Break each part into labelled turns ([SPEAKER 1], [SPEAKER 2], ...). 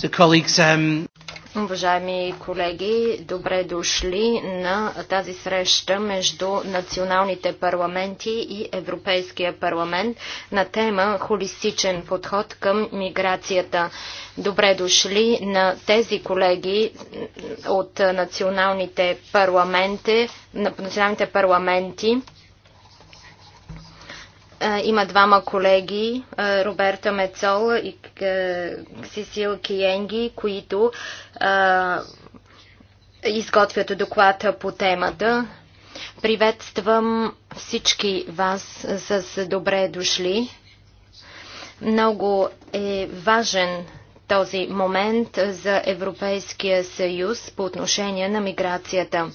[SPEAKER 1] Um,
[SPEAKER 2] Уважаеми колеги, добре дошли на тази среща между националните парламенти и Европейския парламент на тема холистичен подход към миграцията. Добре дошли на тези колеги от националните парламенти, на националните парламенти има двама колеги, Роберта Мецол и Сисил Киенги, които изготвят доклад по темата. Приветствам всички вас с добре дошли. Много е важен този момент за Европейския съюз по отношение на миграцията.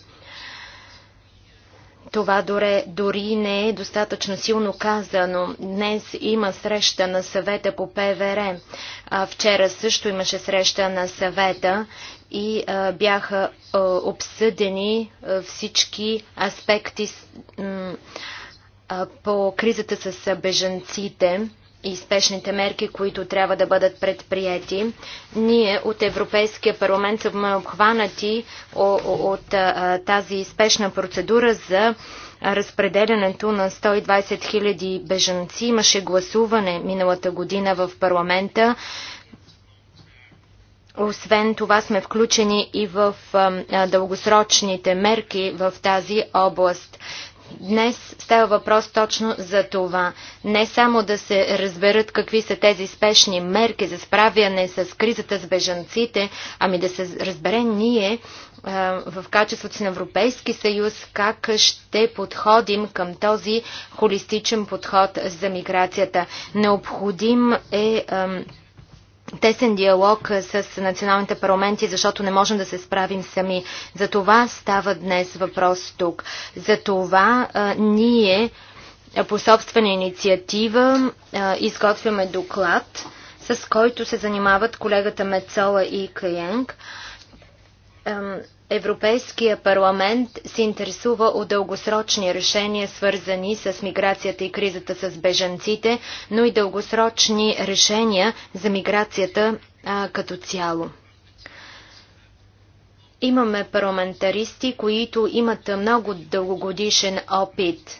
[SPEAKER 2] Това дори, дори не е достатъчно силно казано. Днес има среща на съвета по ПВР. А, вчера също имаше среща на съвета и а, бяха а, обсъдени а, всички аспекти а, по кризата с бежанците и спешните мерки, които трябва да бъдат предприяти. Ние от Европейския парламент сме обхванати от тази спешна процедура за разпределянето на 120 000 бежанци. Имаше гласуване миналата година в парламента. Освен това сме включени и в дългосрочните мерки в тази област. Днес става въпрос точно за това. Не само да се разберат какви са тези спешни мерки за справяне с кризата с бежанците, ами да се разбере ние в качеството си на Европейски съюз как ще подходим към този холистичен подход за миграцията. Необходим е тесен диалог е, с националните парламенти, защото не можем да се справим сами. За това става днес въпрос тук. За това а, е, ние е, по собствена инициатива а, изготвяме доклад, с който се занимават колегата Мецола и Каянг. Европейския парламент се интересува от дългосрочни решения, свързани с миграцията и кризата с бежанците, но и дългосрочни решения за миграцията а, като цяло. Имаме парламентаристи, които имат много дългогодишен опит.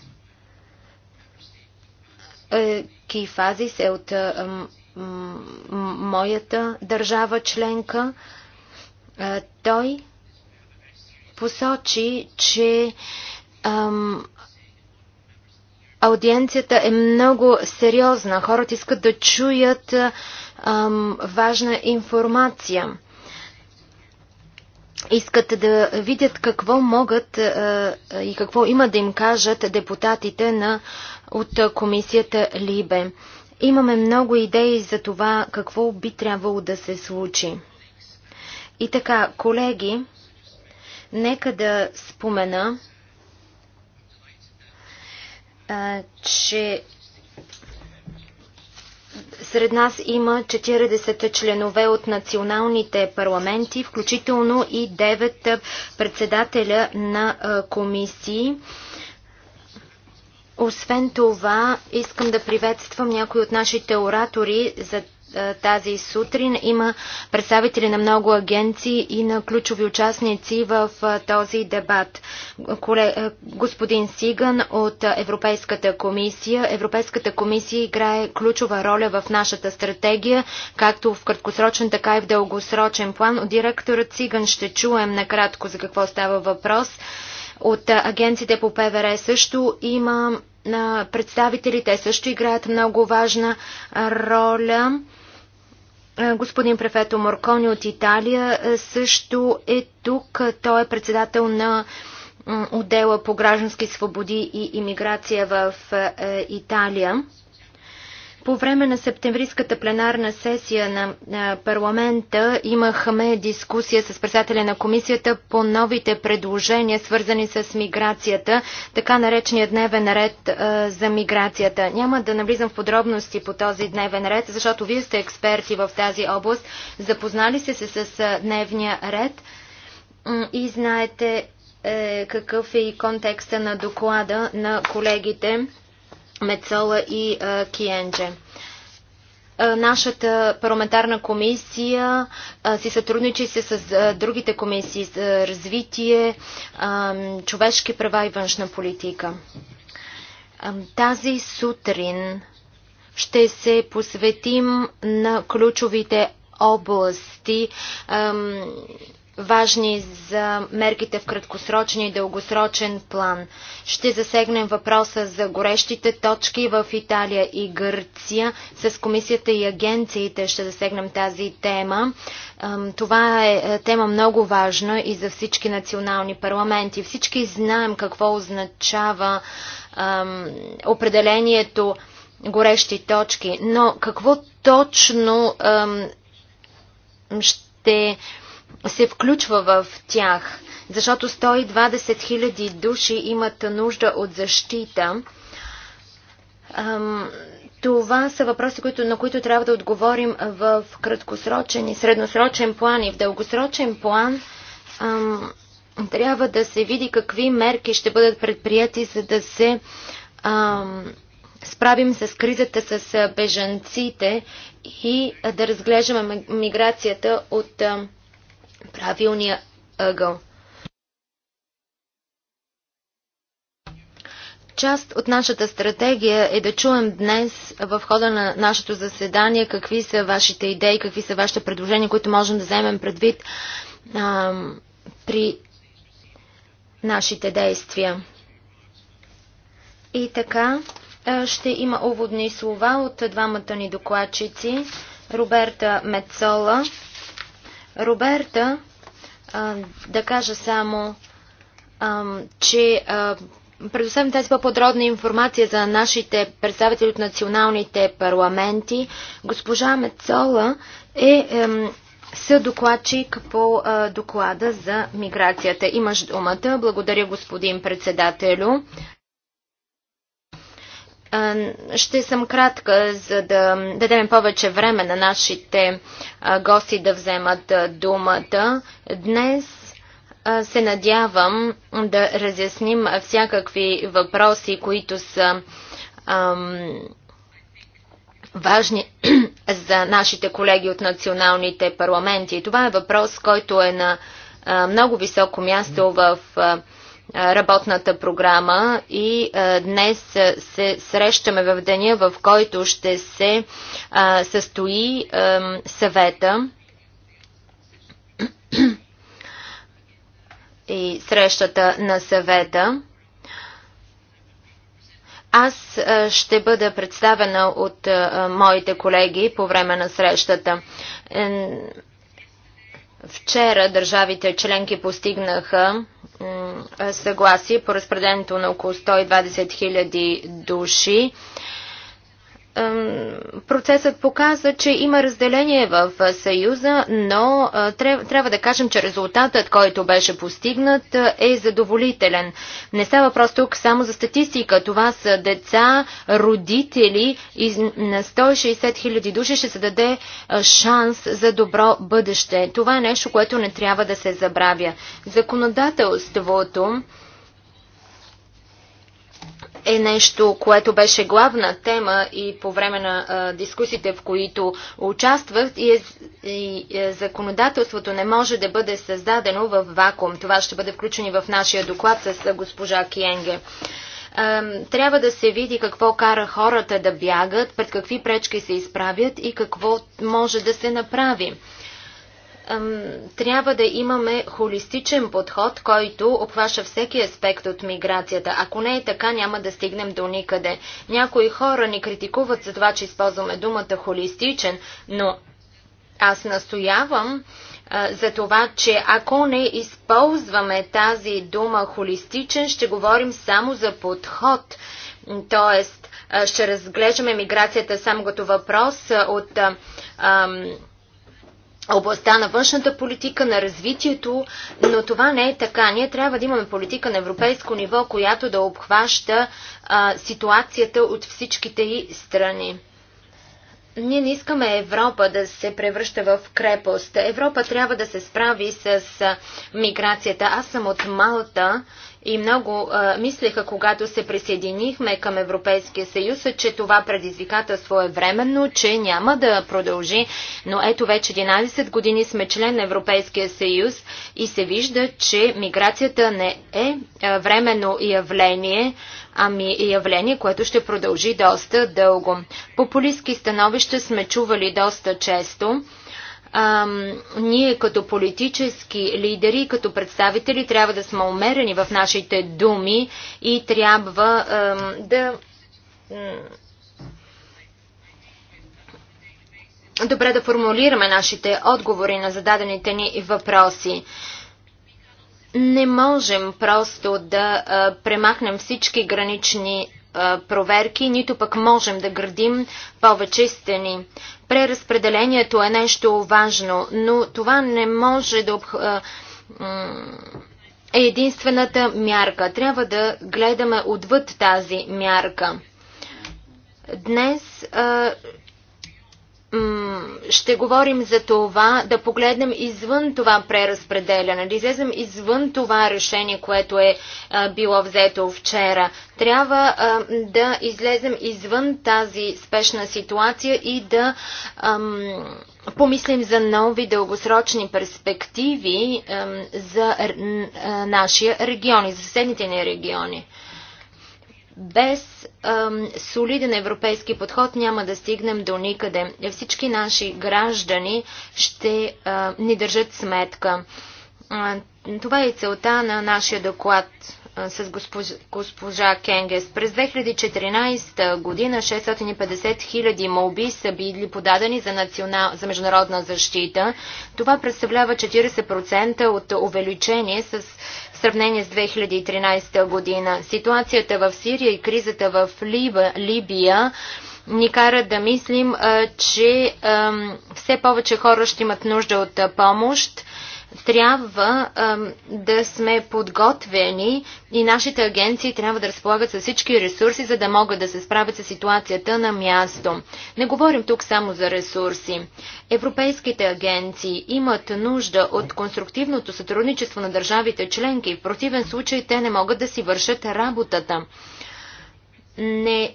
[SPEAKER 2] Е, Кифазис е от моята държава членка. Е, той посочи, че ам, аудиенцията е много сериозна. Хората искат да чуят ам, важна информация. Искат да видят какво могат а, и какво има да им кажат депутатите на, от комисията Либе. Имаме много идеи за това какво би трябвало да се случи. И така, колеги, Нека да спомена, че сред нас има 40 членове от националните парламенти, включително и 9 председателя на комисии. Освен това, искам да приветствам някои от нашите оратори за е, тази сутрин има представители на много агенции и на ключови участници в е, този дебат. Е, господин Сиган от Европейската комисия. Европейската комисия играе ключова роля в нашата стратегия, както в краткосрочен, така и в дългосрочен план. От директорът Сиган ще чуем накратко за какво става въпрос. От агенците по ПВР също има представители. те също играят много важна роля. Е, господин Префето Моркони от Италия е, също е тук. Той е председател на отдела по граждански свободи и иммиграция в е, Италия. По време на септемврийската пленарна сесия на, парламента имахме дискусия с председателя на комисията по новите предложения, свързани с миграцията, така наречения дневен ред за миграцията. Няма да навлизам в подробности по този дневен ред, защото вие сте експерти в тази област, запознали сте се с дневния ред и знаете е, какъв е и контекста на доклада на колегите Мецола и Киенджи. Нашата парламентарна комисия си сътрудничи се с другите комисии за развитие, човешки права и външна политика. Тази сутрин ще се посветим на ключовите области, важни за мерките в краткосрочен и дългосрочен план. Ще засегнем въпроса за горещите точки в Италия и Гърция. С комисията и агенциите ще засегнем тази тема. Това е, е тема много важна и за всички национални парламенти. Всички знаем какво означава определението горещи точки, но какво точно ще се включва в тях, защото 120 хиляди души имат нужда от защита. Това са въпроси, на които трябва да отговорим в краткосрочен и средносрочен план и в дългосрочен план. трябва да се види какви мерки ще бъдат предприяти, за да се справим с кризата с бежанците и да разглеждаме миграцията от правилния ъгъл. Част от нашата стратегия е да чуем днес в хода на нашето заседание какви са вашите идеи, какви са вашите предложения, които можем да вземем предвид а, при нашите действия. И така, ще има уводни слова от двамата ни докладчици. Роберта Мецола Роберта, а, да кажа само, а, че а, предоставям тази по-подробна информация за нашите представители от националните парламенти. Госпожа Мецола е, съдокладчик по доклада за миграцията. Имаш думата. Благодаря, господин председателю. Ще съм кратка, за да дадем повече време на нашите гости да вземат думата. Днес се надявам да разясним всякакви въпроси, които са ам, важни за нашите колеги от националните парламенти. Това е въпрос, който е на много високо място в а, работната програма и днес се срещаме в деня, в който ще се състои съвета и срещата на съвета. Аз ще бъда представена от моите колеги по време на срещата. Вчера държавите членки постигнаха съгласие по разпределението на около 120 000 души процесът показа, че има разделение в Съюза, но трябва да кажем, че резултатът, който беше постигнат, е задоволителен. Не става просто тук само за статистика. Това са деца, родители и на 160 хиляди души ще се даде шанс за добро бъдеще. Това е нещо, което не трябва да се забравя. Законодателството е нещо, което беше главна тема и по време на а, дискусите, в които участвах, и, е, и е, законодателството не може да бъде създадено в вакуум. Това ще бъде включено в нашия доклад с а, госпожа Киенге. А, трябва да се види какво кара хората да бягат, пред какви пречки се изправят и какво може да се направи трябва да имаме холистичен подход, който обхваща всеки аспект от миграцията. Ако не е така, няма да стигнем до никъде. Някои хора ни критикуват за това, че използваме думата холистичен, но аз настоявам за това, че ако не използваме тази дума холистичен, ще говорим само за подход. Тоест, ще разглеждаме миграцията само като въпрос от областта на външната политика, на развитието, но това не е така. Ние трябва да имаме политика на европейско ниво, която да обхваща а, ситуацията от всичките и страни. Ние не искаме Европа да се превръща в крепост. Европа трябва да се справи с миграцията. Аз съм от Малта и много а, мислеха, когато се присъединихме към Европейския съюз, че това предизвикателство е временно, че няма да продължи. Но ето вече 11 години сме член на Европейския съюз и се вижда, че миграцията не е временно явление, ами явление, което ще продължи доста дълго. Популистски становища сме чували доста често ам, ние като политически лидери, като представители трябва да сме умерени в нашите думи и трябва ам, да добре да формулираме нашите отговори на зададените ни въпроси. Не можем просто да а, премахнем всички гранични а, проверки, нито пък можем да градим повече стени. Преразпределението е нещо важно, но това не може да е единствената мярка. Трябва да гледаме отвъд тази мярка. Днес ще говорим за това да погледнем извън това преразпределяне, да излезем извън това решение, което е а, било взето вчера. Трябва а, да излезем извън тази спешна ситуация и да ам, помислим за нови дългосрочни перспективи а, за а, нашия регион и за съседните ни региони без ам, солиден европейски подход няма да стигнем до никъде. Всички наши граждани ще а, ни държат сметка. А, това е целта на нашия доклад а, с госпожа, госпожа Кенгес. През 2014 година 650 хиляди молби са били подадени за, национал... за международна защита. Това представлява 40% от увеличение с в сравнение с 2013 година. Ситуацията в Сирия и кризата в Либа, Либия ни кара да мислим, че все повече хора ще имат нужда от помощ трябва да сме подготвени и нашите агенции трябва да разполагат с всички ресурси, за да могат да се справят с ситуацията на място. Не говорим тук само за ресурси. Европейските агенции имат нужда от конструктивното сътрудничество на държавите членки. В противен случай те не могат да си вършат работата. Не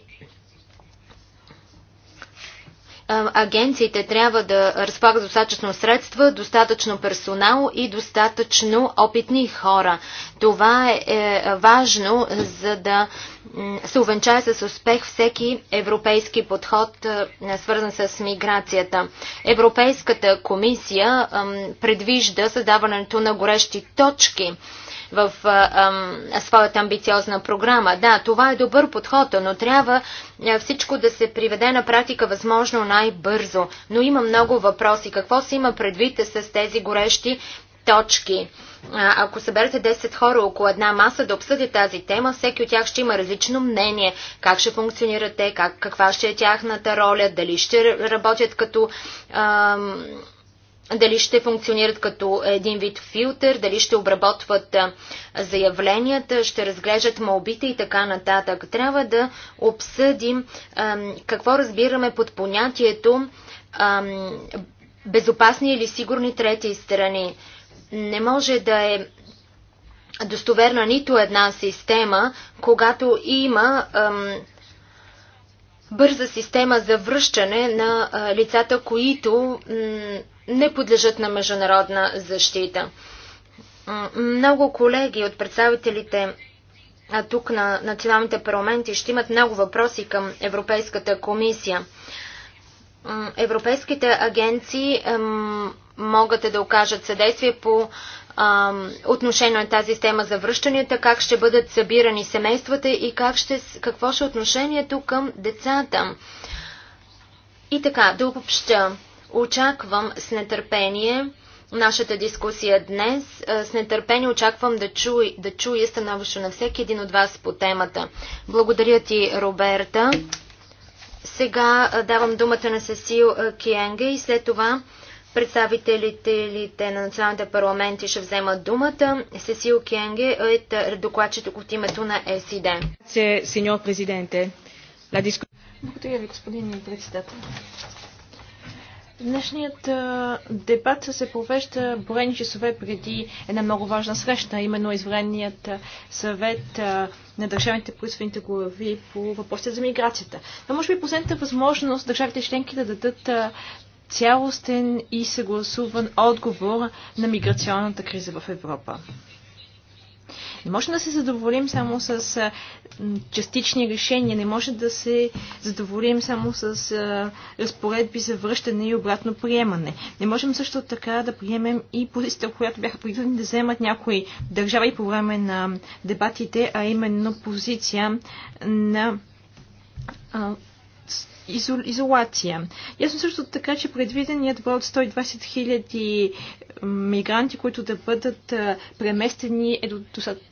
[SPEAKER 2] агенциите трябва да разполагат достатъчно средства, достатъчно персонал и достатъчно опитни хора. Това е, е важно, за да се увенчае с успех всеки европейски подход, е, свързан с миграцията. Европейската комисия предвижда създаването на горещи точки в своята амбициозна програма. Да, това е добър подход, но трябва всичко да се приведе на практика възможно най-бързо. Но има много въпроси. Какво се има предвид с тези горещи точки? Ако съберете 10 хора около една маса да обсъдят тази тема, всеки от тях ще има различно мнение. Как ще функционират те, как, каква ще е тяхната роля, дали ще работят като ам, дали ще функционират като един вид филтър, дали ще обработват заявленията, ще разглеждат молбите и така нататък. Трябва да обсъдим какво разбираме под понятието безопасни или сигурни трети страни. Не може да е достоверна нито една система, когато има ам, бърза система за връщане на лицата, които не подлежат на международна защита. Много колеги от представителите тук на националните парламенти ще имат много въпроси към Европейската комисия. Европейските агенции могат да окажат съдействие по отношение на тази тема за връщанията, как ще бъдат събирани семействата и как ще, какво ще е отношението към децата. И така, да обща, Очаквам с нетърпение нашата дискусия днес. С нетърпение очаквам да, чу да чуя становище на всеки един от вас по темата. Благодаря ти, Роберта. Сега давам думата на Сесил Киенге и след това Представителите на националните парламенти ще вземат думата. Сесил Кенге е докладчето от името на СИД. Благодаря ви,
[SPEAKER 3] господин председател. Днешният дебат се провежда броени часове преди една много важна среща, именно извреният съвет на държавните производните глави по въпросите за миграцията. Но, може би последната възможност държавите членки да дадат цялостен и съгласуван отговор на миграционната криза в Европа. Не може да се задоволим само с частични решения, не може да се задоволим само с разпоредби за връщане и обратно приемане. Не можем също така да приемем и позицията, която бяха принудени да вземат някои държави по време на дебатите, а именно позиция на изол, изолация. Ясно също така, че предвиденият брой от 120 хиляди мигранти, които да бъдат преместени е, до,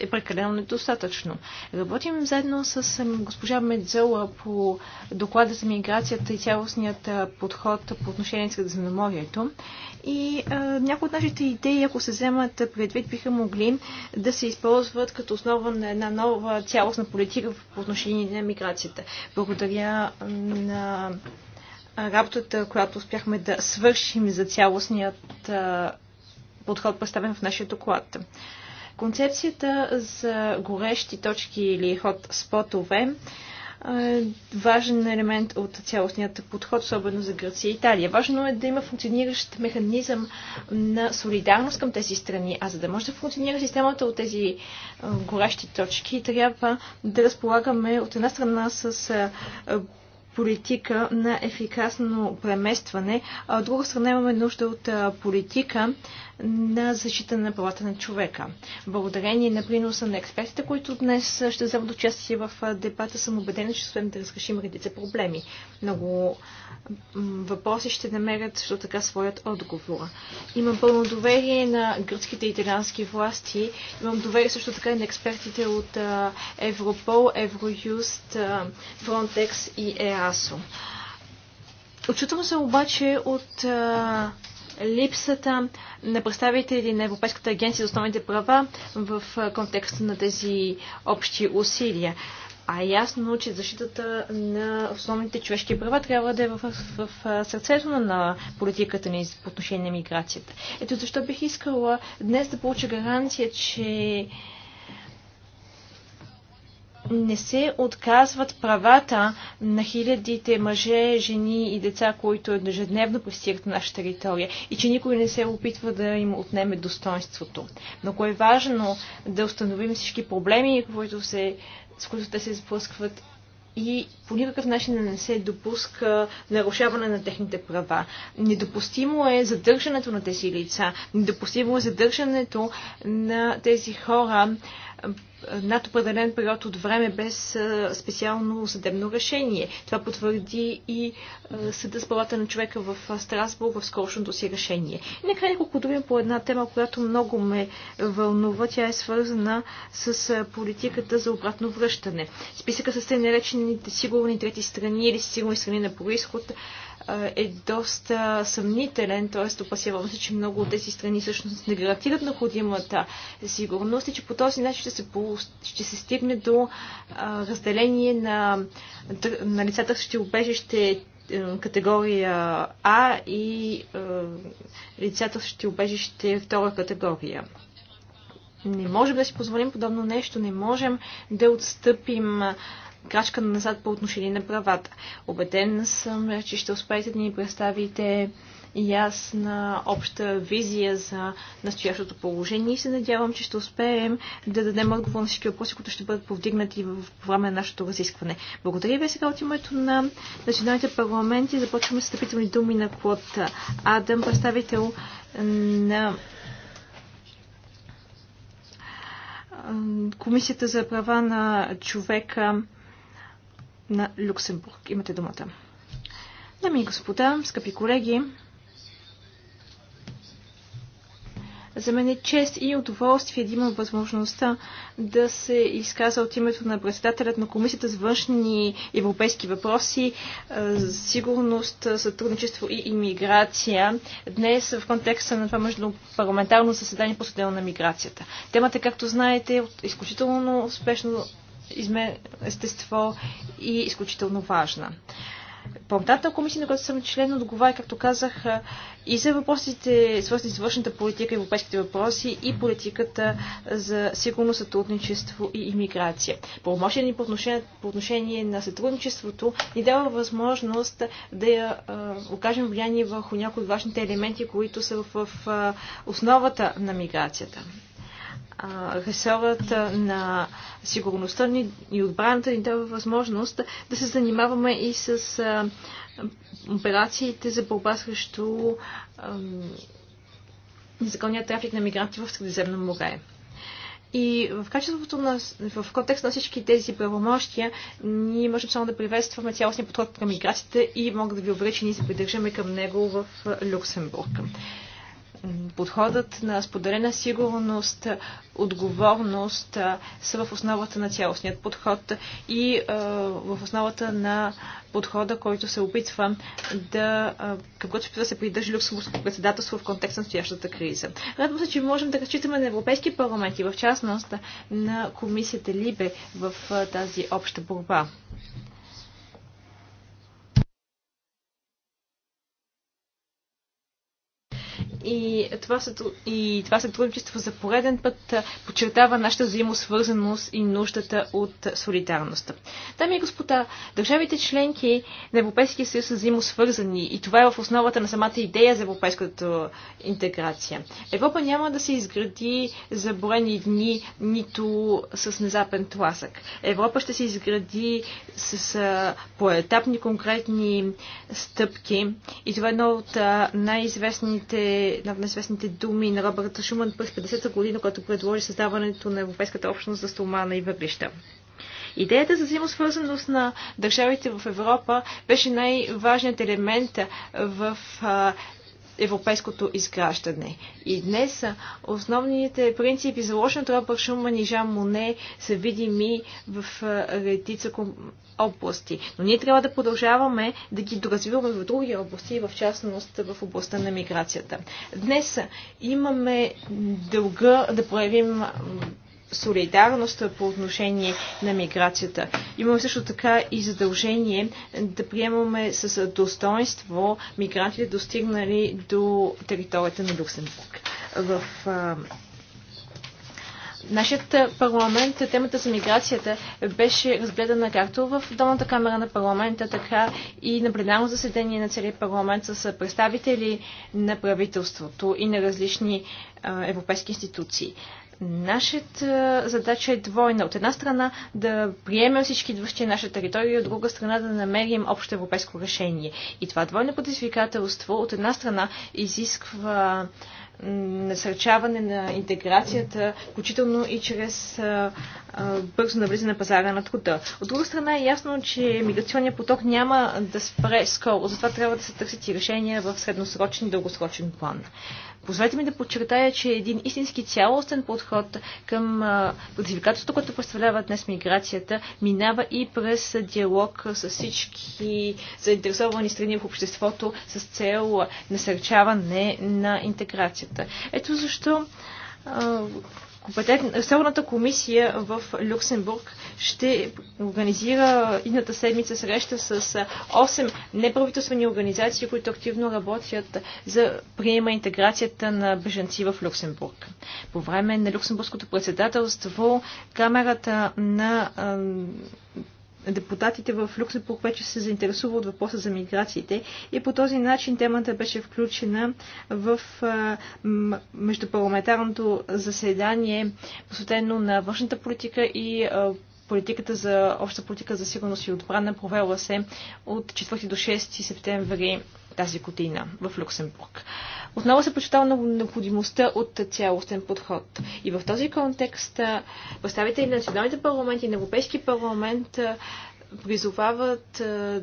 [SPEAKER 3] е прекалено недостатъчно. Работим заедно с госпожа Медзела по доклада за миграцията и цялостният подход по отношение с Средиземноморието и а, някои от нашите идеи, ако се вземат предвид, биха могли да се използват като основа на една нова цялостна политика по отношение на миграцията. Благодаря на работата, която успяхме да свършим за цялостният а, подход, представен в нашия доклад. Концепцията за горещи точки или ход спотове важен елемент от цялостният подход, особено за Гърция и Италия. Важно е да има функциониращ механизъм на солидарност към тези страни, а за да може да функционира системата от тези горещи точки, трябва да разполагаме от една страна с политика на ефикасно преместване, а от друга страна имаме нужда от политика на защита на правата на човека. Благодарение на приноса на експертите, които днес ще вземат участие в дебата, съм убедена, че успеем да разрешим редица проблеми. Много въпроси ще намерят също така своят отговор. Имам пълно доверие на гръцките и италиански власти. Имам доверие също така и на експертите от Европол, Евроюст, Фронтекс и ЕАСО. Очутвам се обаче от а, липсата на представители на Европейската агенция за основните права в контекста на тези общи усилия. А е ясно, че защитата на основните човешки права трябва да е в, в, в сърцето на политиката ни по отношение на миграцията. Ето защо бих искала днес да получа гаранция, че не се отказват правата на хилядите мъже, жени и деца, които ежедневно пристигат на наша територия и че никой не се опитва да им отнеме достоинството. Много е важно да установим всички проблеми, които се, с които те се сблъскват и по никакъв начин не се допуска нарушаване на техните права. Недопустимо е задържането на тези лица, недопустимо е задържането на тези хора над определен период от време без специално съдебно решение. Това потвърди и Съда с правата на човека в Страсбург в скорошното си решение. И накрая няколко думи по една тема, която много ме вълнува. Тя е свързана с политиката за обратно връщане. Списъка с наречените сигурни трети страни или сигурни страни на происход е доста съмнителен, т.е. опасявам се, че много от тези страни всъщност не гарантират необходимата сигурност и че по този начин ще се, ще се стигне до разделение на, на лицата, ще обежище е, категория А и е, лицата ще обежище втора категория. Не можем да си позволим подобно нещо, не можем да отстъпим крачка назад по отношение на правата. Обеден съм, че ще успеете да ни представите ясна обща визия за настоящото положение и се надявам, че ще успеем да дадем отговор на всички въпроси, които ще бъдат повдигнати в време на нашето разискване. Благодаря ви сега от името на националните парламенти. Започваме с стъпителни думи на Клод Адам, представител на Комисията за права на човека на Люксембург. Имате думата. Дами и господа, скъпи колеги, За мен е чест и удоволствие да имам възможността да се изказа от името на председателят на Комисията за външни европейски въпроси, е, сигурност, сътрудничество и иммиграция. Днес в контекста на това между парламентарно заседание по на миграцията. Темата, както знаете, е изключително успешно естество и изключително важна. Пълната комисия, на която съм член, отговаря, както казах, и за въпросите, свързани с външната политика, европейските въпроси и политиката за сигурно сътрудничество и иммиграция. ни по отношение, по отношение на сътрудничеството ни дава възможност да я, а, окажем влияние върху някои от важните елементи, които са в, в основата на миграцията ресорът на сигурността ни и отбраната ни дава възможност да се занимаваме и с операциите за борба срещу незаконния трафик на мигранти в Средиземно море. И в качеството на, в контекст на всички тези правомощия, ние можем само да приветстваме цялостния подход към миграцията и мога да ви уверя, че ние се придържаме към него в Люксембург подходът на споделена сигурност, отговорност са в основата на цялостният подход и в основата на подхода, който се опитва да, към да се придържи Люксембургското председателство в контекст на стоящата криза. Радвам се, че можем да разчитаме на Европейски парламент и в частност на комисията Либе в тази обща борба. И това, и това сътрудничество за пореден път подчертава нашата взаимосвързаност и нуждата от солидарност. Дами и господа, държавите членки на Европейския съюз са взаимосвързани и това е в основата на самата идея за европейската интеграция. Европа няма да се изгради за броени дни, нито с незапен тласък. Европа ще се изгради с поетапни конкретни стъпки и това е едно от най-известните на известните думи на Робърт Шуман през 50-та година, който предложи създаването на Европейската общност за стомана и въглища. Идеята за взаимосвързаност на държавите в Европа беше най-важният елемент в европейското изграждане. И днес основните принципи, за от Робър Шуман и Жан Моне, са видими в редица области. Но ние трябва да продължаваме да ги доразвиваме в други области, в частност в областта на миграцията. Днес имаме дълга да проявим солидарност по отношение на миграцията. Имаме също така и задължение да приемаме с достоинство мигрантите, достигнали до територията на Люксембург. В а, Нашият парламент, темата за миграцията беше разгледана както в долната камера на парламента, така и на пленарно заседание на целия парламент с представители на правителството и на различни а, европейски институции. Нашата задача е двойна. От една страна да приемем всички идващи наша територия, от друга страна да намерим общо европейско решение. И това двойно предизвикателство от една страна изисква насърчаване на интеграцията, включително и чрез бързо навлизане на пазара на труда. От друга страна е ясно, че миграционният поток няма да спре скоро, затова трябва да се търсят и решения в средносрочен и дългосрочен план. Позволете ми да подчертая, че е един истински цялостен подход към предизвикателството, което представлява днес миграцията, минава и през диалог с всички заинтересовани страни в обществото с цел насърчаване на интеграцията. Ето защо Ресорната комисия в Люксембург ще организира едната седмица среща с 8 неправителствени организации, които активно работят за приема интеграцията на беженци в Люксембург. По време на Люксембургското председателство Камерата на депутатите в Люксембург вече се заинтересува от въпроса за миграциите и по този начин темата беше включена в междупарламентарното заседание, посветено на външната политика и политиката за обща политика за сигурност и отбрана, провела се от 4 до 6 септември тази година в Люксембург. Отново се почитава на необходимостта от цялостен подход. И в този контекст представители на националните парламенти и на Европейски парламент призовават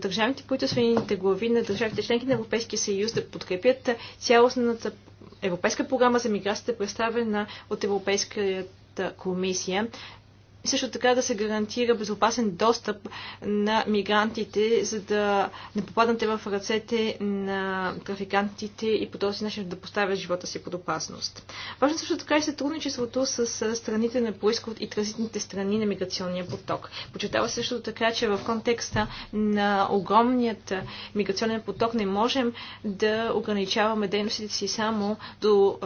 [SPEAKER 3] държавните правителствените глави на държавите членки на Европейския съюз да подкрепят цялостната европейска програма за миграцията, представена от Европейската комисия, също така да се гарантира безопасен достъп на мигрантите, за да не попаднат в ръцете на трафикантите и по този начин да поставят живота си под опасност. Важно също така и е сътрудничеството с страните на происход и транзитните страни на миграционния поток. Почитава също така, че в контекста на огромният миграционен поток не можем да ограничаваме дейностите си само до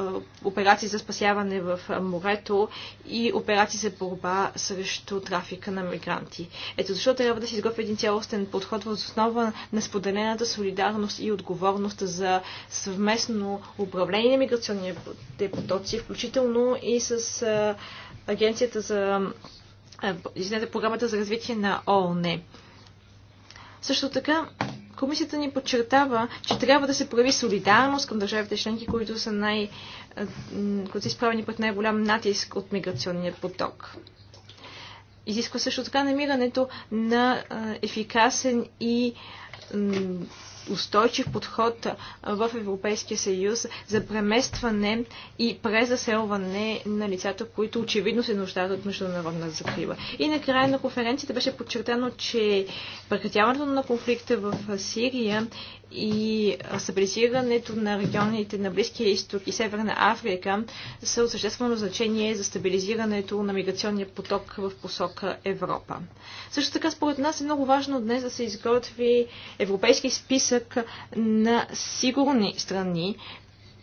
[SPEAKER 3] операции за спасяване в морето и операции за борба срещу трафика на мигранти. Ето защо трябва да се изготви един цялостен подход в основа на споделената солидарност и отговорност за съвместно управление на миграционните потоци, включително и с а, Агенцията за извинете, програмата за развитие на ООН. Също така, комисията ни подчертава, че трябва да се прояви солидарност към държавите членки, които са, най, които са изправени под най-голям натиск от миграционния поток. Изисква също така намирането на ефикасен и устойчив подход в Европейския съюз за преместване и презаселване на лицата, които очевидно се нуждаят от международна закрива. И накрая на конференцията беше подчертано, че прекратяването на конфликта в Сирия и стабилизирането на регионите на Близкия изток и Северна Африка са от съществено значение за стабилизирането на миграционния поток в посока Европа. Също така, според нас е много важно днес да се изготви европейски списък на сигурни страни,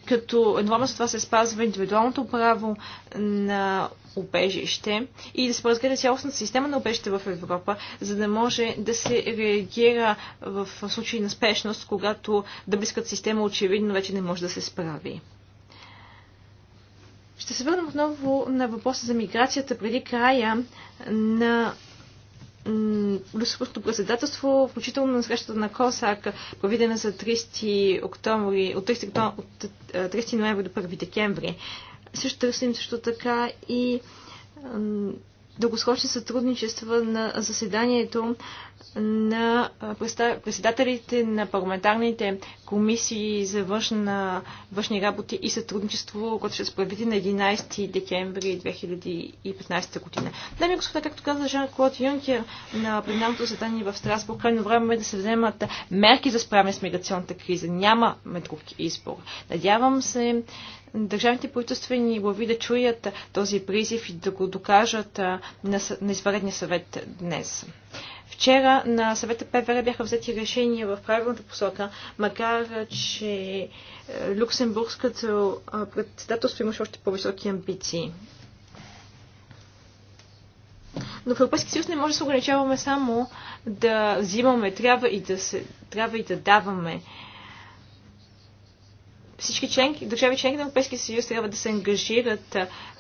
[SPEAKER 3] като едновременно с това се спазва индивидуалното право на обежище и да се разгледа цялостната система на обежище в Европа, за да може да се реагира в случай на спешност, когато дъблинската система очевидно вече не може да се справи. Ще се върнем отново на въпроса за миграцията преди края на Люсовското председателство, включително на срещата на Косак, проведена за 30 октомври, от 30, октомври, от 30 е, ноември до 1 декември. Също търсим също така и дългосрочни сътрудничества на заседанието на председателите на парламентарните комисии за външна, външни работи и сътрудничество, което ще се появи на 11 декември 2015 година. Дами и господа, както каза Жан-Клод Юнкер на пленарното задание в Страсбург, крайно време е да се вземат мерки за справяне с миграционната криза. Нямаме друг избор. Надявам се държавните правителствени глави да чуят този призив и да го докажат на, на извънредния съвет днес. Вчера на съвета ПВР бяха взети решения в правилната посока, макар че е, Люксембургското председателство имаше още по-високи амбиции. Но в Европейския съюз не може да се ограничаваме само да взимаме, трябва и да, се, трябва и да даваме. Всички членки, държави членки на Европейския съюз трябва да се ангажират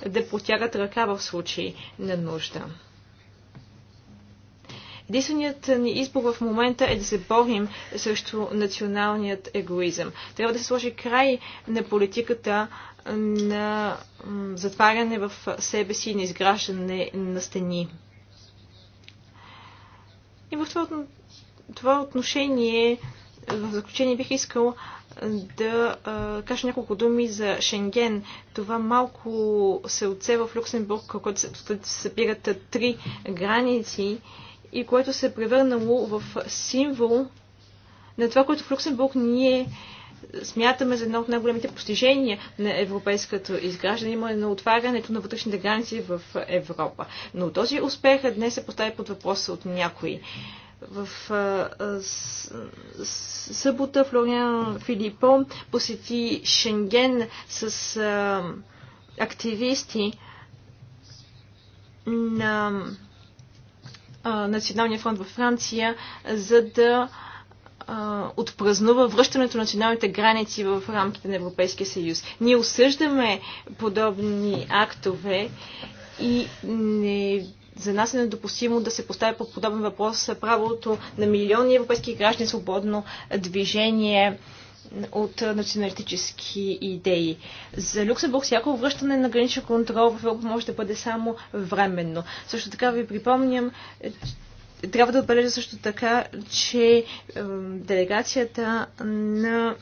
[SPEAKER 3] да протягат ръка в случай на нужда. Единственият ни избор в момента е да се борим срещу националният егоизъм. Трябва да се сложи край на политиката на затваряне в себе си и на изграждане на стени. И в това, това отношение, в заключение бих искал да а, кажа няколко думи за Шенген. Това малко се отце в Люксембург, когато се, събират три граници и което се е превърнало в символ на това, което в Люксембург ние смятаме за едно от най-големите постижения на европейското изграждане, има на отварянето на вътрешните граници в Европа. Но този успех днес се постави под въпрос от някои. В а, с, с, събота Флориан Филипо посети Шенген с а, активисти на Националния фронт във Франция, за да отпразнува връщането на националните граници в рамките на Европейския съюз. Ние осъждаме подобни актове и не за нас е недопустимо да се поставя по подобен въпрос правото на милиони европейски граждани свободно движение от националистически идеи. За Люксембург всяко връщане на граничен контрол в Европа може да бъде само временно. Също така ви припомням, е, трябва да отбележа също така, че делегацията на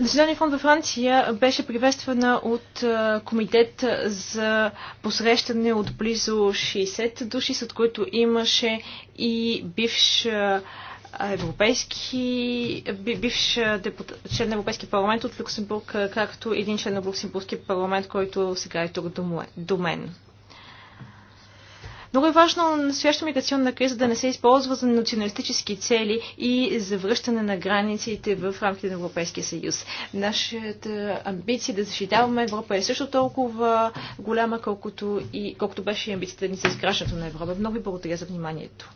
[SPEAKER 3] Националния фонд във Франция беше приветствана от комитет за посрещане от близо 60 души, след които имаше и бивш европейски, бивш депутат, член на Европейски парламент от Люксембург, както един член на Люксембургски парламент, който сега е тук до мен. Много е важно настояща миграционна криза да не се използва за националистически цели и за връщане на границите в рамките на Европейския съюз. Нашата амбиция да защитаваме Европа е също толкова голяма, колкото, и, колкото беше и амбицията ни за изграждането на Европа. Много ви благодаря за вниманието.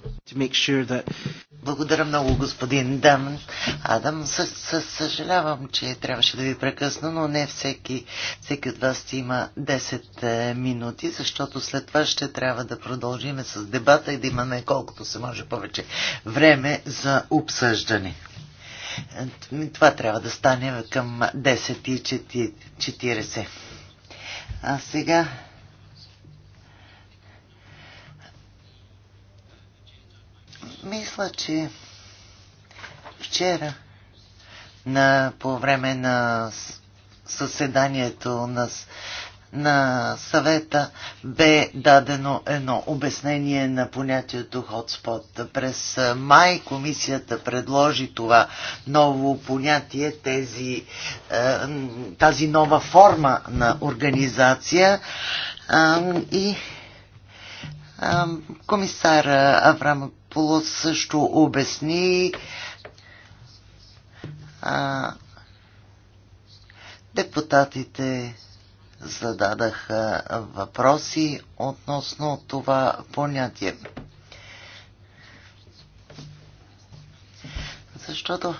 [SPEAKER 4] Благодаря много, господин Дам. Адам, съжалявам, че трябваше да ви прекъсна, но не всеки, всеки от вас има 10 е, минути, защото след това ще трябва да продължим продължиме с дебата и да имаме колкото се може повече време за обсъждане. Е, това трябва да стане към 10.40. А сега мисля, че вчера на, по време на съседанието на на съвета бе дадено едно обяснение на понятието хотспот. През май комисията предложи това ново понятие, тези, тази нова форма на организация и комисар Аврамополос също обясни депутатите зададаха въпроси относно това понятие. Защото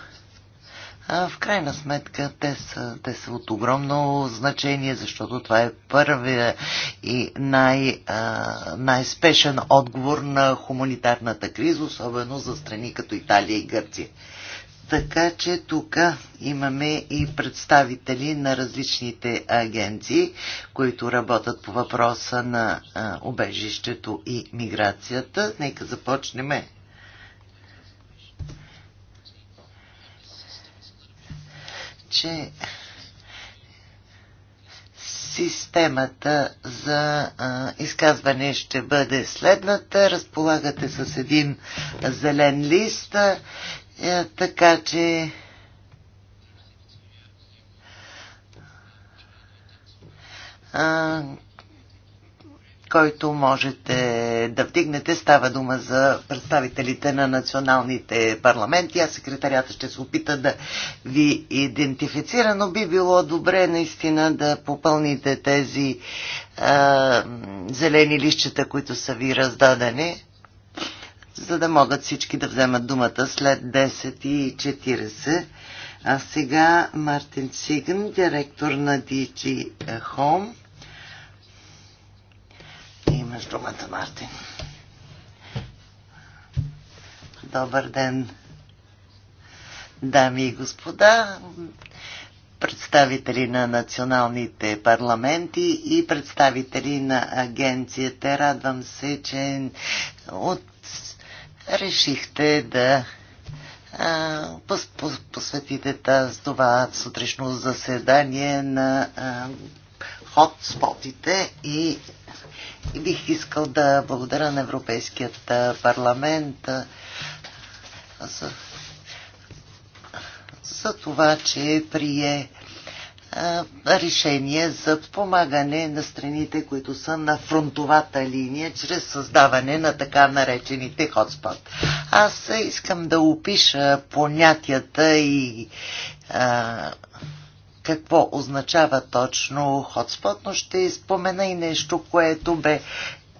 [SPEAKER 4] а, в крайна сметка те са, те са от огромно значение, защото това е първия и най, а, най-спешен отговор на хуманитарната криза, особено за страни като Италия и Гърция. Така че тук имаме и представители на различните агенции, които работят по въпроса на а, убежището и миграцията. Нека започнем. Че системата за а, изказване ще бъде следната. Разполагате с един зелен лист. Е, така че а, който можете да вдигнете. Става дума за представителите на националните парламенти, а секретарията ще се опита да ви идентифицира, но би било добре наистина да попълните тези а, зелени лищета, които са ви раздадени за да могат всички да вземат думата след 10 и 40. А сега Мартин Сигън, директор на DG е, Home. Имаш думата, Мартин. Добър ден, дами и господа, представители на националните парламенти и представители на агенцията. Радвам се, че от решихте да а, пос, пос, посветите тази, това сутрешно заседание на хотспотите и, и бих искал да благодаря на Европейският парламент а, за, за това, че прие е, решение за помагане на страните, които са на фронтовата линия, чрез създаване на така наречените хотспот. Аз искам да опиша понятията и а, е, какво означава точно хотспот, но ще спомена и нещо, което бе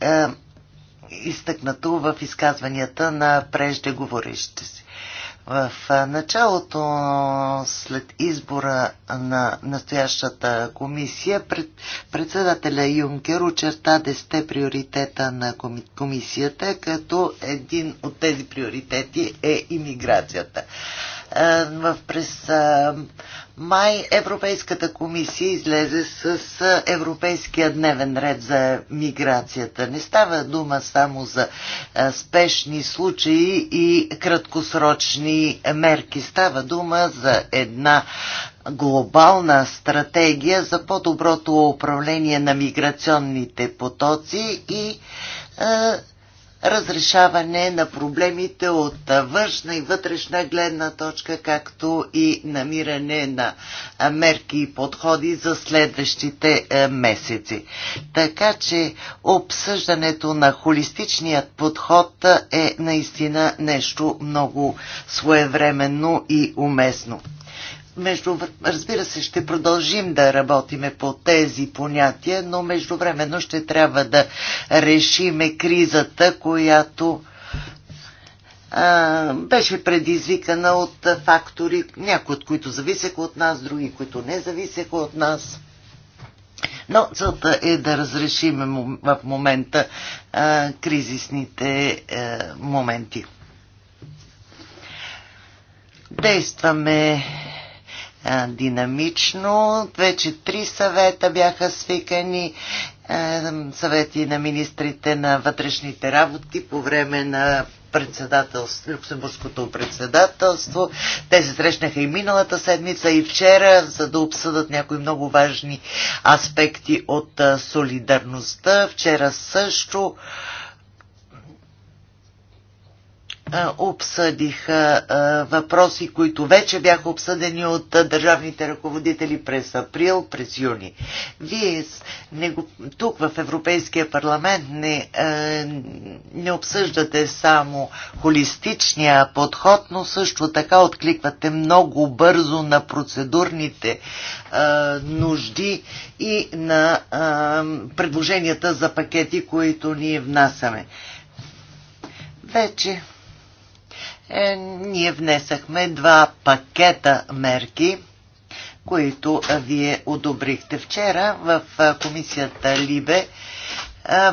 [SPEAKER 4] а, е, изтъкнато в изказванията на преждеговорещите си. В началото след избора на настоящата комисия пред, председателя Юнкер очерта 10 приоритета на комисията, като един от тези приоритети е иммиграцията. Е, в през е, май Европейската комисия излезе с Европейския дневен ред за миграцията. Не става дума само за спешни случаи и краткосрочни мерки. Става дума за една глобална стратегия за по-доброто управление на миграционните потоци и разрешаване на проблемите от външна и вътрешна гледна точка, както и намиране на мерки и подходи за следващите е, месеци. Така че обсъждането на холистичният подход е наистина нещо много своевременно и уместно между, разбира се, ще продължим да работиме по тези понятия, но междувременно ще трябва да решиме кризата, която а, беше предизвикана от фактори, някои от които зависеха от нас, други, които не зависеха от нас. Но целта е да разрешим в момента а, кризисните а, моменти. Действаме динамично. Вече три съвета бяха свикани съвети на министрите на вътрешните работи по време на председателство, люксембургското председателство. Те се срещнаха и миналата седмица и вчера, за да обсъдат някои много важни аспекти от солидарността. Вчера също обсъдиха въпроси, които вече бяха обсъдени от държавните ръководители през април, през юни. Вие не, тук в Европейския парламент не, не обсъждате само холистичния подход, но също така откликвате много бързо на процедурните нужди и на предложенията за пакети, които ние внасяме. Вече е, ние внесахме два пакета мерки, които вие одобрихте вчера в комисията Либе.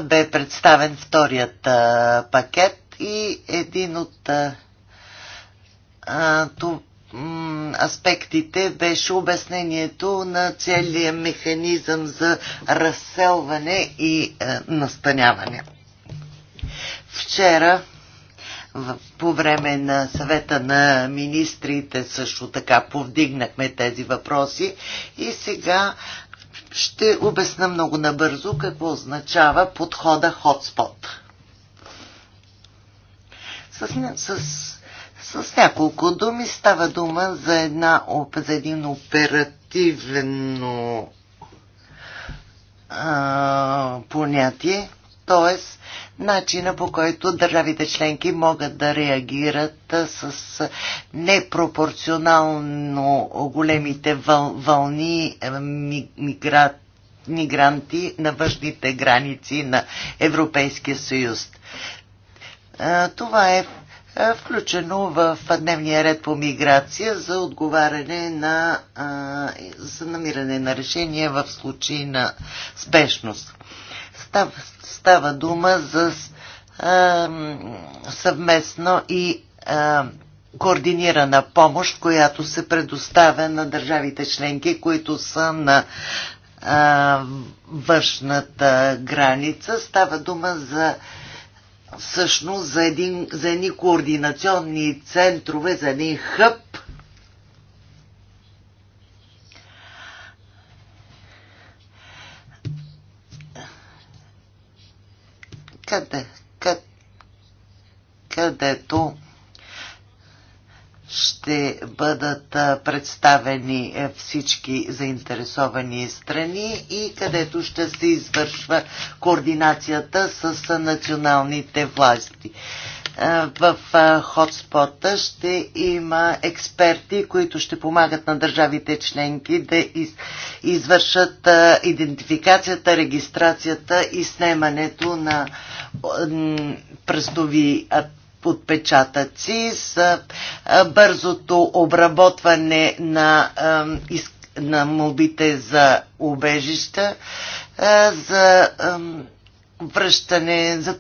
[SPEAKER 4] Бе представен вторият пакет и един от аспектите беше обяснението на целия механизъм за разселване и настаняване. Вчера по време на съвета на министрите също така повдигнахме тези въпроси и сега ще обясна много набързо какво означава подхода хотспот. С, с с няколко думи става дума за, една, за един оперативно а, понятие, т.е начина по който държавите членки могат да реагират с непропорционално големите въл, вълни мигранти на външните граници на Европейския съюз. Това е включено в дневния ред по миграция за отговаряне на за намиране на решение в случай на спешност. Става, става дума за а, съвместно и а, координирана помощ, която се предоставя на държавите членки, които са на а, външната граница. Става дума за всъщност за, един, за едни координационни центрове, за един хъб, Къде? бъдат представени е, всички заинтересовани страни и където ще се извършва координацията с националните власти. В хотспота ще има експерти, които ще помагат на държавите членки да извършат идентификацията, регистрацията и снемането на пръстови подпечатъци, с бързото обработване на, на молбите за убежища, за връщане, за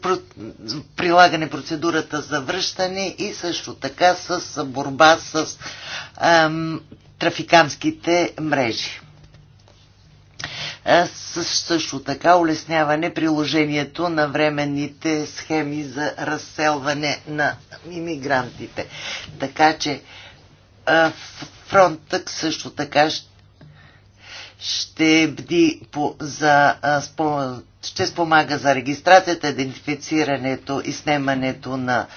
[SPEAKER 4] прилагане процедурата за връщане и също така с борба с трафиканските мрежи също така улесняване приложението на временните схеми за разселване на иммигрантите. Така че Фронтък също така ще бди по, за, ще спомага за регистрацията, идентифицирането и снимането на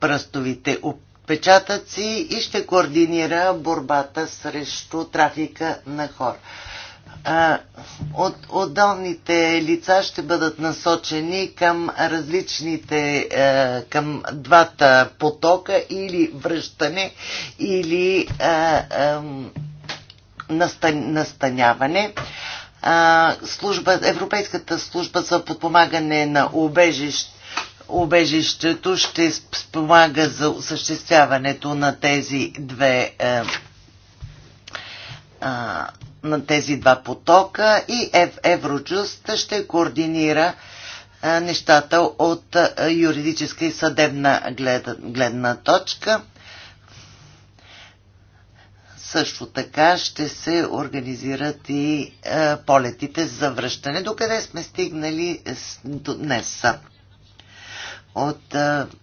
[SPEAKER 4] пръстовите опечатъци и ще координира борбата срещу трафика на хора от отделните лица ще бъдат насочени към различните, е, към двата потока или връщане, или е, настаняване. Служба, Европейската служба за подпомагане на убежище Обежището ще спомага за осъществяването на тези две е, а, на тези два потока и Евроджуст ще координира нещата от юридическа и съдебна гледна точка. Също така ще се организират и полетите за връщане. Докъде сме стигнали днес? От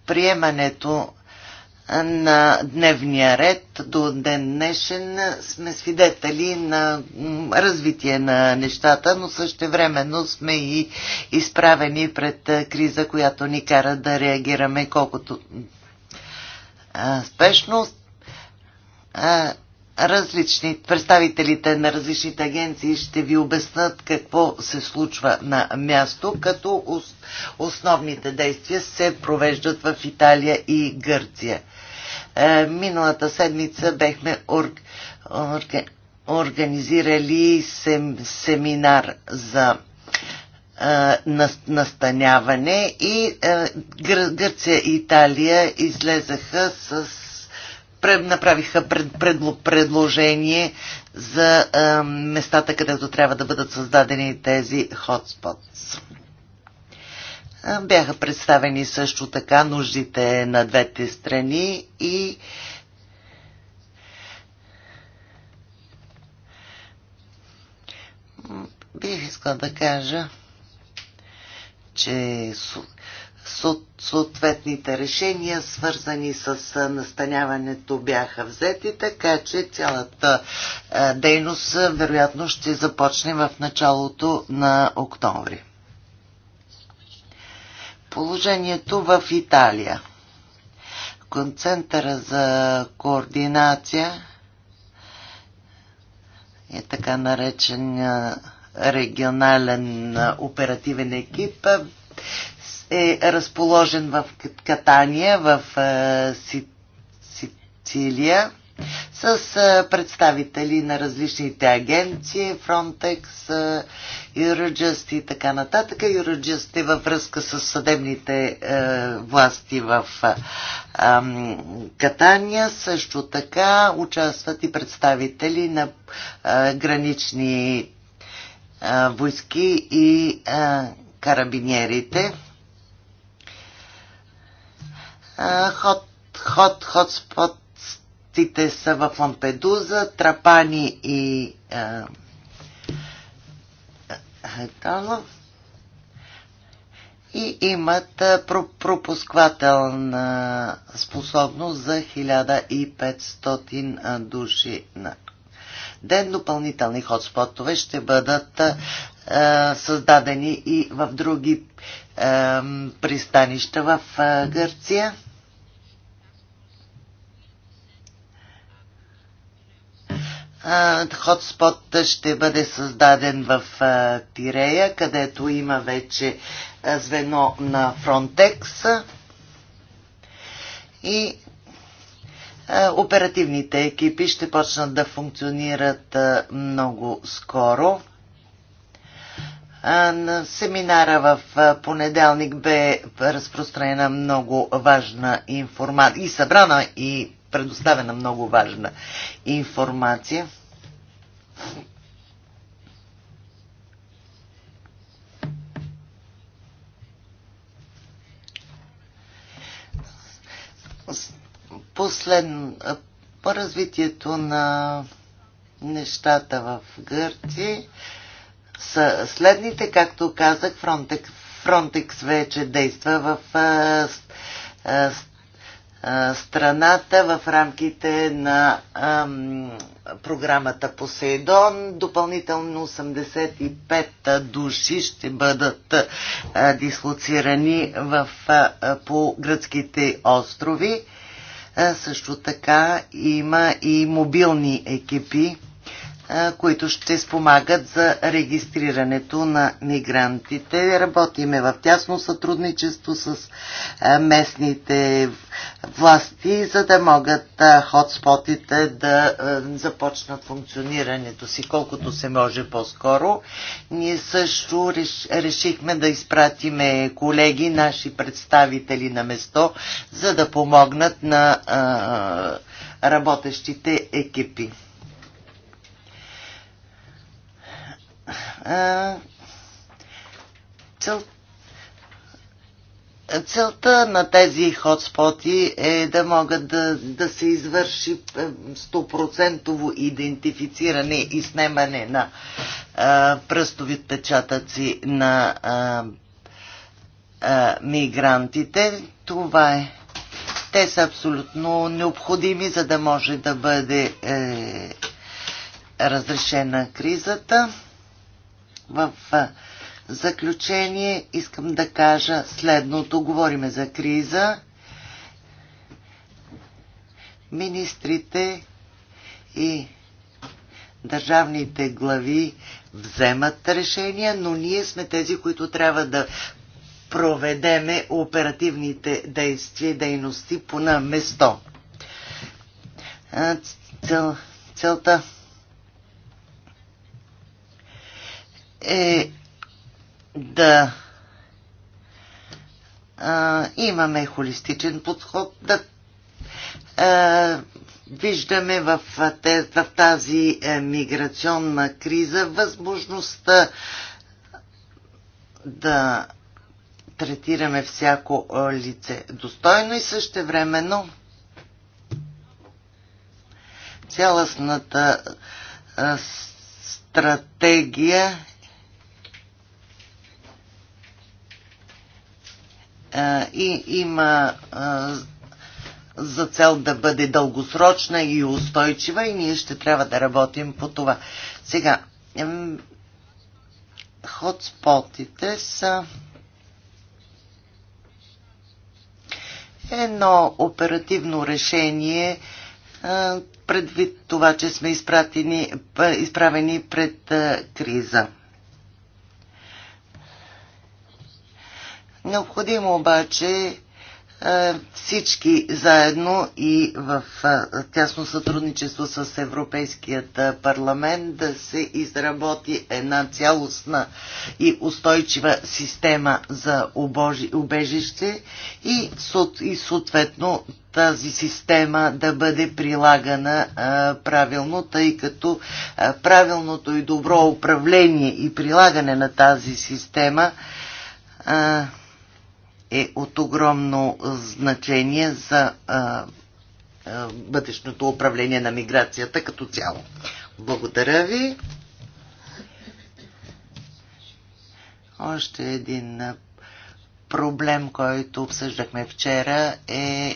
[SPEAKER 4] приемането на дневния ред до ден днешен сме свидетели на развитие на нещата, но същевременно сме и изправени пред криза, която ни кара да реагираме колкото спешно. Различни, представителите на различните агенции ще ви обяснат какво се случва на място, като основните действия се провеждат в Италия и Гърция. Е, миналата седмица бехме ор, ор, организирали сем, семинар за е, настаняване и е, Гърция и Италия излезаха с направиха предложение за местата, където трябва да бъдат създадени тези хотспот. Бяха представени също така нуждите на двете страни и бих искал да кажа, че съответните решения, свързани с настаняването, бяха взети, така че цялата дейност вероятно ще започне в началото на октомври положението в Италия. Концентъра за координация е така наречен регионален оперативен екип е разположен в Катания, в Сицилия с представители на различните агенции, Frontex, Eurojust и така нататък. Eurojust е във връзка с съдебните е, власти в Катания. Също така участват и представители на гранични войски и карабинерите. Ход, ход, хотспот туристите са в Лампедуза, Трапани и Хайталов е, е, е, и имат пропусквателна способност за 1500 души на ден. Допълнителни хотспотове ще бъдат създадени и в други пристанища в Гърция. Хотспотът ще бъде създаден в Тирея, където има вече звено на Фронтекс и оперативните екипи ще почнат да функционират много скоро. семинара в понеделник бе разпространена много важна информация и събрана и предоставена много важна информация. Последно, по развитието на нещата в Гърция са следните, както казах, Фронтекс, Фронтекс вече действа в а, а, страната в рамките на ам, програмата Посейдон. Допълнително 85 души ще бъдат а, дислоцирани в, а, по гръцките острови. А, също така има и мобилни екипи които ще спомагат за регистрирането на мигрантите. Работиме в тясно сътрудничество с местните власти, за да могат хотспотите да започнат функционирането си колкото се може по-скоро. Ние също решихме да изпратиме колеги, наши представители на место, за да помогнат на работещите екипи. цел, целта на тези хотспоти е да могат да, да се извърши 100% идентифициране и снемане на а, пръстови отпечатъци на а, а, мигрантите. Това е. Те са абсолютно необходими, за да може да бъде е, разрешена кризата. В заключение искам да кажа следното. Говориме за криза. Министрите и държавните глави вземат решения, но ние сме тези, които трябва да проведеме оперативните действия и дейности по на место. Цел, целта е да а, имаме холистичен подход, да а, виждаме в, в тази е, миграционна криза възможността да третираме всяко е, лице достойно и същевременно цялостната е, стратегия и има за цел да бъде дългосрочна и устойчива и ние ще трябва да работим по това. Сега, хотспотите са едно оперативно решение предвид това, че сме изправени пред криза. Необходимо обаче е, всички заедно и в е, тясно сътрудничество с Европейският е, парламент да се изработи една цялостна и устойчива система за убежище и, съответно тази система да бъде прилагана правилно, тъй като правилното и добро управление и прилагане на тази система е от огромно значение за а, бъдещното управление на миграцията като цяло. Благодаря ви. Още един проблем, който обсъждахме вчера, е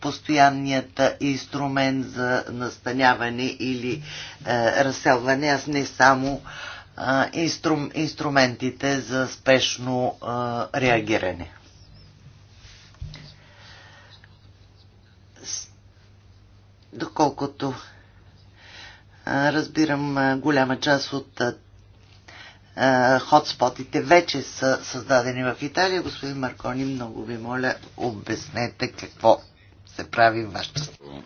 [SPEAKER 4] постоянният инструмент за настаняване или разселване, аз не само инструментите за спешно реагиране. Доколкото разбирам, голяма част от хотспотите вече са създадени в Италия. Господин Маркони, много ви моля, обяснете какво се прави в вашата страна.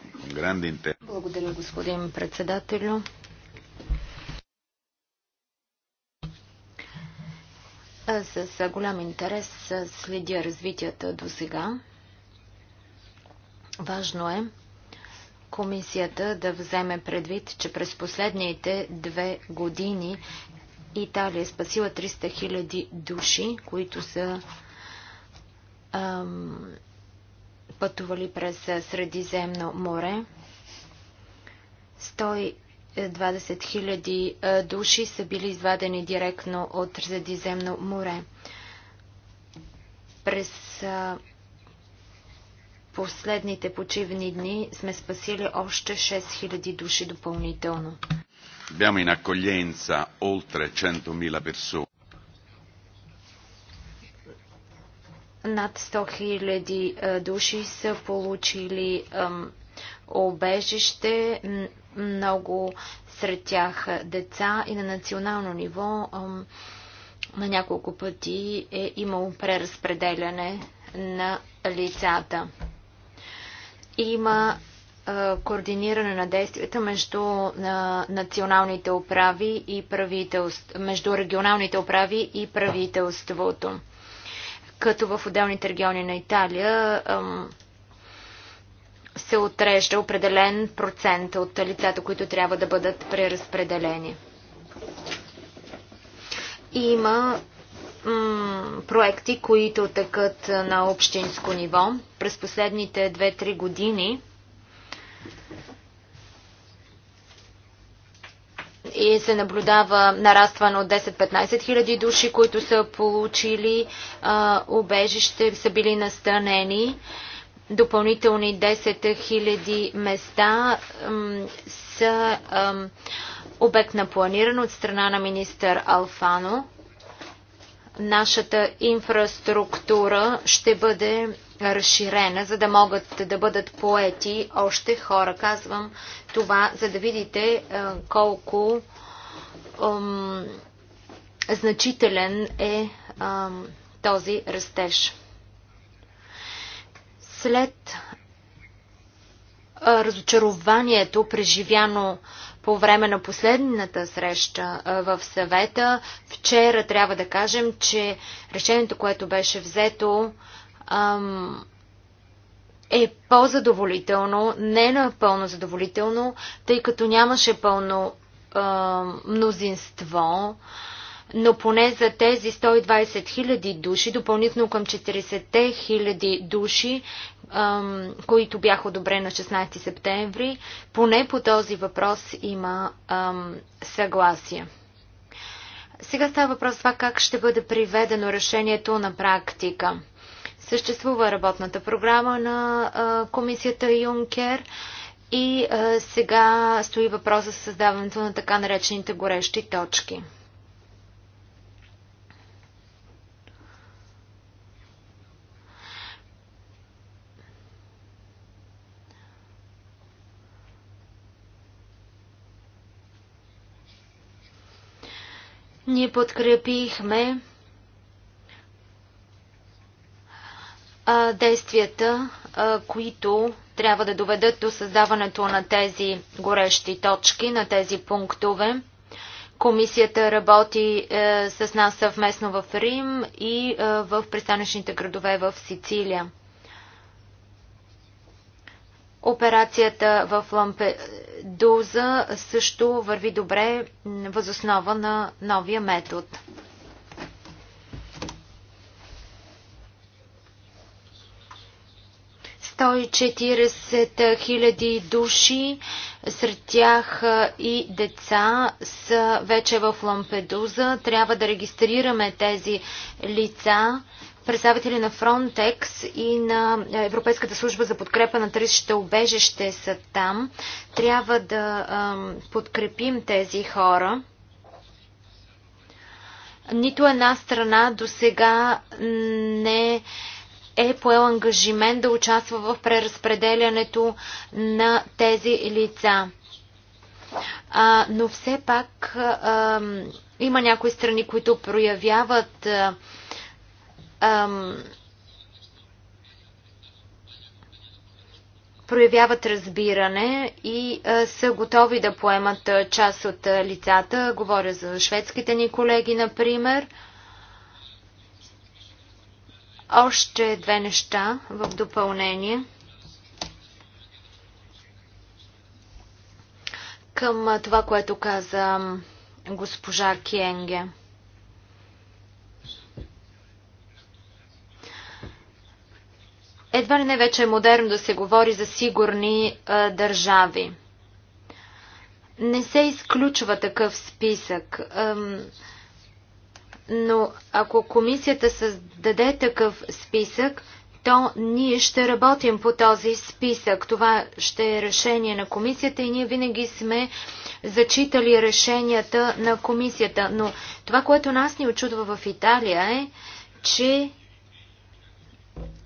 [SPEAKER 2] Благодаря, господин председателю. С голям интерес следя развитията до сега. Важно е комисията да вземе предвид, че през последните две години Италия е спасила 300 000 души, които са ам, пътували през Средиземно море. 120 000 е, е, души са били извадени директно от Средиземно море. През последните почивни дни сме спасили още 6000 души допълнително.
[SPEAKER 4] Abbiamo in accoglienza oltre 100.000 persone.
[SPEAKER 2] Над 100 000 е, души са получили обежище, много сред тях деца и на национално ниво на няколко пъти е имало преразпределяне на лицата. Има координиране на действията между националните управи и правителство, между регионалните управи и правителството. Като в отделните региони на Италия се отрежда определен процент от лицата, които трябва да бъдат преразпределени. Има проекти, които тъкат на общинско ниво. През последните 2-3 години и се наблюдава нарастване от 10-15 хиляди души, които са получили а, убежище, са били настанени. Допълнителни 10 хиляди места м- са м- обект на планиране от страна на министър Алфано нашата инфраструктура ще бъде разширена, за да могат да бъдат поети още хора. Казвам това, за да видите е, колко ом, значителен е ом, този растеж. След разочарованието, преживяно по време на последната среща в съвета. Вчера трябва да кажем, че решението, което беше взето, е по-задоволително, не напълно задоволително, тъй като нямаше пълно мнозинство но поне за тези 120 хиляди души, допълнително към 40 хиляди души, които бяха одобрени на 16 септември, поне по този въпрос има съгласие. Сега става въпрос това как ще бъде приведено решението на практика. Съществува работната програма на комисията Юнкер и сега стои въпроса за създаването на така наречените горещи точки. Ние подкрепихме а, действията, а, които трябва да доведат до създаването на тези горещи точки, на тези пунктове. Комисията работи е, с нас съвместно в Рим и е, в пристанищните градове в Сицилия. Операцията в Лампедуза също върви добре възоснова на новия метод. Той 40 хиляди души, сред тях и деца, са вече в Лампедуза. Трябва да регистрираме тези лица Представители на Frontex и на Европейската служба за подкрепа на търсещите обежище са там. Трябва да подкрепим тези хора. Нито една страна до сега не е поел ангажимент да участва в преразпределянето на тези лица. А, но все пак а, има някои страни, които проявяват а, ам, проявяват разбиране и а, са готови да поемат а, част от а, лицата. Говоря за шведските ни колеги, например. Още две неща в допълнение. Към това, което каза госпожа Кенге. Едва ли не вече е модерно да се говори за сигурни а, държави. Не се изключва такъв списък. Ам, но ако комисията създаде такъв списък, то ние ще работим по този списък. Това ще е решение на комисията и ние винаги сме зачитали решенията на комисията. Но това, което нас ни очудва в Италия е, че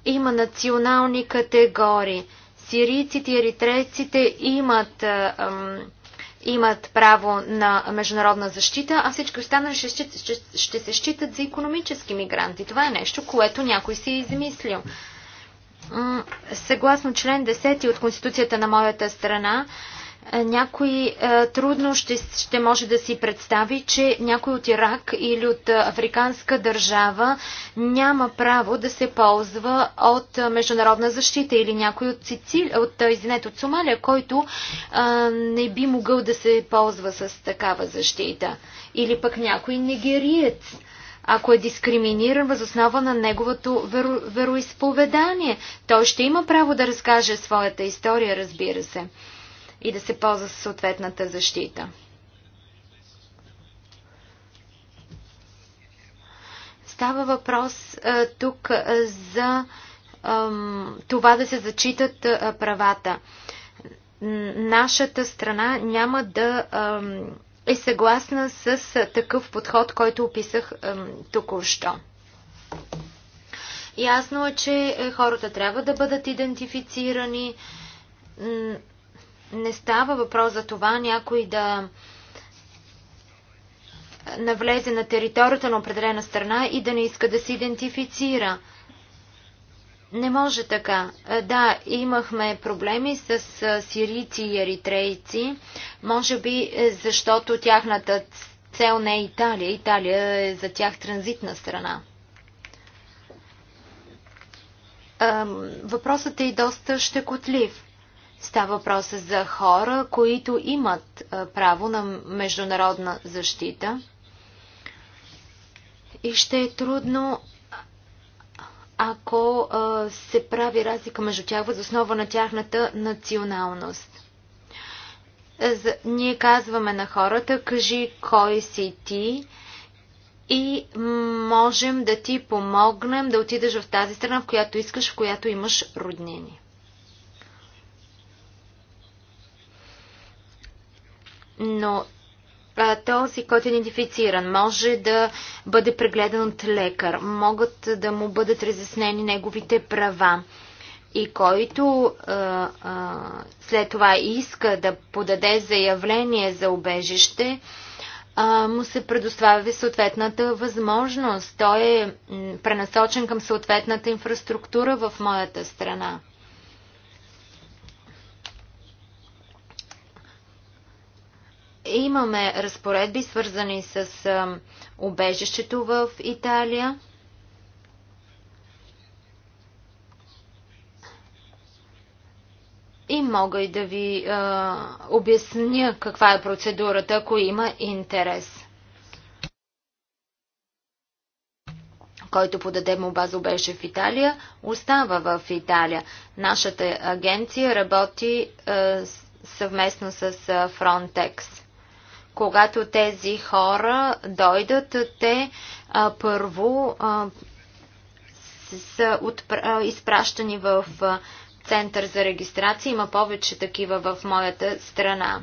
[SPEAKER 2] има национални категории. Сирийците и еритрейците имат, имат право на международна защита, а всички останали ще, ще, ще се считат за економически мигранти. Това е нещо, което някой си е измислил съгласно член 10 от Конституцията на моята страна, е, някой е, трудно ще, ще може да си представи, че някой от Ирак или от африканска държава няма право да се ползва от международна защита или някой от, Сицили, от, извинете, от Сомалия, който а, е, не би могъл да се ползва с такава защита. Или пък някой нигериец ако е дискриминиран въз основа на неговото веро, вероисповедание. Той ще има право да разкаже своята история, разбира се и да се ползва съответната защита. Става въпрос а, тук а, за а, това да се зачитат а, правата. Нашата страна няма да а, е съгласна с такъв подход, който описах току-що. Ясно е, че е, хората трябва да бъдат идентифицирани. Не става въпрос за това някой да навлезе на територията на определена страна и да не иска да се идентифицира. Не може така. Е, да, имахме проблеми с е, сирийци и еритрейци, може би е, защото тяхната цел не е Италия. Италия е за тях транзитна страна. Въпросът е и доста щекотлив. Става въпрос за хора, които имат право на международна защита. И ще е трудно, ако се прави разлика между тях въз основа на тяхната националност. Е, ние казваме на хората, кажи кой си ти и можем да ти помогнем да отидеш в тази страна, в която искаш, в която имаш роднини. но този, който е идентифициран, може да бъде прегледан от лекар, могат да му бъдат разяснени неговите права и който а, а, след това иска да подаде заявление за обежище, а, му се предоставя съответната възможност. Той е пренасочен към съответната инфраструктура в моята страна. Имаме разпоредби, свързани с обежището в Италия. И мога и да ви е, обясня каква е процедурата, ако има интерес. който подаде му база беше в Италия, остава в Италия. Нашата агенция работи е, съвместно с Frontex. Когато тези хора дойдат, те а, първо а, са отпра... изпращани в център за регистрация. Има повече такива в моята страна.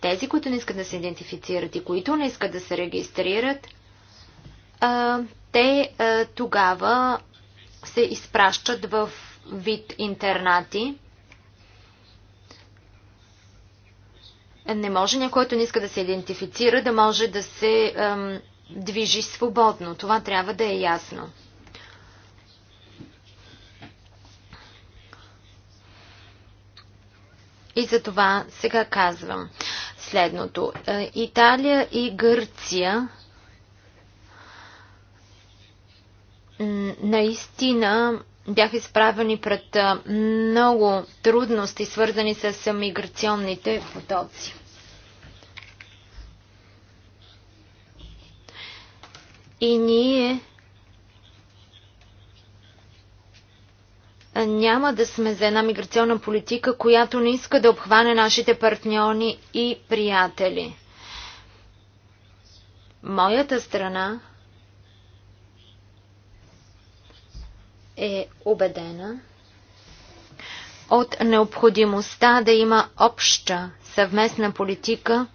[SPEAKER 2] Тези, които не искат да се идентифицират и които не искат да се регистрират, те тогава се изпращат в вид интернати. Не може някой, който не иска да се идентифицира, да може да се ем, движи свободно. Това трябва да е ясно. И за това сега казвам следното. Е, Италия и Гърция наистина бях изправени пред много трудности, свързани с миграционните потоци. И ние няма да сме за една миграционна политика, която не иска да обхване нашите партньори и приятели. Моята страна е убедена от необходимостта да има обща съвместна политика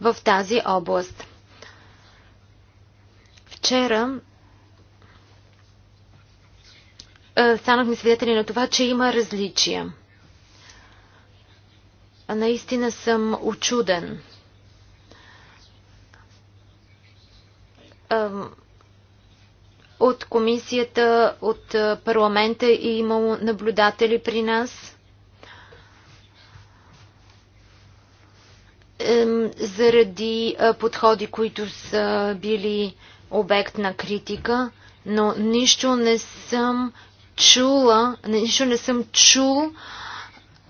[SPEAKER 2] в тази област. Вчера е, станахме свидетели на това, че има различия. Наистина съм очуден от комисията, от парламента и имало наблюдатели при нас. заради подходи, които са били обект на критика, но нищо не съм чула, нищо не съм чул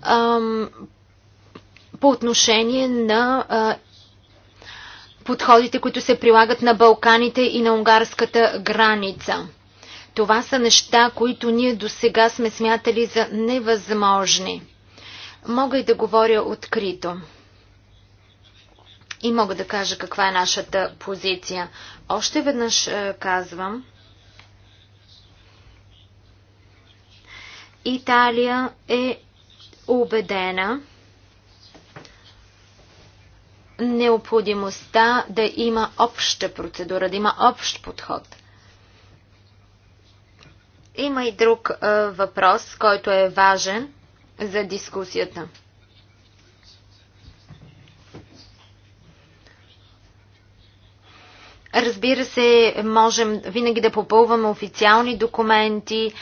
[SPEAKER 2] ам, по отношение на а, подходите, които се прилагат на Балканите и на унгарската граница. Това са неща, които ние до сега сме смятали за невъзможни. Мога и да говоря открито. И мога да кажа каква е нашата позиция. Още веднъж е, казвам, Италия е убедена, необходимостта да има обща процедура, да има общ подход. Има и друг е, въпрос, който е важен за дискусията. Разбира се, можем винаги да попълваме официални документи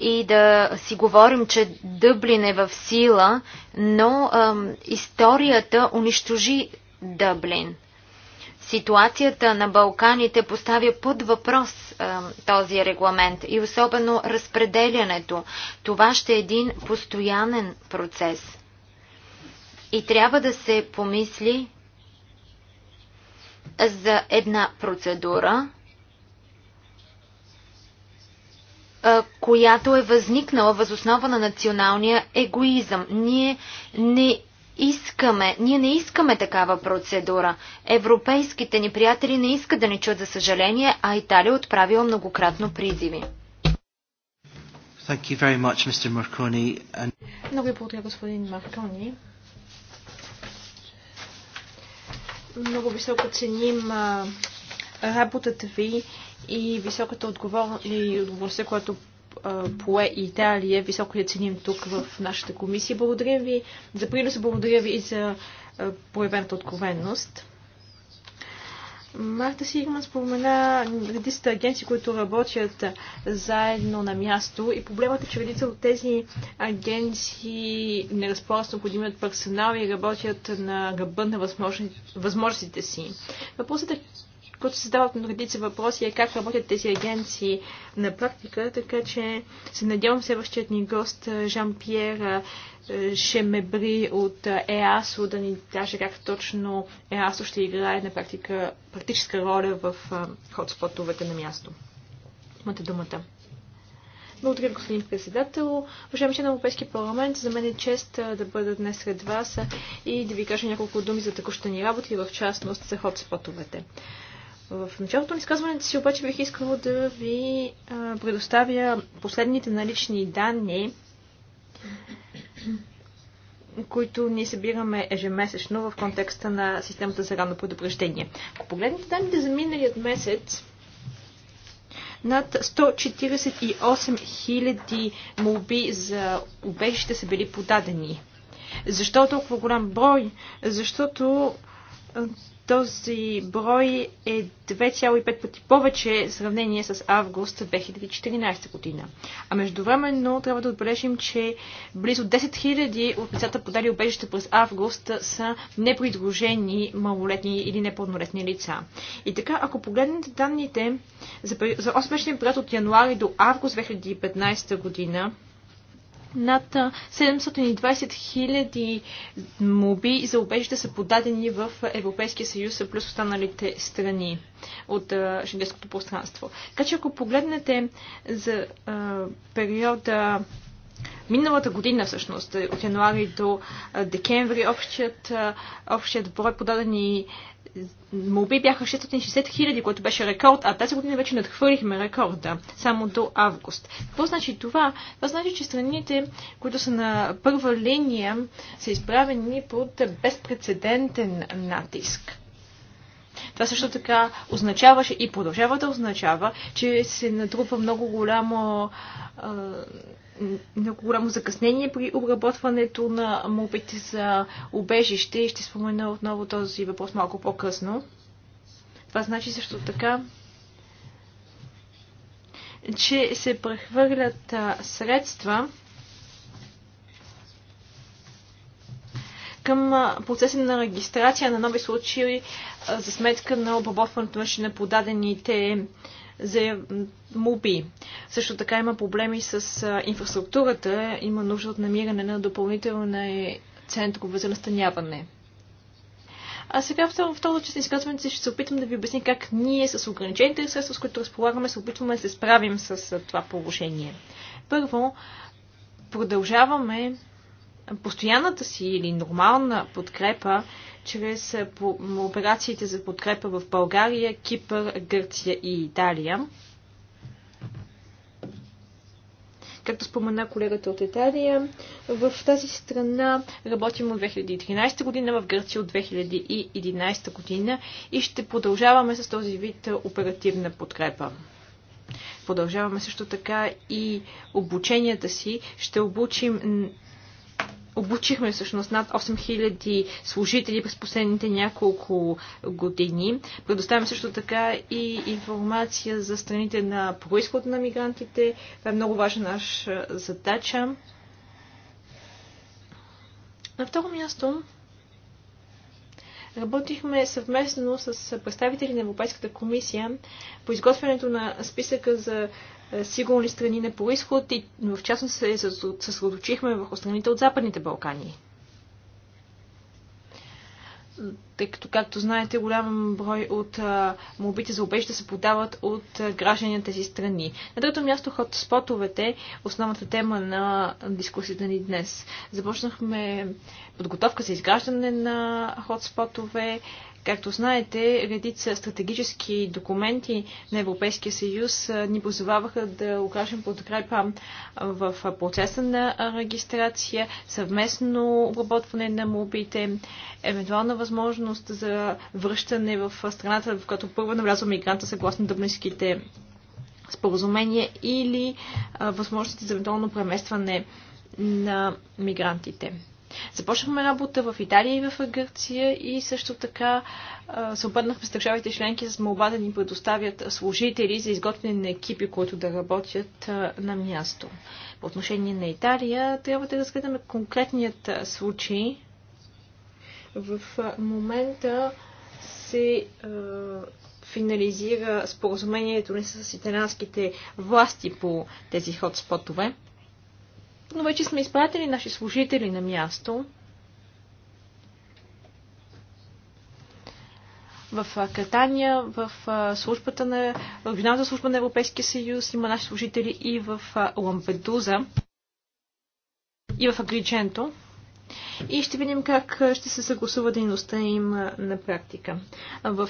[SPEAKER 2] и да си говорим, че Дъблин е в сила, но ам, историята унищожи Дъблин. Ситуацията на Балканите поставя под въпрос а, е, този регламент и особено разпределянето. Това ще е един постоянен процес. И трябва да се помисли за една процедура, е, която е възникнала възоснова на националния егоизъм. Ние не искаме, ние не искаме такава процедура. Европейските ни приятели не искат да ни чуят за съжаление, а Италия отправила многократно призиви.
[SPEAKER 1] Thank you very much, Mr. Marconi. And...
[SPEAKER 3] Много ви благодаря, господин Маркони. Много високо ценим а, работата ви и високата отговорност, която пое Италия. Високо я ценим тук в нашата комисия. Благодаря ви за приноса, благодаря ви и за проявената откровенност. Марта Сигман спомена редиста агенции, които работят заедно на място и проблемът е, че редица от тези агенции не разполагат с необходимият персонал и работят на гъба на възможностите си. Въпросът е които задават на редица въпроси е как работят тези агенции на практика, така че се надявам следващият ни гост е, Жан-Пьер Шемебри от е, ЕАСО да ни каже как точно ЕАСО ще играе на практика, практическа роля в е, хотспотовете на място. Имате думата. Благодаря, господин председател. Уважаеми на Европейския парламент, за мен е чест да бъда днес сред вас и да ви кажа няколко думи за такущата ни работа и в частност за хотспотовете. В началото на изказването си обаче бих искала да ви предоставя последните налични данни, които ние събираме ежемесечно в контекста на системата за ранно предупреждение. Ако погледнете данните за миналият месец, над 148 000 молби за убежище са били подадени. Защо толкова голям брой? Защото този брой е 2,5 пъти повече в сравнение с август 2014 година. А междувременно трябва да отбележим, че близо 10 000 от лицата подали обежище през август са непридружени малолетни или непълнолетни лица. И така, ако погледнете данните за 8-месечния период от януари до август 2015 година, над 720 000 моби за убежище са подадени в Европейския съюз, плюс останалите страни от шенгенското пространство. Така че ако погледнете за а, периода миналата година всъщност, от януари до декември, общият, общият брой подадени молби бяха 660 хиляди, което беше рекорд, а тази година вече надхвърлихме рекорда, само до август. Какво значи това? Това значи, че страните, които са на първа линия, са изправени под безпредседентен натиск. Това също така означаваше и продължава да означава, че се натрупа много голямо много голямо закъснение при обработването на мобите за убежище и ще спомена отново този въпрос малко по-късно. Това значи също така, че се прехвърлят средства към процеса на регистрация на нови случаи за сметка на обработването на подадените за муби. Също така има проблеми с инфраструктурата, има нужда от намиране на допълнителни центрове за настаняване. А сега в втората част на изказването ще се опитам да ви обясня как ние с ограничените средства, с които разполагаме, се опитваме да се справим с това положение. Първо, продължаваме постоянната си или нормална подкрепа чрез операциите за подкрепа в България, Кипър, Гърция и Италия. Както спомена колегата от Италия, в тази страна работим от 2013 година, в Гърция от 2011 година и ще продължаваме с този вид оперативна подкрепа. Продължаваме също така и обученията си. Ще обучим обучихме всъщност над 8000 служители през последните няколко години. Предоставяме също така и информация за страните на происход на мигрантите. Това е много важна наша задача. На второ място работихме съвместно с представители на Европейската комисия по изготвянето на списъка за е, сигурни страни на происход и в частност се съсредоточихме върху страните от Западните Балкани. Тъй като, както знаете, голям брой от мобите за обеща се подават от граждани на тези страни. На трето място ход спотовете, основната тема на дискусията ни днес. Започнахме подготовка за изграждане на ход спотове, Както знаете, редица стратегически документи на Европейския съюз ни позоваваха да окажем подкрепа в процеса на регистрация, съвместно обработване на мобите, евентуална възможност за връщане в страната, в която първо навлязва мигранта съгласно дъбнинските споразумения или възможности за евентуално преместване на мигрантите. Започнахме работа в Италия и в Гърция и също така се обърнахме с държавите членки с молба да ни предоставят служители за изготвяне на екипи, които да работят на място. По отношение на Италия трябва да разгледаме конкретният случай. В момента се финализира споразумението ни с италянските власти по тези хотспотове но вече сме изпратили наши служители на място. в Катания, в службата на в регионалната служба на Европейския съюз, има наши служители и в Лампедуза, и в Агриченто и ще видим как ще се съгласува дейността им на практика. В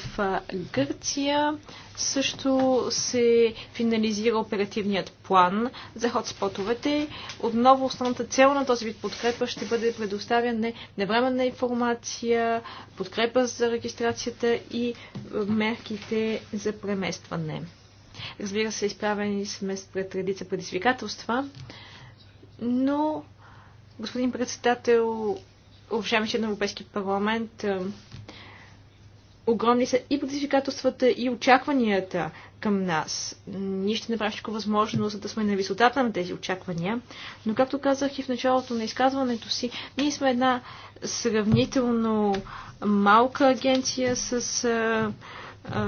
[SPEAKER 3] Гърция също се финализира оперативният план за хотспотовете. Отново основната цел на този вид подкрепа ще бъде предоставяне на временна информация, подкрепа за регистрацията и мерките за преместване. Разбира се, изправени сме пред редица предизвикателства, но Господин председател, уважаеми член на Европейски парламент, е, огромни са и предизвикателствата, и очакванията към нас. Ние ще направим всичко възможно, за да сме на висотата на тези очаквания. Но, както казах и в началото на изказването си, ние сме една сравнително малка агенция с е,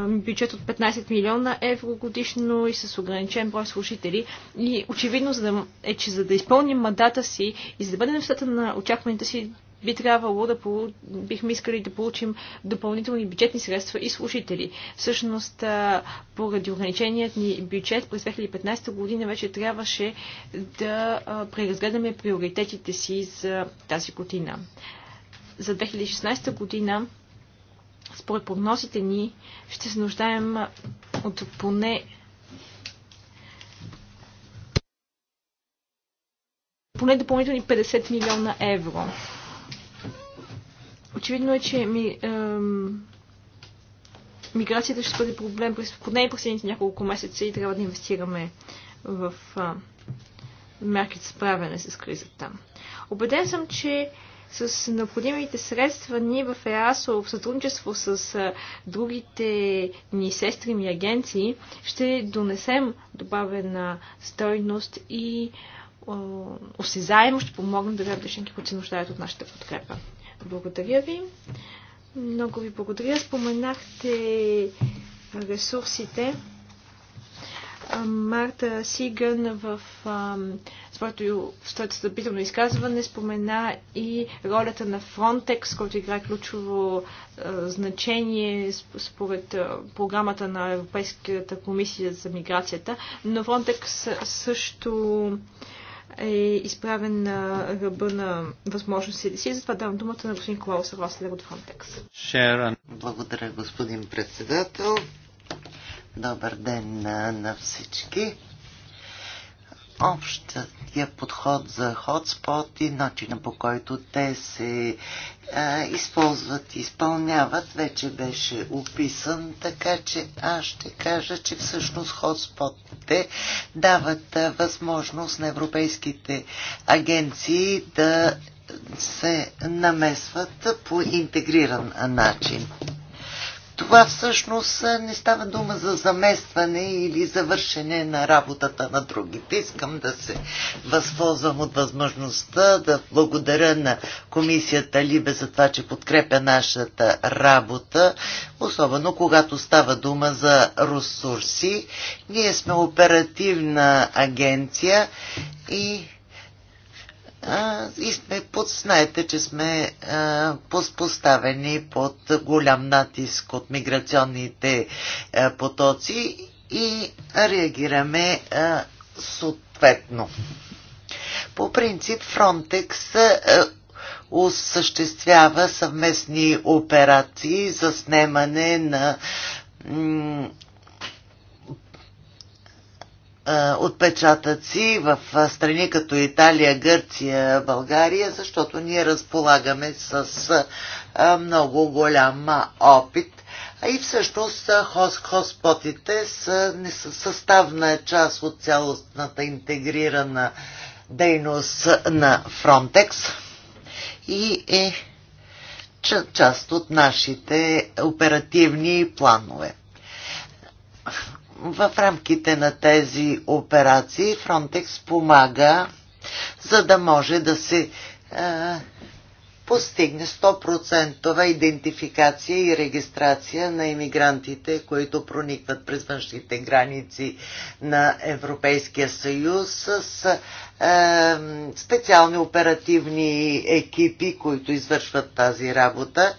[SPEAKER 3] бюджет от 15 милиона евро годишно и с ограничен брой служители. И очевидно за да, е, че за да изпълним мандата си и за да бъдем в на очакваните си би трябвало да полу... бихме искали да получим допълнителни бюджетни средства и служители. Всъщност, поради ограниченият ни бюджет през 2015 година вече трябваше да преразгледаме приоритетите си за тази година. За 2016 година според прогнозите ни, ще се нуждаем от поне поне допълнителни 50 милиона евро. Очевидно е, че ми, ем, миграцията ще бъде проблем през поне последните няколко месеца и трябва да инвестираме в а, мерки за справяне с кризата. Обеден съм, че с необходимите средства ние в ЕАСО в сътрудничество с другите ни сестри и агенции ще донесем добавена стойност и осезаемо ще помогнем да членки, които се нуждаят от нашата подкрепа. Благодаря ви. Много ви благодаря. Споменахте ресурсите. Марта Сиган в своето, своето стъпително изказване спомена и ролята на Frontex, който играе ключово а, значение според а, програмата на Европейската комисия за миграцията, но Frontex също е изправен на ръба на възможностите си. Затова давам думата на господин Клаус Рослер от Frontex.
[SPEAKER 4] Шерон. Благодаря, господин председател. Добър ден на, на всички общия подход за хотспот и начина по който те се а, използват и изпълняват вече беше описан, така че аз ще кажа, че всъщност хотспотите дават а, възможност на европейските агенции да се намесват по интегриран начин това всъщност не става дума за заместване или завършене на работата на другите. Искам да се възползвам от възможността да благодаря на комисията Либе за това, че подкрепя нашата работа, особено когато става дума за ресурси. Ние сме оперативна агенция и и сме под, знаете, че сме поставени под голям натиск от миграционните потоци и реагираме съответно. По принцип Фронтекс осъществява съвместни операции за снемане на отпечатъци в страни като Италия, Гърция, България, защото ние разполагаме с много голям опит. А и всъщност хоспотите са съставна част от цялостната интегрирана дейност на Фронтекс и е част от нашите оперативни планове в рамките на тези операции Фронтекс помага, за да може да се а, постигне 100% идентификация и регистрация на иммигрантите, които проникват през външните граници на Европейския съюз с е, специални оперативни екипи, които извършват тази работа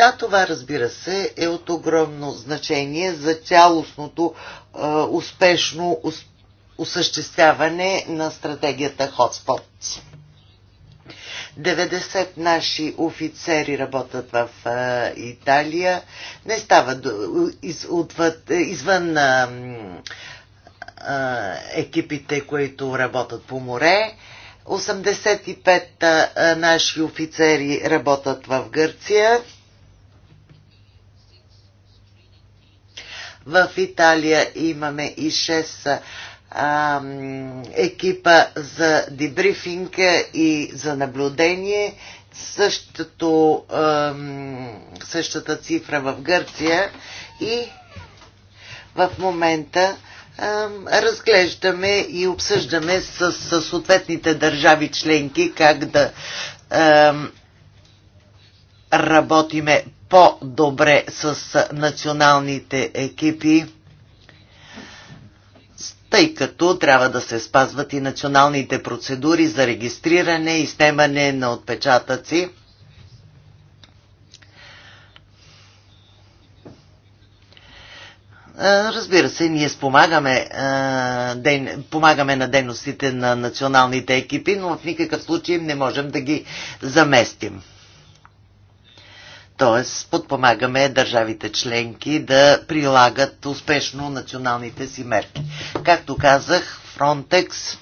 [SPEAKER 4] а това, разбира се, е от огромно значение за цялостното е, успешно ус, осъществяване на стратегията Hotspot. 90 наши офицери работят в е, Италия. Не става из, отвъд, извън е, е, екипите, които работят по море. 85 е, наши офицери работят в Гърция. В Италия имаме и 6 а, екипа за дебрифинг и за наблюдение. Същото, а, същата цифра в Гърция и в момента а, разглеждаме и обсъждаме с, с съответните държави членки как да а, работиме по-добре с националните екипи, тъй като трябва да се спазват и националните процедури за регистриране и снимане на отпечатъци. Разбира се, ние спомагаме, помагаме на дейностите на националните екипи, но в никакъв случай не можем да ги заместим т.е. подпомагаме държавите членки да прилагат успешно националните си мерки. Както казах, Фронтекс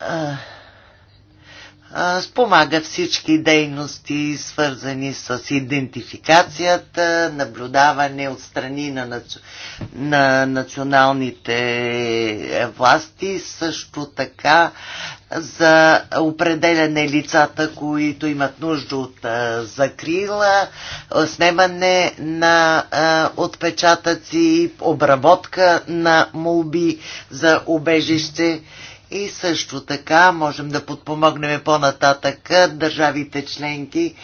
[SPEAKER 4] а, спомага всички дейности, свързани с идентификацията, наблюдаване от страни на, наци... на националните власти, също така за определяне лицата, които имат нужда от закрила, снимане на отпечатъци, обработка на молби за обежище и също така можем да подпомогнем по-нататък държавите членки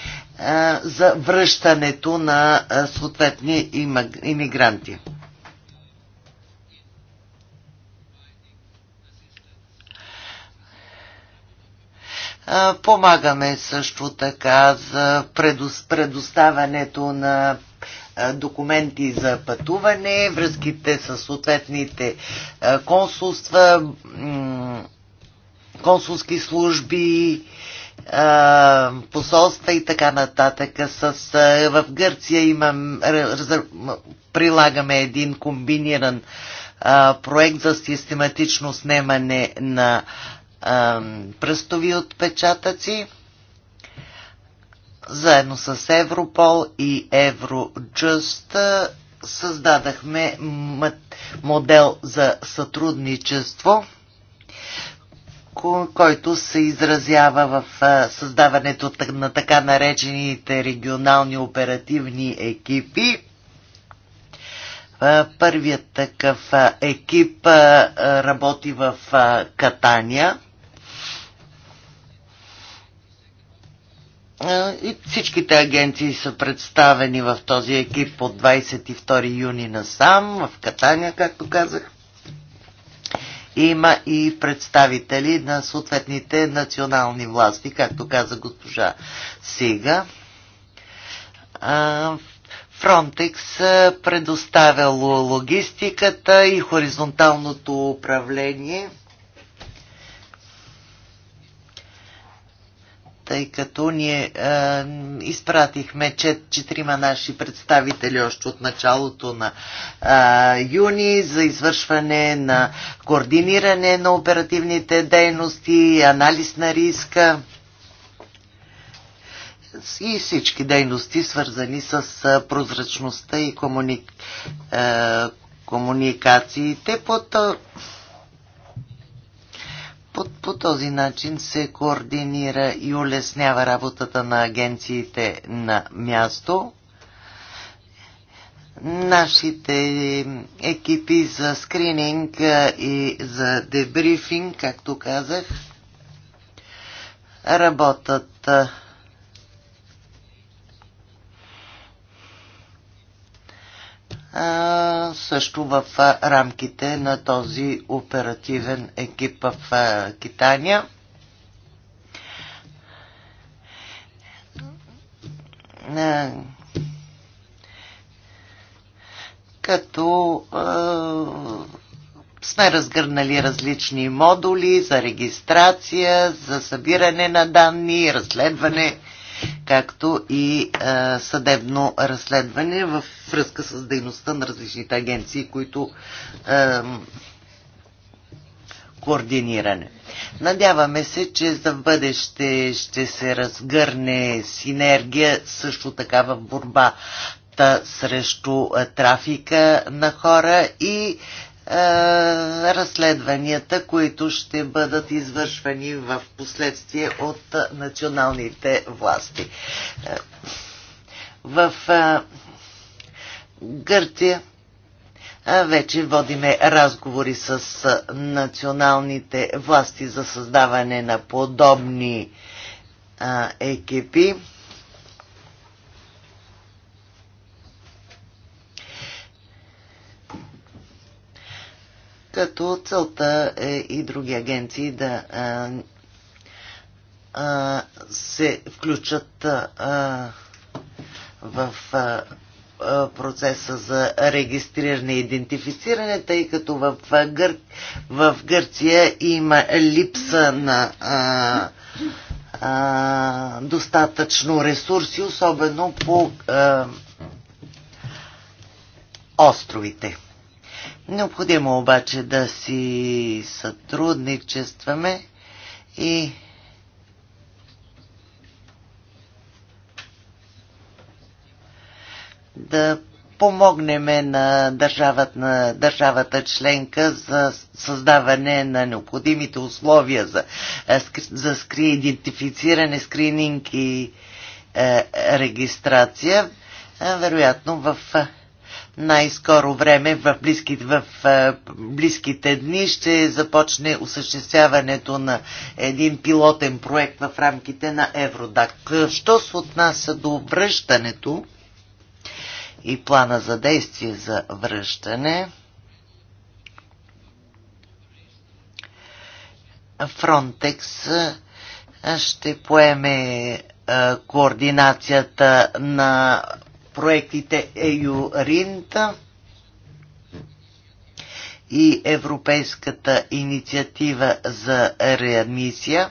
[SPEAKER 4] е, за връщането на е, съответни иммигранти. Е, помагаме също така за предоставянето на документи за пътуване, връзките с съответните консулства, консулски служби, посолства и така нататък. С, в Гърция имам, прилагаме един комбиниран проект за систематично снимане на пръстови отпечатъци заедно с Европол и Евроджъст създадахме модел за сътрудничество, който се изразява в създаването на така наречените регионални оперативни екипи. Първият такъв екип работи в Катания И всичките агенции са представени в този екип от 22 юни насам, в Катания, както казах. Има и представители на съответните национални власти, както каза госпожа Сига. Фронтекс предоставяло логистиката и хоризонталното управление – тъй като ние е, изпратихме чет, четирима наши представители още от началото на е, юни за извършване на координиране на оперативните дейности, анализ на риска и всички дейности, свързани с е, прозрачността и комуни... е, комуникациите. По, по, по този начин се координира и улеснява работата на агенциите на място. Нашите екипи за скрининг и за дебрифинг, както казах, работят също в рамките на този оперативен екип в Китания. Като сме разгърнали различни модули за регистрация, за събиране на данни, разследване както и а, съдебно разследване в връзка с дейността на различните агенции, които а, координиране. Надяваме се, че за бъдеще ще се разгърне синергия също така в борба срещу трафика на хора и е, разследванията, които ще бъдат извършвани в последствие от националните власти. Е, в е, Гърция вече водиме разговори с националните власти за създаване на подобни екипи. като целта е и други агенции да а, а, се включат а, в а, процеса за регистриране и идентифициране, тъй като в, Гър... в Гърция има липса на а, а, достатъчно ресурси, особено по а, островите. Необходимо обаче да си сътрудничестваме и да помогнем на държавата, на държавата членка за създаване на необходимите условия за, е, за скри, идентифициране, скрининг и е, регистрация. Е, вероятно в е, най-скоро време, в близките, в близките дни, ще започне осъществяването на един пилотен проект в рамките на Евродак. Що се отнася до връщането и плана за действие за връщане, Фронтекс ще поеме координацията на проектите ЕЮРИНТА и Европейската инициатива за реадмисия.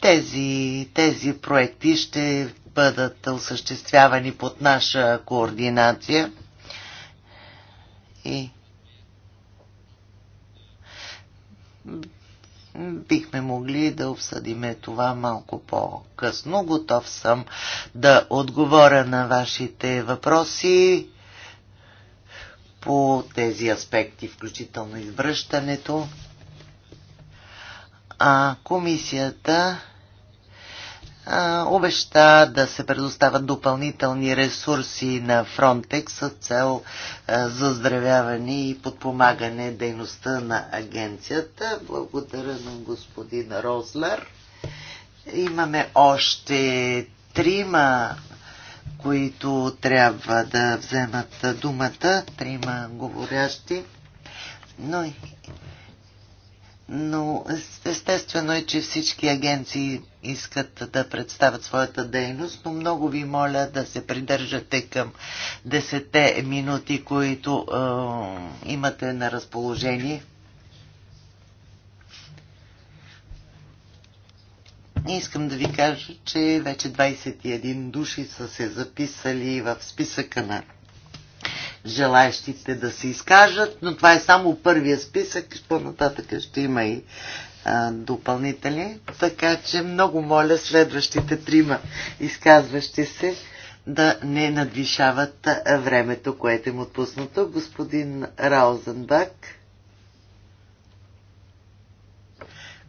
[SPEAKER 4] Тези, тези проекти ще бъдат осъществявани под наша координация и бихме могли да обсъдиме това малко по-късно. Готов съм да отговоря на вашите въпроси по тези аспекти, включително извръщането. А комисията обеща да се предоставят допълнителни ресурси на Фронтекс с цел заздравяване и подпомагане дейността на агенцията. Благодаря на господин Розлер. Имаме още трима, които трябва да вземат думата, трима говорящи. Но но естествено е, че всички агенции искат да представят своята дейност, но много ви моля да се придържате към 10 минути, които е, имате на разположение. Искам да ви кажа, че вече 21 души са се записали в списъка на желаящите да се изкажат, но това е само първия списък, по-нататък ще има и допълнители. така че много моля следващите трима изказващи се да не надвишават времето, което им е отпуснато. Господин Раузенбак,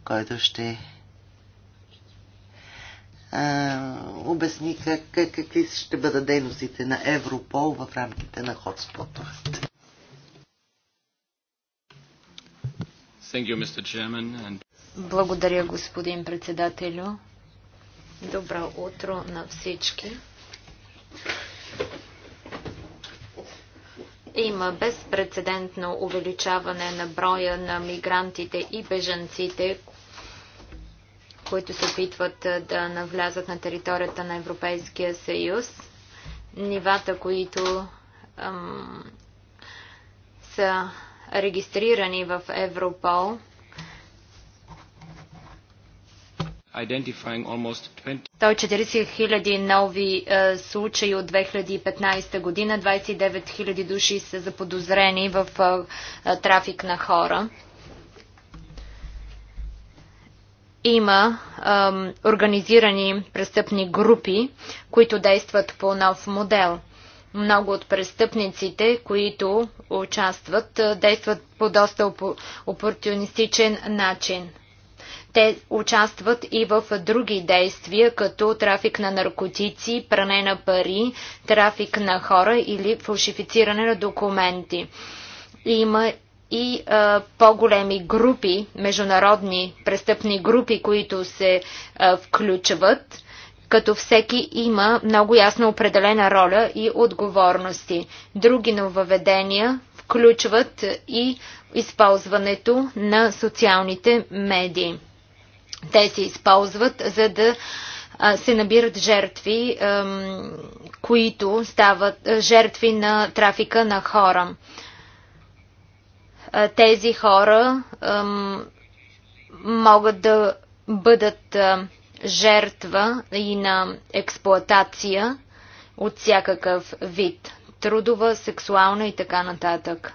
[SPEAKER 4] който ще а, обясниха как, какви ще бъдат дейностите на Европол в рамките на хотспотовете.
[SPEAKER 2] Благодаря, господин председателю. Добро утро на всички. Има безпредседентно увеличаване на броя на мигрантите и беженците които се опитват да навлязат на територията на Европейския съюз. Нивата, които ам, са регистрирани в Европол,
[SPEAKER 3] identifying 40
[SPEAKER 2] 000 е нови е, случаи от 2015 година, 29 000 души са заподозрени в е, трафик на хора. има ем, организирани престъпни групи, които действат по нов модел. Много от престъпниците, които участват, действат по доста опортунистичен начин. Те участват и в други действия, като трафик на наркотици, пране на пари, трафик на хора или фалшифициране на документи. Има и по-големи групи, международни престъпни групи, които се включват като всеки има много ясно определена роля и отговорности. Други нововведения включват и използването на социалните медии. Те се използват за да се набират жертви, които стават жертви на трафика на хора тези хора могат да бъдат жертва и на експлоатация от всякакъв вид трудова, сексуална и така нататък.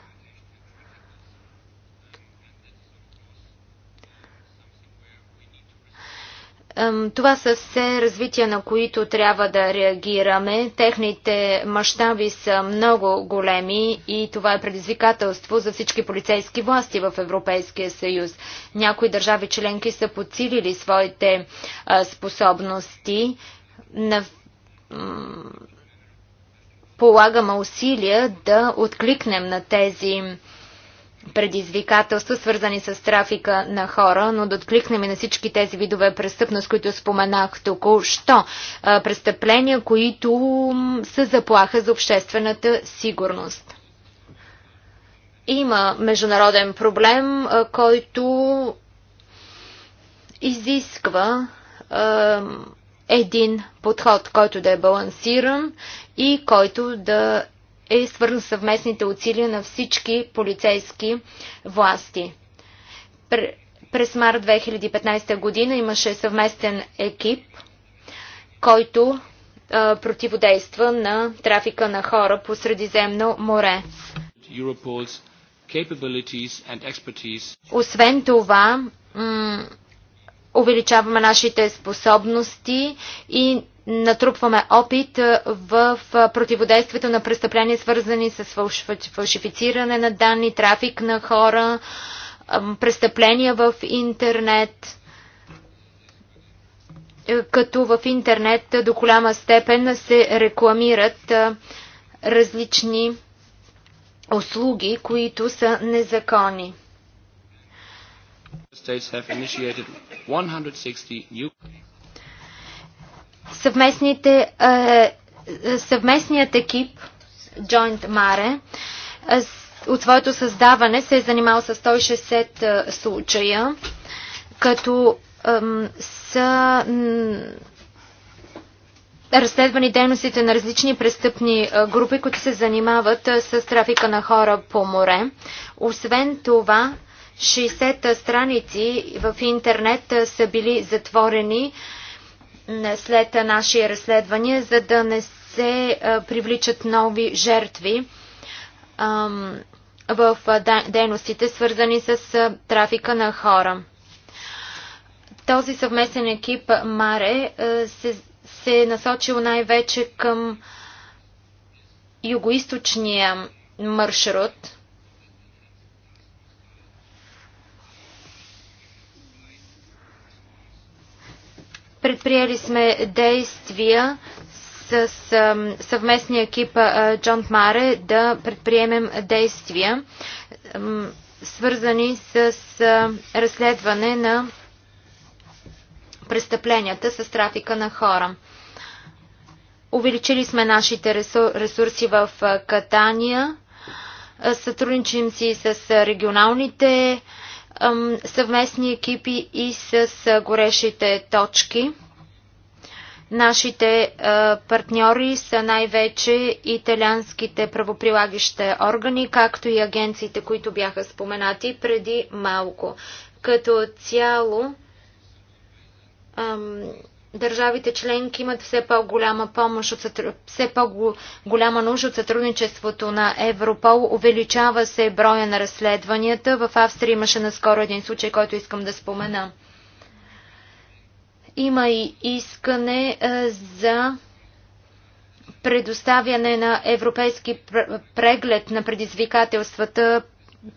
[SPEAKER 2] Това са все развития, на които трябва да реагираме. Техните мащаби са много големи и това е предизвикателство за всички полицейски власти в Европейския съюз. Някои държави членки са подсилили своите способности. Полагаме усилия да откликнем на тези предизвикателства, свързани с трафика на хора, но да откликнем и на всички тези видове престъпност, които споменах тук. що Престъпления, които са заплаха за обществената сигурност. Има международен проблем, който изисква един подход, който да е балансиран и който да е свързан съвместните усилия на всички полицейски власти. През март 2015 година имаше съвместен екип, който а, противодейства на трафика на хора по Средиземно море. Освен това, увеличаваме нашите способности и натрупваме опит е, в е, противодействието на престъпления, свързани с фалшифициране на данни, трафик на хора, престъпления в интернет е, като в интернет до голяма степен се рекламират различни услуги, които са незаконни съвместните, е, е, съвместният екип Joint Mare е, от своето създаване се е занимал с 160 случая, като са разследвани дейностите на различни престъпни групи, които се занимават с трафика на хора по море. Освен това, 60 страници в интернет са били затворени е, след нашия разследвания, за да не се е, привличат нови жертви в е, дейностите, свързани с трафика на хора. Този съвместен екип Маре се, се е насочил най-вече към югоисточния маршрут – Предприели сме действия с съвместния екип Джон Маре да предприемем действия, свързани с разследване на престъпленията с трафика на хора. Увеличили сме нашите ресурси в Катания. Сътрудничим си с регионалните съвместни екипи и с горещите точки. Нашите партньори са най-вече италианските правоприлагащи органи, както и агенциите, които бяха споменати преди малко. Като цяло, държавите членки имат все по-голяма помощ, от, все по-голяма нужда от сътрудничеството на Европол. Увеличава се броя на разследванията. В Австрия имаше наскоро един случай, който искам да спомена. Има и искане е, за предоставяне на европейски преглед на предизвикателствата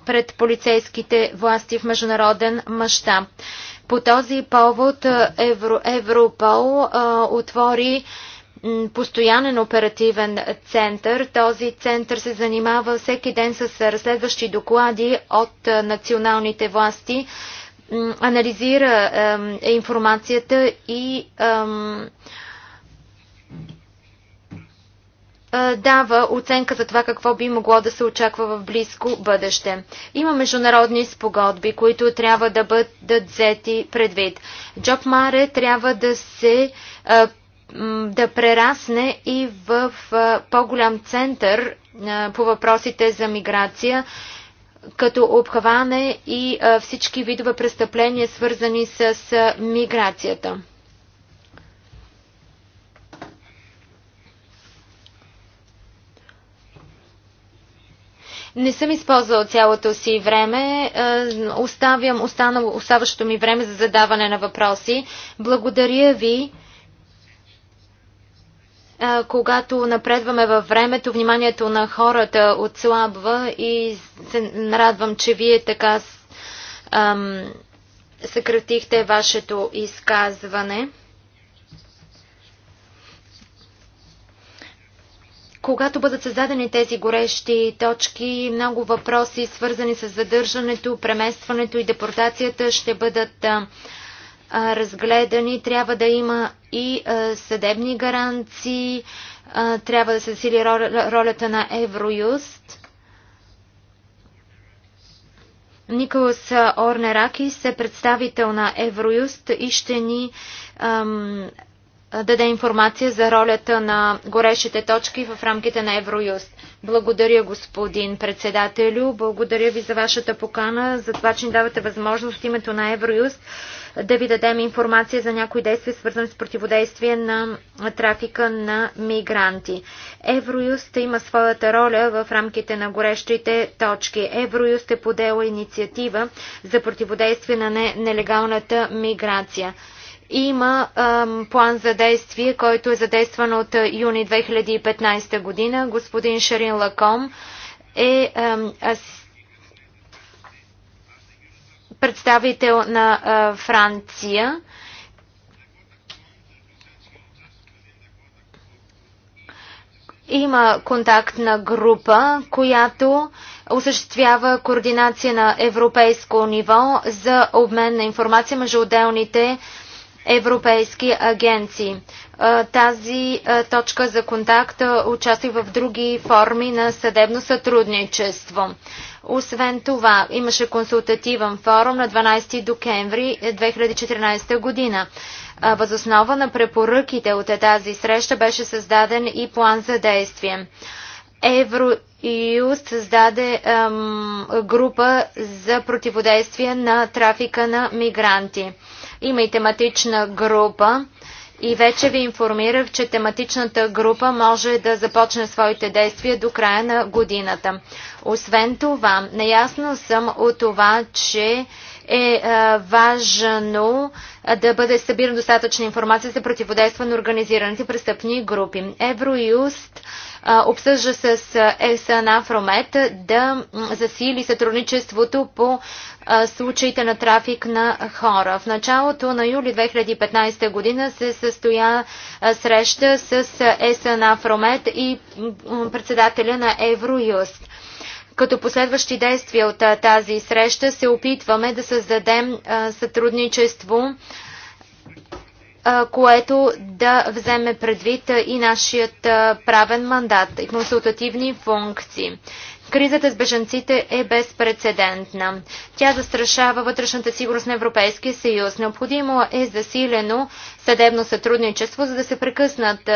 [SPEAKER 2] пред полицейските власти в международен мащаб. По този повод Евро, Европол а, отвори постоянен оперативен център. Този център се занимава всеки ден с разследващи доклади от националните власти, анализира е, информацията и е, дава оценка за това какво би могло да се очаква в близко бъдеще. Има международни спогодби, които трябва да бъдат взети предвид. Джоб Маре трябва да се да прерасне и в по-голям център по въпросите за миграция, като обхване и всички видове престъпления, свързани с миграцията. Не съм използвал цялото си време. Е, оставям останало, оставащото ми време за задаване на въпроси. Благодаря ви. Е, когато напредваме във времето, вниманието на хората отслабва и се радвам, че вие така съкратихте вашето изказване. Когато бъдат създадени тези горещи точки, много въпроси, свързани с задържането, преместването и депортацията, ще бъдат разгледани. Трябва да има и съдебни гаранции, трябва да се сили ролята на Евроюст. Николас Орнеракис е представител на Евроюст и ще ни ам, даде информация за ролята на горещите точки в рамките на Евроюст. Благодаря, господин председателю. Благодаря ви за вашата покана, за това, че ни давате възможност името на Евроюст да ви дадем информация за някои действия, свързани с противодействие на трафика на мигранти. Евроюст има своята роля в рамките на горещите точки. Евроюст е подела инициатива за противодействие на нелегалната миграция. Има ам, план за действие, който е задействан от юни 2015 година. Господин Шарин Лаком е ам, ас... представител на а, Франция. Има контактна група, която осъществява координация на европейско ниво за обмен на информация между отделните европейски агенции. Тази точка за контакт участва в други форми на съдебно сътрудничество. Освен това, имаше консултативен форум на 12 декември 2014 година. Възоснова на препоръките от тази среща беше създаден и план за действие. Евроюст създаде ем, група за противодействие на трафика на мигранти. Има и тематична група и вече ви информирах, че тематичната група може да започне своите действия до края на годината. Освен това, неясно съм от това, че е важно да бъде събирана достатъчна информация за противодейство на организираните престъпни групи. Евроюст обсъжда с ЕСА на Фромет да засили сътрудничеството по случаите на трафик на хора. В началото на юли 2015 година се състоя среща с СНА Афромет и председателя на Евроюст. Като последващи действия от тази среща се опитваме да създадем сътрудничество, което да вземе предвид и нашият правен мандат и консултативни функции. Кризата с бежанците е безпредседентна. Тя застрашава вътрешната сигурност на Европейския съюз. Необходимо е засилено съдебно сътрудничество, за да се прекъснат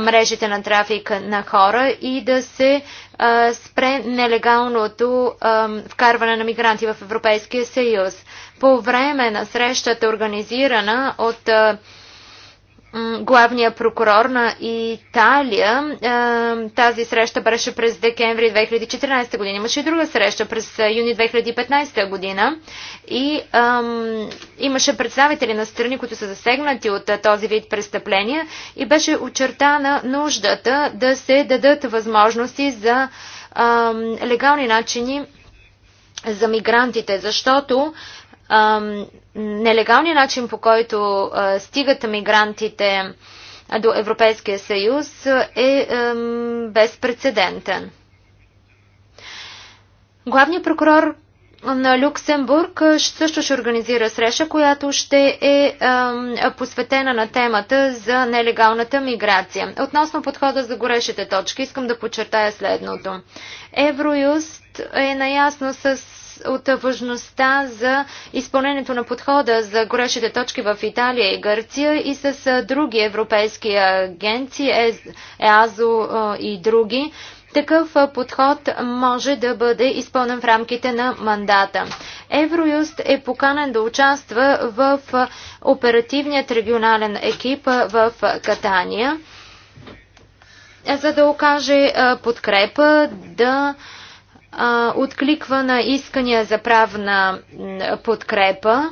[SPEAKER 2] мрежите на трафик на хора и да се спре нелегалното вкарване на мигранти в Европейския съюз. По време на срещата, организирана от главния прокурор на Италия. Тази среща беше през декември 2014 година. Имаше и друга среща през юни 2015 година. И ам, имаше представители на страни, които са засегнати от този вид престъпления. И беше очертана нуждата да се дадат възможности за ам, легални начини за мигрантите, защото ам, нелегалния начин, по който а, стигат мигрантите до Европейския съюз, е а, безпредседентен. Главният прокурор на Люксембург също ще организира среща, която ще е посветена на темата за нелегалната миграция. Относно подхода за горещите точки, искам да подчертая следното. Евроюст е наясно с от важността за изпълнението на подхода за горещите точки в Италия и Гърция и с други европейски агенции, е, ЕАЗО и други. Такъв подход може да бъде изпълнен в рамките на мандата. Евроюст е поканен да участва в оперативният регионален екип в Катания, за да окаже подкрепа, да откликва на искания за правна подкрепа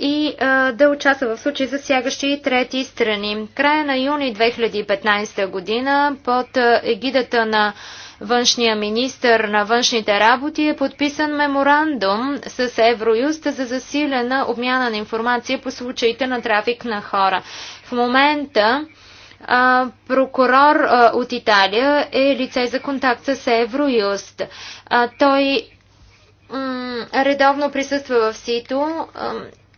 [SPEAKER 2] и а, да участва в случаи засягащи и трети страни. Края на юни 2015 година под егидата на външния министр на външните работи е подписан меморандум с Евроюст за засилена обмяна на информация по случаите на трафик на хора. В момента а, прокурор а, от Италия е лице за контакт с Евроюст. А, той редовно присъства в СИТО.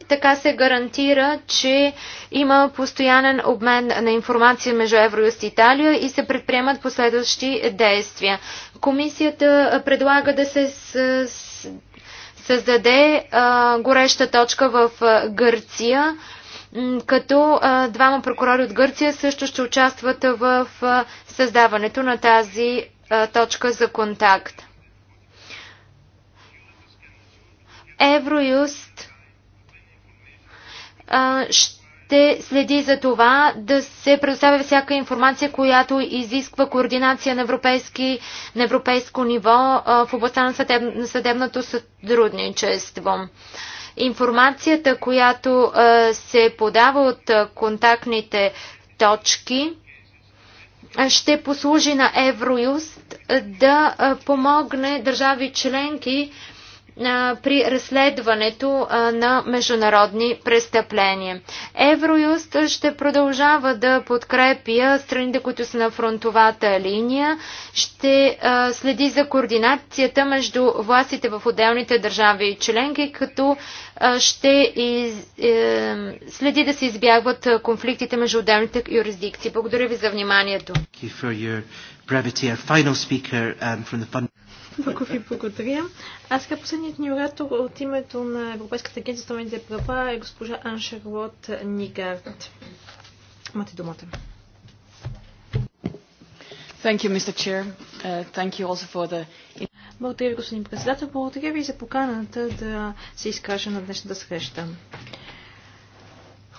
[SPEAKER 2] Така се гарантира, че има постоянен обмен на информация между Евроюст и Италия и се предприемат последващи действия. Комисията предлага да се създаде гореща точка в Гърция, като двама прокурори от Гърция също ще участват в създаването на тази точка за контакт. Евроюст ще следи за това да се предоставя всяка информация, която изисква координация на, европейски, на европейско ниво в областта на, на съдебното сътрудничество. Информацията, която се подава от контактните точки, ще послужи на Евроюст да помогне държави членки при разследването на международни престъпления. Евроюст ще продължава да подкрепя страните, които са на фронтовата линия, ще следи за координацията между властите в отделните държави и членки, като ще из... Е, следи да се избягват конфликтите между отделните юрисдикции. Благодаря ви за вниманието. Много ви благодаря. А сега последният ни оратор от името на
[SPEAKER 3] Европейската агенция за стомните права е госпожа Аншарлот Нигард. Имате думата. Thank you, Mr. Chair. Uh, thank you also for the... Благодаря ви, господин председател. Благодаря ви за поканата да се изкажа на днешната среща.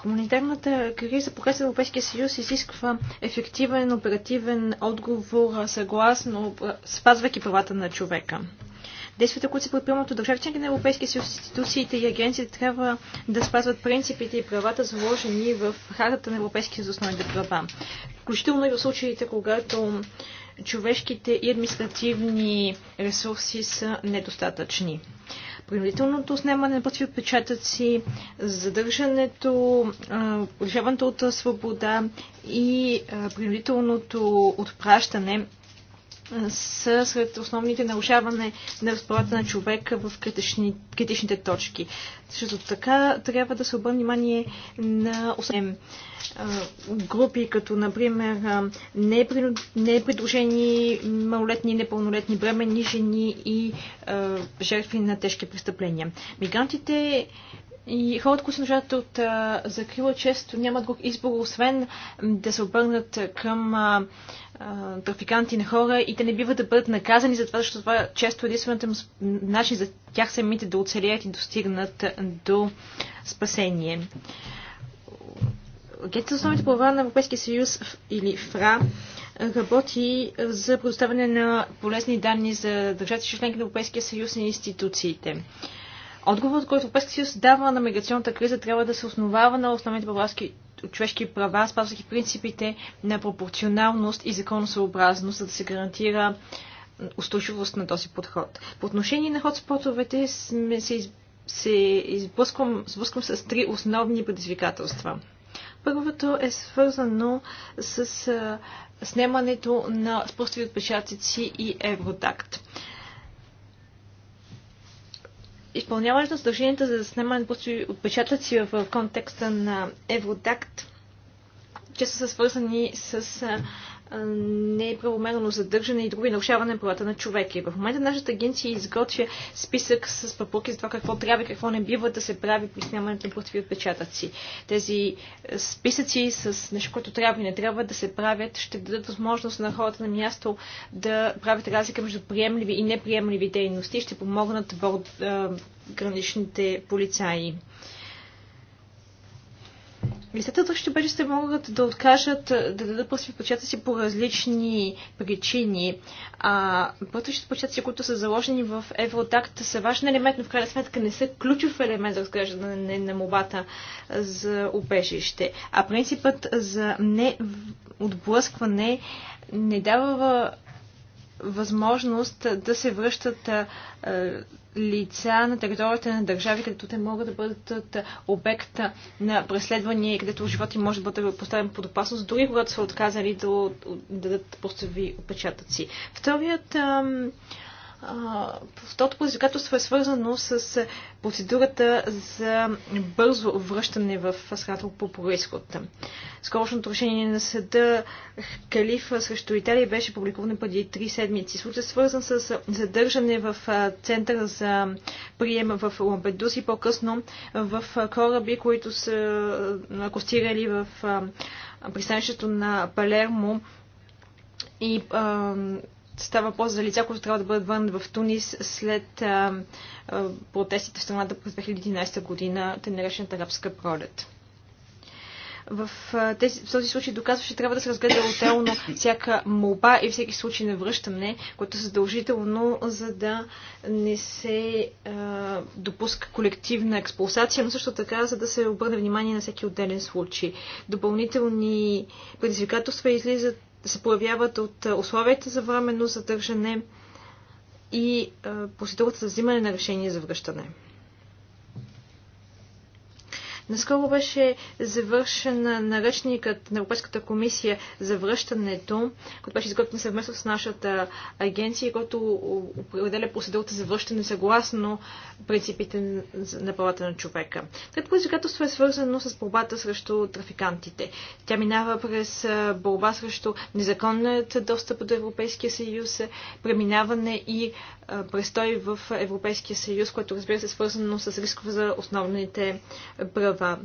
[SPEAKER 3] Хуманитарната криза по край Европейския съюз изисква ефективен оперативен отговор съгласно спазвайки правата на човека. Действията, които се предприемат от държавите на Европейския съюз, институциите и агенциите трябва да спазват принципите и правата, заложени в хартата на Европейския съюз основните права. Включително и в случаите, когато човешките и административни ресурси са недостатъчни принудителното снимане на пътви отпечатъци, задържането, лишаването от свобода и принудителното отпращане са сред основните нарушаване на разпората на човека в критични, критичните точки. Защото така трябва да се обърне внимание на осъм, групи, като например непридружени малолетни, непълнолетни, бременни жени и а, жертви на тежки престъпления. Мигрантите и хората, които се нуждаят от а, закрила, често нямат друг избор, освен да се обърнат към а, трафиканти на хора и те не биват да бъдат наказани за това, защото това е често е единствената начин за тях самите да оцелеят и достигнат до спасение. Агенцията за основните права на Европейския съюз или ФРА работи за предоставяне на полезни данни за държавите членки на Европейския съюз и институциите. Отговорът, който Европейския съюз дава на миграционната криза, трябва да се основава на основните права човешки права, спазвайки принципите на пропорционалност и законосъобразност, за да се гарантира устойчивост на този подход. По отношение на ходспотовете сме се, из, се изблъсквам, сблъсквам с три основни предизвикателства. Първото е свързано с а, снимането на спъстви отпечатъци и Евротакт изпълняването на задълженията за заснемане на отпечатъци в контекста на Евродакт често са свързани с неправомерно е задържане и други е нарушаване на правата на човека. И в момента нашата агенция изготвя списък с препоръки за това какво трябва и какво не бива да се прави при снимането на противи отпечатъци. Тези е, списъци с нещо, което трябва и не трябва да се правят, ще дадат възможност на хората на място да правят разлика между приемливи и неприемливи дейности, ще помогнат граничните полицаи. Лицата от те могат да откажат да дадат пръстви печата си по различни причини. А пръстовите печати, които са заложени в Евротакта, са важен елемент, но в крайна сметка не са ключов елемент за разграждане на мобата за убежище. А принципът за неотблъскване не дава възможност да се връщат лица на територията на държави, където те могат да бъдат обект на преследвания и където животи им може да бъде поставен под опасност, дори когато са отказали да дадат постави опечатъци. Вторият ам, Второто предизвикателство е свързано с процедурата за бързо връщане в страната по происход. Скорошното решение на съда Калиф срещу Италия беше публикувано преди три седмици. Случай е свързан с задържане в център за прием в Лампедус и по-късно в кораби, които са акостирали в пристанището на Палермо и става въпрос за лица, които трябва да бъдат вън в Тунис след а, а, протестите в страната през 2011 година, те наречената арабска пролет. В, тези, в този случай доказва, че трябва да се разгледа отделно всяка молба и всеки случай на връщане, което е задължително, за да не се а, допуска колективна експулсация, но също така, за да се обърне внимание на всеки отделен случай. Допълнителни предизвикателства излизат да се появяват от условията за временно задържане и процедурата за взимане на решение за връщане. Наскоро беше завършен наръчникът на Европейската комисия за връщането, който беше изготвен съвместно с нашата агенция, който определя процедурата за връщане съгласно принципите на правата на човека. Трето предизвикателство е свързано с борбата срещу трафикантите. Тя минава през борба срещу незаконният достъп до Европейския съюз, преминаване и престой в Европейския съюз, което разбира се е свързано с рискове за основните права права.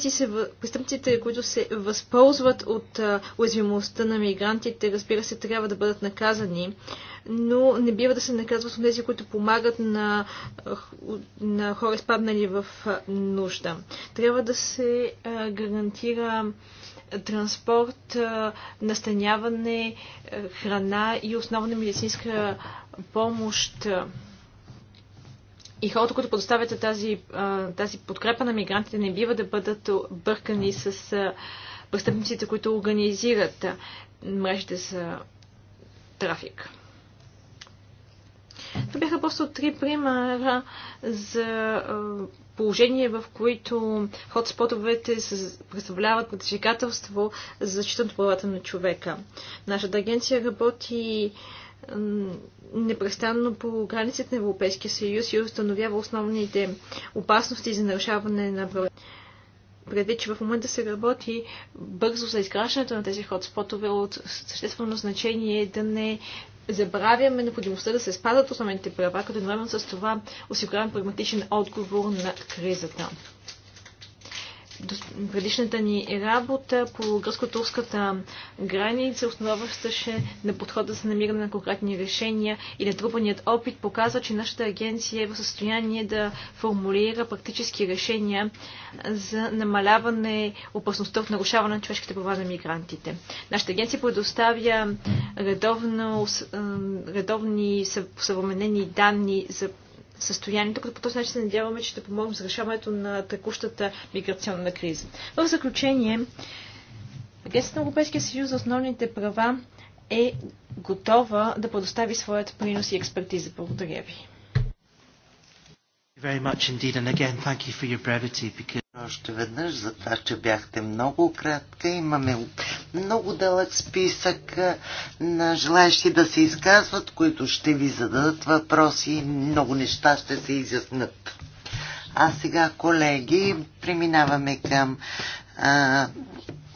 [SPEAKER 3] Се, престъпците, които се възползват от уязвимостта на мигрантите, разбира се, трябва да бъдат наказани, но не бива да се наказват от тези, които помагат на, на хора, изпаднали в нужда. Трябва да се гарантира транспорт, настаняване, храна и основна медицинска помощ и хората, които предоставят тази, тази подкрепа на мигрантите, не бива да бъдат бъркани с престъпниците, които организират мрежите за трафик. Това бяха просто три примера за положение, в които хотспотовете представляват предизвикателство за на правата на човека. Нашата агенция работи непрестанно по границите на Европейския съюз и установява основните опасности за нарушаване на права. Предвид, че в момента се работи бързо за изграждането на тези ходспотове от съществено значение да не забравяме необходимостта да се спазват основните права, като едновременно с това осигуряваме прагматичен отговор на кризата предишната ни работа по гръцко-турската граница, основаваща се на подхода за намиране на конкретни решения и натрупаният опит показва, че нашата агенция е в състояние да формулира практически решения за намаляване опасността от нарушаване на човешките права на мигрантите. Нашата агенция предоставя редовно, редовни съвременени данни за състоянието, като по този начин се надяваме, че ще помогнем за решаването на текущата миграционна криза. В заключение, Агенцията на Европейския съюз за основните права е готова да предостави своят принос и експертиза. Благодаря ви.
[SPEAKER 4] Because... Още веднъж за това, че бяхте много кратка. Имаме много дълъг списък на желаящи да се изказват, които ще ви зададат въпроси и много неща ще се изяснат. А сега, колеги, преминаваме към а,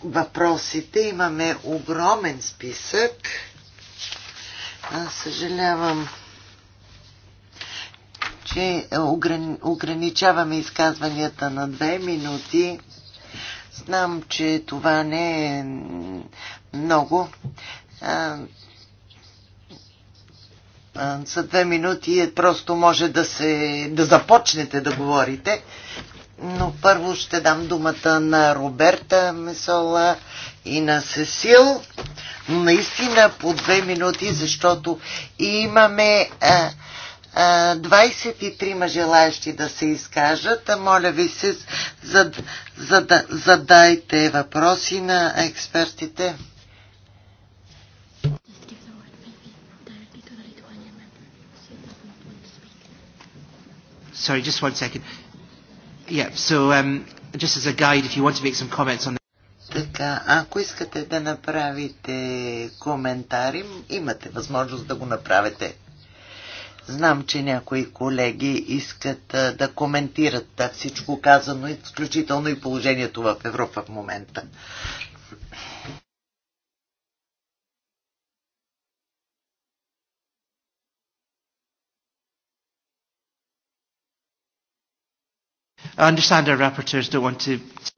[SPEAKER 4] въпросите. Имаме огромен списък. А, съжалявам че е, ограничаваме изказванията на две минути. Знам, че това не е много. За две минути е просто може да, се, да започнете да говорите. Но първо ще дам думата на Роберта Месола и на Сесил. Наистина по две минути, защото имаме а, 23 ма желаящи да се изкажат. Моля ви се, зад, зад, задайте въпроси на експертите.
[SPEAKER 1] Sorry, just one second. Yeah, so um, just as a guide, if you want to make some comments on
[SPEAKER 4] така, ако искате да направите коментари, имате възможност да го направите. Знам, че някои колеги искат да коментират всичко казано, изключително и положението в Европа в момента.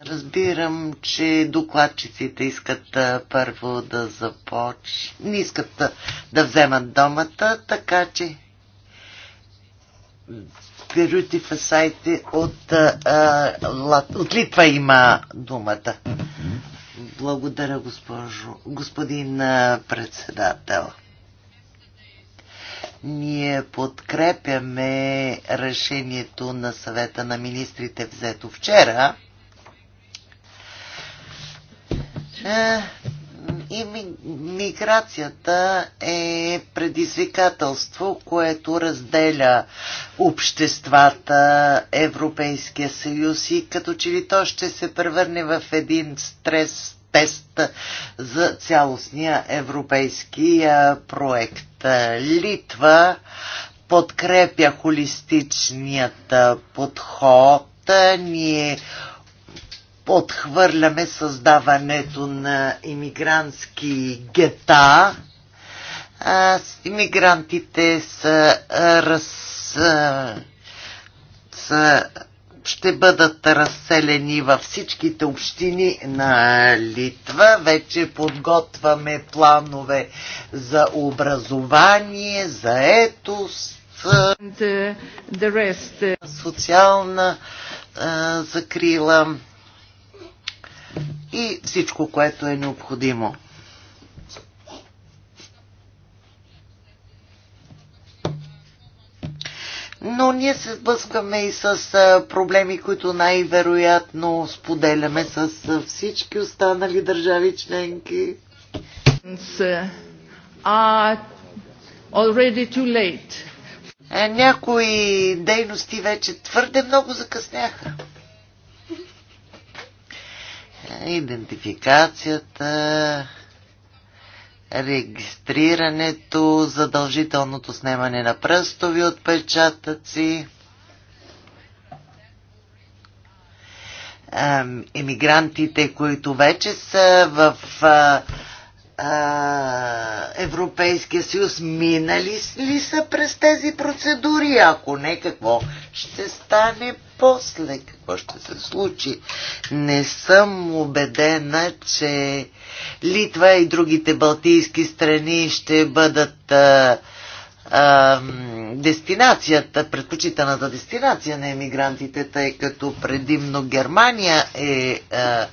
[SPEAKER 4] Разбирам, че докладчиците искат първо да започнат, не искат да вземат домата, така че Перути Фасайте от, а, от Литва има думата. Благодаря, госпожо, господин председател. Ние подкрепяме решението на съвета на министрите взето вчера и миграцията е предизвикателство, което разделя обществата, Европейския съюз и като че ли то ще се превърне в един стрес тест за цялостния европейски проект. Литва подкрепя холистичният подход. Ние подхвърляме създаването на иммигрантски гета. А, иммигрантите са, раз, са, ще бъдат разселени във всичките общини на Литва. Вече подготвяме планове за образование, за етост, uh, uh, социална а, закрила и всичко, което е необходимо. но ние се сблъскваме и с проблеми, които най-вероятно споделяме с всички останали държави членки. Е, някои дейности вече твърде много закъсняха идентификацията, регистрирането, задължителното снимане на пръстови отпечатъци, емигрантите, които вече са в а, Европейския съюз минали ли са през тези процедури? Ако не, какво ще стане после? Какво ще се случи? Не съм убедена, че Литва и другите балтийски страни ще бъдат а, а, дестинацията, предпочитаната дестинация на емигрантите, тъй като предимно Германия е а,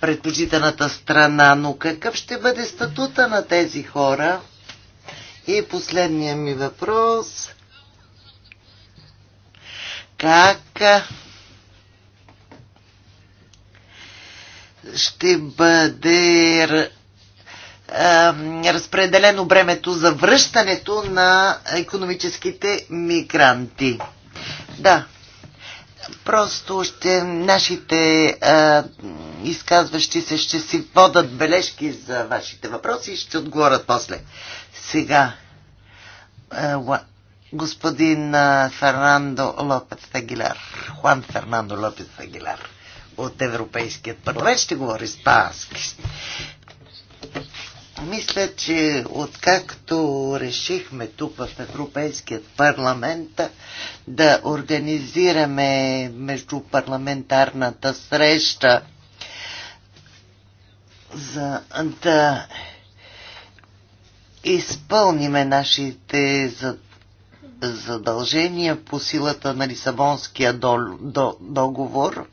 [SPEAKER 4] предпочитаната страна, но какъв ще бъде статута на тези хора? И последния ми въпрос. Как ще бъде разпределено бремето за връщането на економическите мигранти? Да, Просто ще нашите а, изказващи се ще си водат бележки за вашите въпроси и ще отговорят после. Сега а, господин а, Фернандо Лопес Агилар, Хуан Фернандо Лопес Агилар от Европейският парламент ще говори спански. Мисля, че откакто решихме тук в Европейския парламент да организираме междупарламентарната среща за да изпълниме нашите задължения по силата на Лисабонския договор,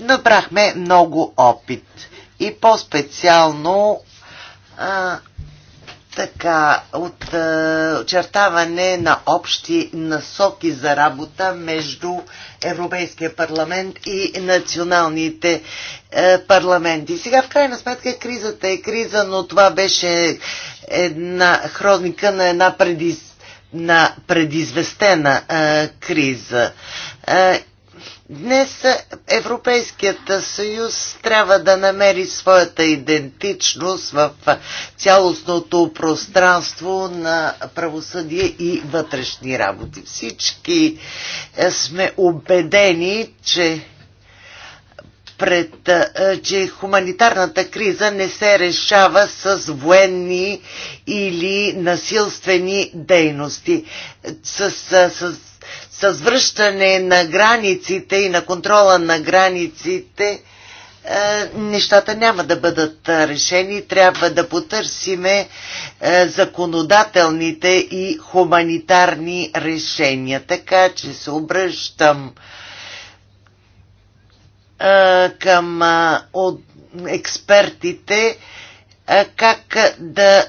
[SPEAKER 4] набрахме много опит и по-специално така, от а, очертаване на общи насоки за работа между Европейския парламент и националните а, е, парламенти. Сега в крайна сметка е кризата е криза, но това беше една хроника на една предиз, на предизвестена а, е, криза. А, Днес Европейският съюз трябва да намери своята идентичност в цялостното пространство на правосъдие и вътрешни работи. Всички сме убедени, че пред, че хуманитарната криза не се решава с военни или насилствени дейности. С, с, с връщане на границите и на контрола на границите е, нещата няма да бъдат е, решени. Трябва да потърсиме е, законодателните и хуманитарни решения. Така че се обръщам към експертите как да,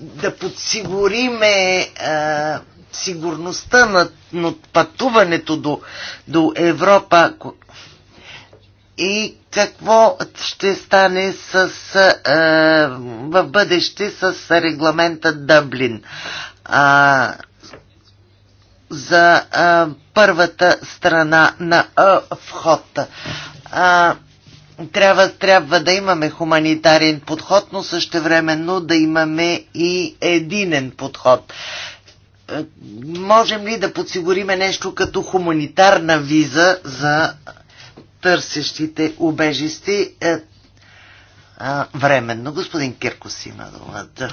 [SPEAKER 4] да подсигуриме сигурността на, на пътуването до, до Европа и какво ще стане с, а, в бъдеще с регламента Дъблин а, за а, първата страна на а, вход. А, трябва, трябва да имаме хуманитарен подход, но същевременно да имаме и единен подход можем ли да подсигуриме нещо като хуманитарна виза за търсещите убежисти е, а, временно. Господин Киркос има думата.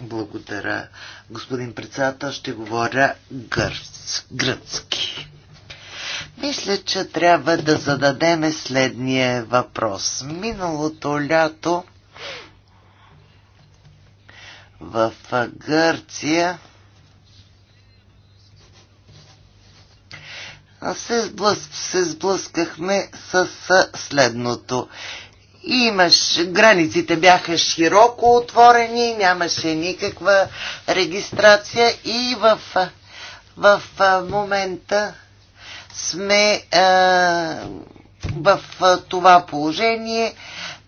[SPEAKER 4] Благодаря. Господин председател, ще говоря гърц, гръцки. Мисля, че трябва да зададеме следния въпрос. Миналото лято в Гърция се, сблъс, се сблъскахме с следното. Имаш, границите бяха широко отворени, нямаше никаква регистрация и в, в момента сме а, в това положение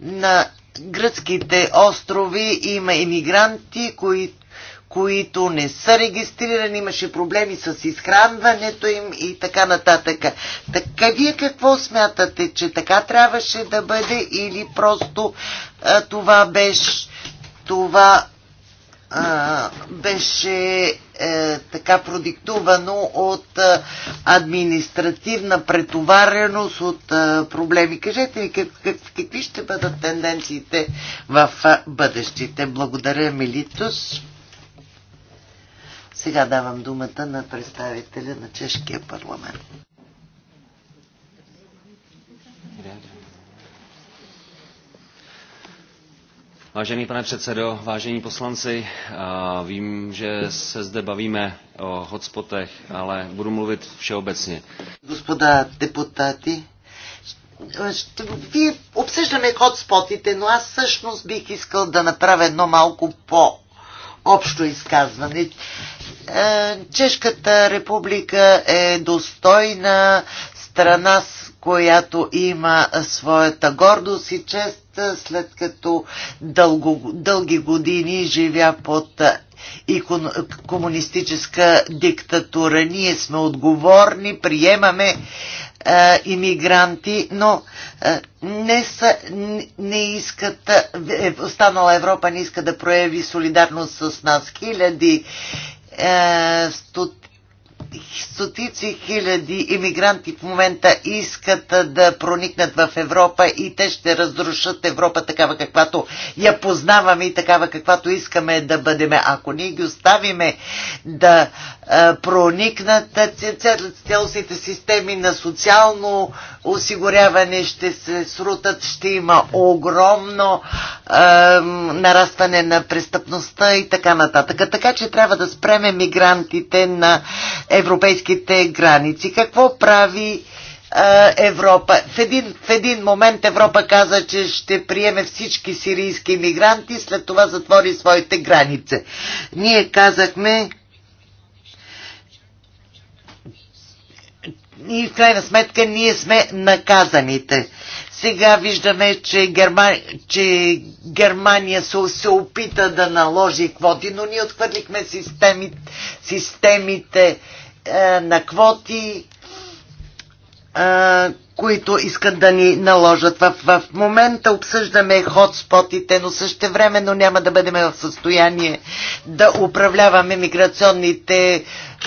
[SPEAKER 4] на гръцките острови има иммигранти, които които не са регистрирани, имаше проблеми с изхранването им и така нататък. Така вие какво смятате, че така трябваше да бъде или просто а, това беше това а, беше е, така продиктувано от е, административна претовареност, от е, проблеми. Кажете ми, как, как, какви ще бъдат тенденциите в бъдещите? Благодаря, Милитус. Сега давам думата на представителя на Чешкия парламент. Vážený pane předsedo, vážení poslanci,
[SPEAKER 3] vím, že se zde bavíme o hotspotech, ale budu mluvit všeobecně.
[SPEAKER 4] Господа депутати, вие обсъждаме хотспотите, но аз всъщност бих искал да направя едно малко по-общо изказване. Е, Чешката република е достойна страна, с която има своята гордост и чест, след като дълго, дълги години живя под и комунистическа диктатура. Ние сме отговорни, приемаме а, е, иммигранти, но а, е, не, са, не искат, останала Европа не иска да прояви солидарност с нас. Хиляди е, стотици хиляди иммигранти в момента искат да проникнат в Европа и те ще разрушат Европа такава каквато я познаваме и такава каквато искаме да бъдеме. Ако ние ги оставиме да е, проникнат е, цялостните системи на социално осигуряване, ще се срутат, ще има огромно е, нарастване на престъпността и така нататък. Така че трябва да спреме мигрантите на европейските граници. Какво прави е, Европа. В един, в един момент Европа каза, че ще приеме всички сирийски мигранти, след това затвори своите границе. Ние казахме, и в крайна сметка ние сме наказаните. Сега виждаме, че, Герма... че Германия се, се опита да наложи квоти, но ние отхвърлихме системи... системите е, на квоти. Е, които искат да ни наложат. В, в момента обсъждаме хотспотите, но също времено няма да бъдем в състояние да управляваме миграционните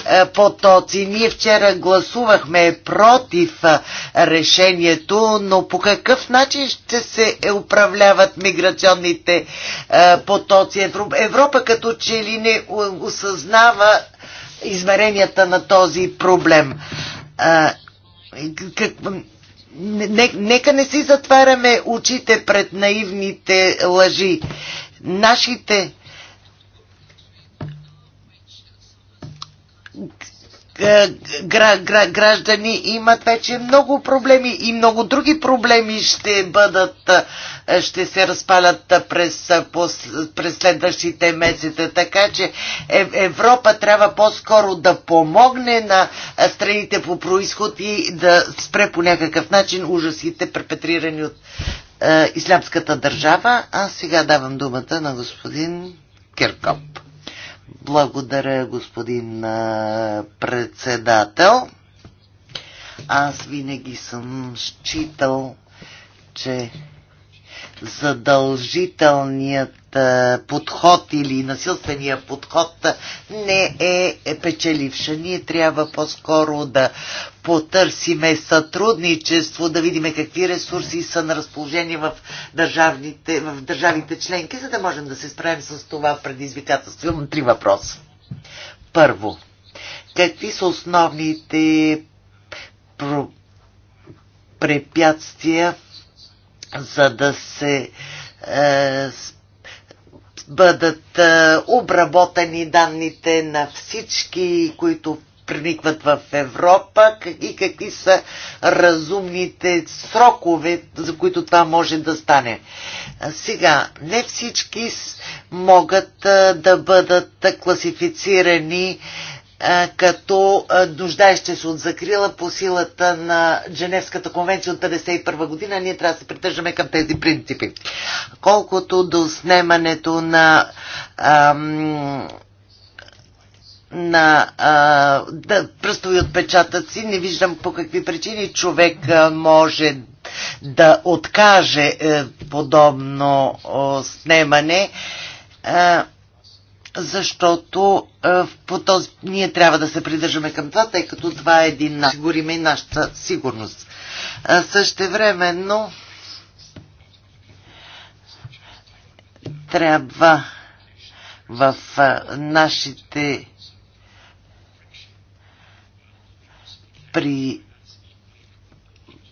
[SPEAKER 4] е, потоци. Ние вчера гласувахме против е, решението, но по какъв начин ще се управляват миграционните е, потоци? Европа, Европа като че ли не осъзнава измеренията на този проблем. Е, как, не, нека не си затваряме очите пред наивните лъжи. Нашите граждани имат вече много проблеми и много други проблеми ще бъдат ще се разпалят през, през следващите месеца. Така че е, Европа трябва по-скоро да помогне на страните по происход и да спре по някакъв начин ужасите, перпетрирани от е, ислямската държава. А сега давам думата на господин Киркоп. Благодаря, господин е, председател. Аз винаги съм считал, че задължителният подход или насилствения подход не е, е печеливша. Ние трябва по-скоро да потърсиме сътрудничество, да видим какви ресурси са на разположение в, държавните, в държавите членки, за да можем да се справим с това предизвикателство. Имам три въпроса. Първо, какви са основните препятствия за да се е, бъдат е, обработени данните на всички, които проникват в Европа и какви са разумните срокове, за които това може да стане. Сега, не всички могат е, да бъдат класифицирани като нуждаещи се от закрила по силата на Женевската конвенция от 1951 година, ние трябва да се придържаме към тези принципи. Колкото до снемането на ам, на а, да, пръстови отпечатъци, не виждам по какви причини човек а, може да откаже е, подобно о, снемане. А, защото а, е, по този, ние трябва да се придържаме към това, тъй като това е един начин. и нашата сигурност. А, е, същевременно трябва в а, е, нашите при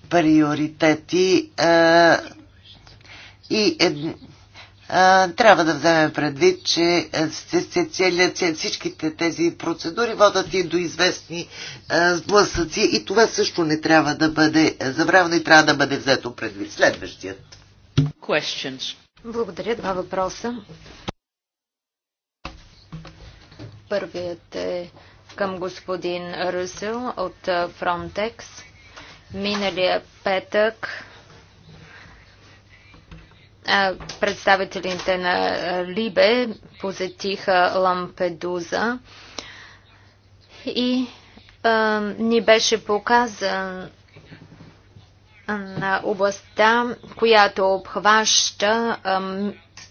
[SPEAKER 4] приоритети а, и едно трябва да вземем предвид, че всичките тези процедури водат и до известни сблъсъци и това също не трябва да бъде забравено и трябва да бъде взето предвид. Следващият.
[SPEAKER 1] Questions.
[SPEAKER 2] Благодаря. Два въпроса. Първият е към господин Русел от Frontex. Миналия петък Представителите на Либе посетиха Лампедуза и а, ни беше показан на областта, която обхваща а,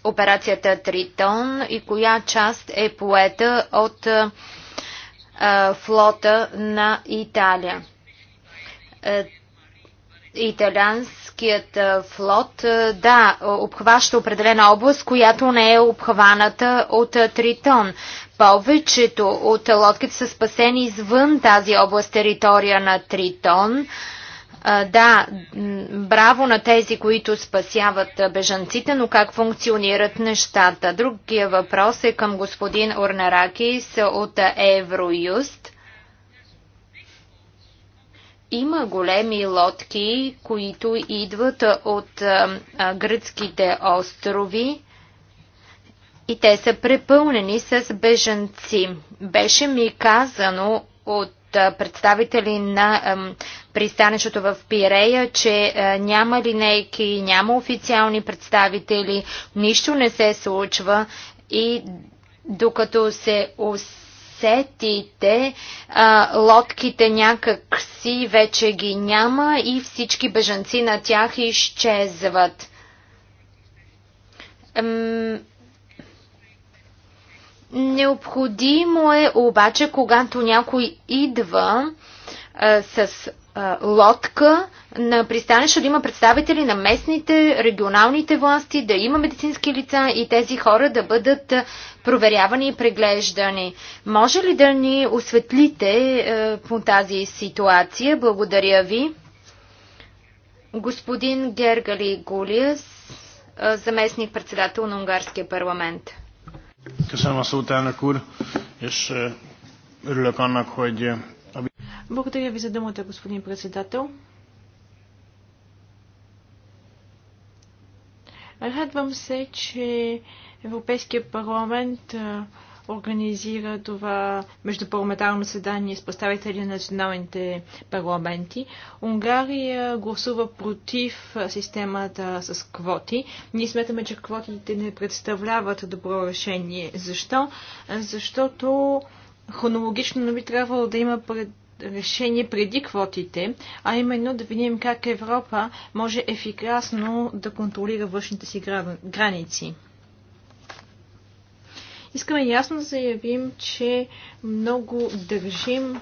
[SPEAKER 2] операцията Тритон и коя част е поета от а, флота на Италия. Е, италианс Търговският флот, да, обхваща определена област, която не е обхваната от Тритон. Повечето от лодките са спасени извън тази област територия на Тритон. Да, браво на тези, които спасяват бежанците, но как функционират нещата? Другия въпрос е към господин Орнаракис от Евроюст. Има големи лодки, които идват от гръцките острови и те са препълнени с бежанци. Беше ми казано от представители на пристанището в Пирея, че няма линейки, няма официални представители, нищо не се случва и докато се усилва 50-те а, лодките някак си вече ги няма и всички бежанци на тях изчезват. М Необходимо е обаче, когато някой идва а, с лодка на пристанището да има представители на местните, регионалните власти, да има медицински лица и тези хора да бъдат проверявани и преглеждани. Може ли да ни осветлите по тази ситуация? Благодаря ви. Господин Гергали Гулиас, заместник председател на Унгарския парламент.
[SPEAKER 4] Köszönöm a szót, elnök örülök annak, hogy
[SPEAKER 2] благодаря ви
[SPEAKER 3] за думата, господин председател. Радвам се, че Европейския парламент организира това междупарламентарно заседание с представители на националните парламенти. Унгария гласува против системата с квоти. Ние сметаме, че квотите не представляват добро решение. Защо? Защото хронологично не би трябвало да има пред решение преди квотите, а именно да видим как Европа може ефикасно да контролира външните си граници. Искаме ясно да заявим, че много държим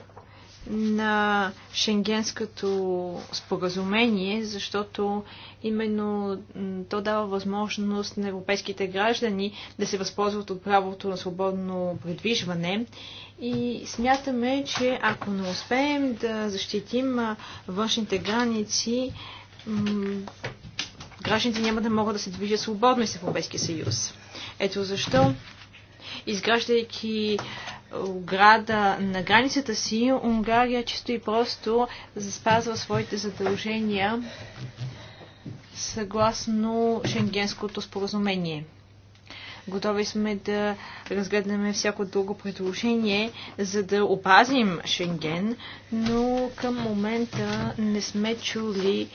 [SPEAKER 3] на Шенгенското споразумение, защото именно то дава възможност на европейските граждани да се възползват от правото на свободно предвижване. И смятаме, че ако не успеем да защитим външните граници, гражданите няма да могат да се движат свободно и с Европейския съюз. Ето защо изграждайки е, ограда на границата си, Унгария чисто и просто спазва своите задължения съгласно Шенгенското споразумение. Готови сме да разгледаме всяко друго предложение, за да опазим Шенген, но към момента не сме чули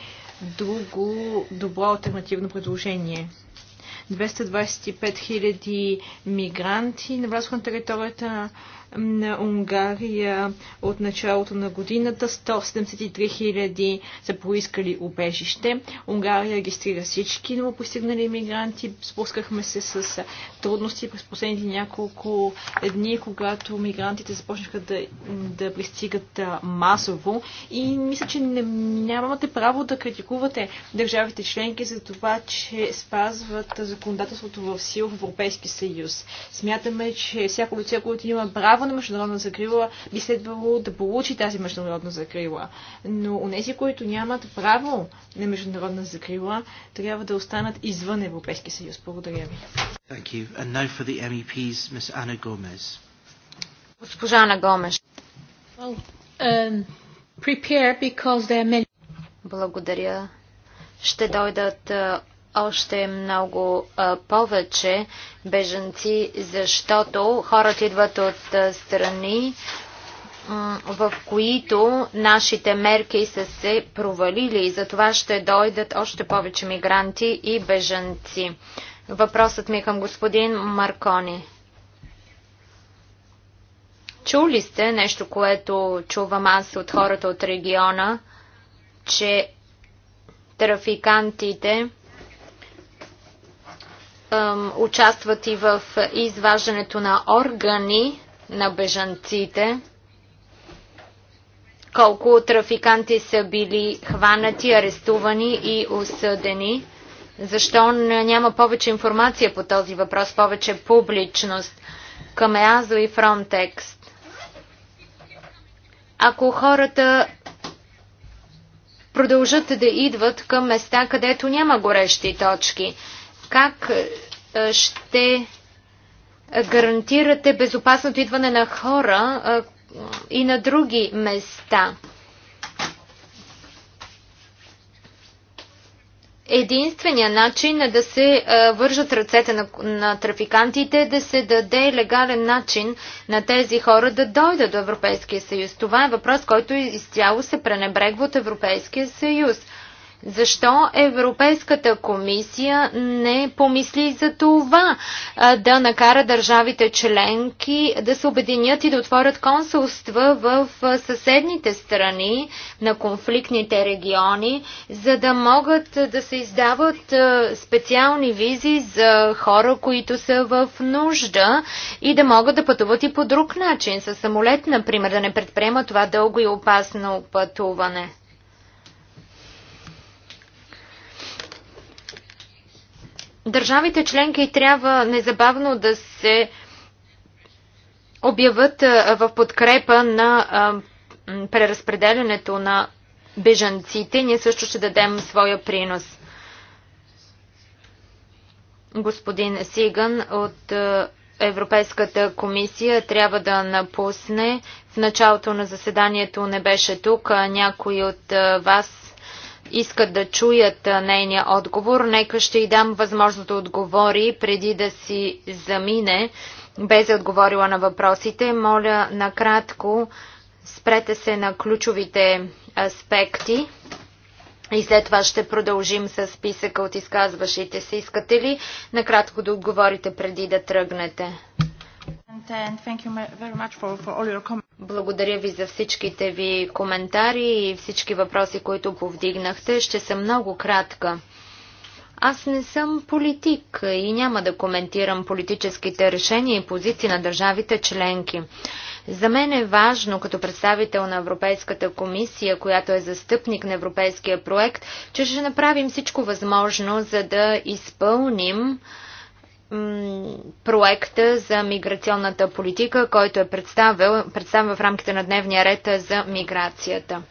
[SPEAKER 3] друго добро альтернативно предложение. 225 000 мигранти навлязоха на територията на Унгария от началото на годината. 173 000 са поискали убежище. Унгария регистрира всички постигнали мигранти, Спускахме се с трудности през последните няколко дни, когато мигрантите започнаха да, да пристигат масово. И мисля, че не, нямате право да критикувате държавите членки за това, че спазват законодателството в сил в Европейски съюз. Смятаме, че всяко лице, което има право право на международна закрила, би следвало да получи тази международна закрила. Но нези, които нямат право на международна закрила, трябва да останат извън Европейския съюз. Благодаря ви.
[SPEAKER 1] MEPs,
[SPEAKER 2] um, Благодаря. Ще дойдат още много а, повече бежанци, защото хората идват от а, страни, в които нашите мерки са се провалили и за това ще дойдат още повече мигранти и бежанци. Въпросът ми е към господин Маркони. Чули сте нещо, което чувам аз от хората от региона, че трафикантите участват и в изваждането на органи на бежанците. Колко трафиканти са били хванати, арестувани и осъдени. Защо няма повече информация по този въпрос, повече публичност към ЕАЗО и Фронтекст? Ако хората продължат да идват към места, където няма горещи точки, как е, ще гарантирате безопасното идване на хора е, и на други места? Единствения начин е да се е, вържат ръцете на, на трафикантите, да се даде легален начин на тези хора да дойдат до Европейския съюз. Това е въпрос, който изцяло се пренебрегва от Европейския съюз. Защо Европейската комисия не помисли за това да накара държавите членки да се обединят и да отворят консулства в съседните страни на конфликтните региони, за да могат да се издават специални визи за хора, които са в нужда и да могат да пътуват и по друг начин, с самолет, например, да не предприемат това дълго и опасно пътуване? Държавите членки трябва незабавно да се обяват в подкрепа на преразпределянето на бежанците. Ние също ще дадем своя принос. Господин Сиган от Европейската комисия трябва да напусне. В началото на заседанието не беше тук. Някои от вас искат да чуят нейния отговор, нека ще й дам възможност да отговори преди да си замине, без да е отговорила на въпросите. Моля, накратко, спрете се на ключовите аспекти и след това ще продължим с списъка от изказващите се. Искате ли накратко да отговорите преди да тръгнете? Uh, Благодаря ви за всичките ви коментари и всички въпроси, които повдигнахте. Ще съм много кратка. Аз не съм политик и няма да коментирам политическите решения и позиции на държавите членки. За мен е важно, като представител на Европейската комисия, която е застъпник на европейския проект, че ще направим всичко възможно, за да изпълним проекта за миграционната политика, който е представил, представил в рамките на дневния ред за миграцията.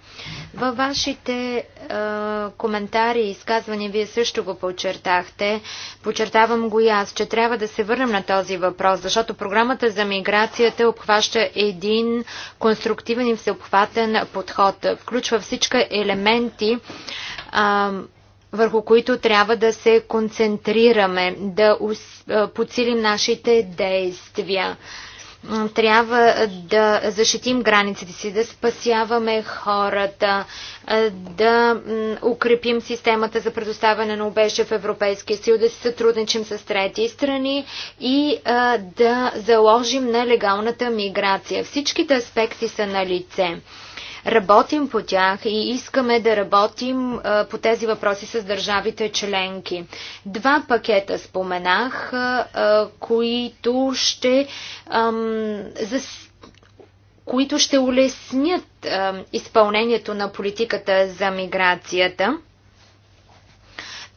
[SPEAKER 2] Във вашите е, коментари и изказвания вие също го подчертахте. Подчертавам го и аз, че трябва да се върнем на този въпрос, защото програмата за миграцията обхваща един конструктивен и всеобхватен подход. Включва всички елементи е, върху които трябва да се концентрираме, да подсилим нашите действия. Трябва да защитим границите си, да спасяваме хората, да укрепим системата за предоставяне на обеща в Европейския съюз, да се сътрудничим с трети страни и да заложим на легалната миграция. Всичките аспекти са на лице. Работим по тях и искаме да работим по тези въпроси с държавите членки. Два пакета споменах, които ще които ще улеснят е, изпълнението на политиката за миграцията.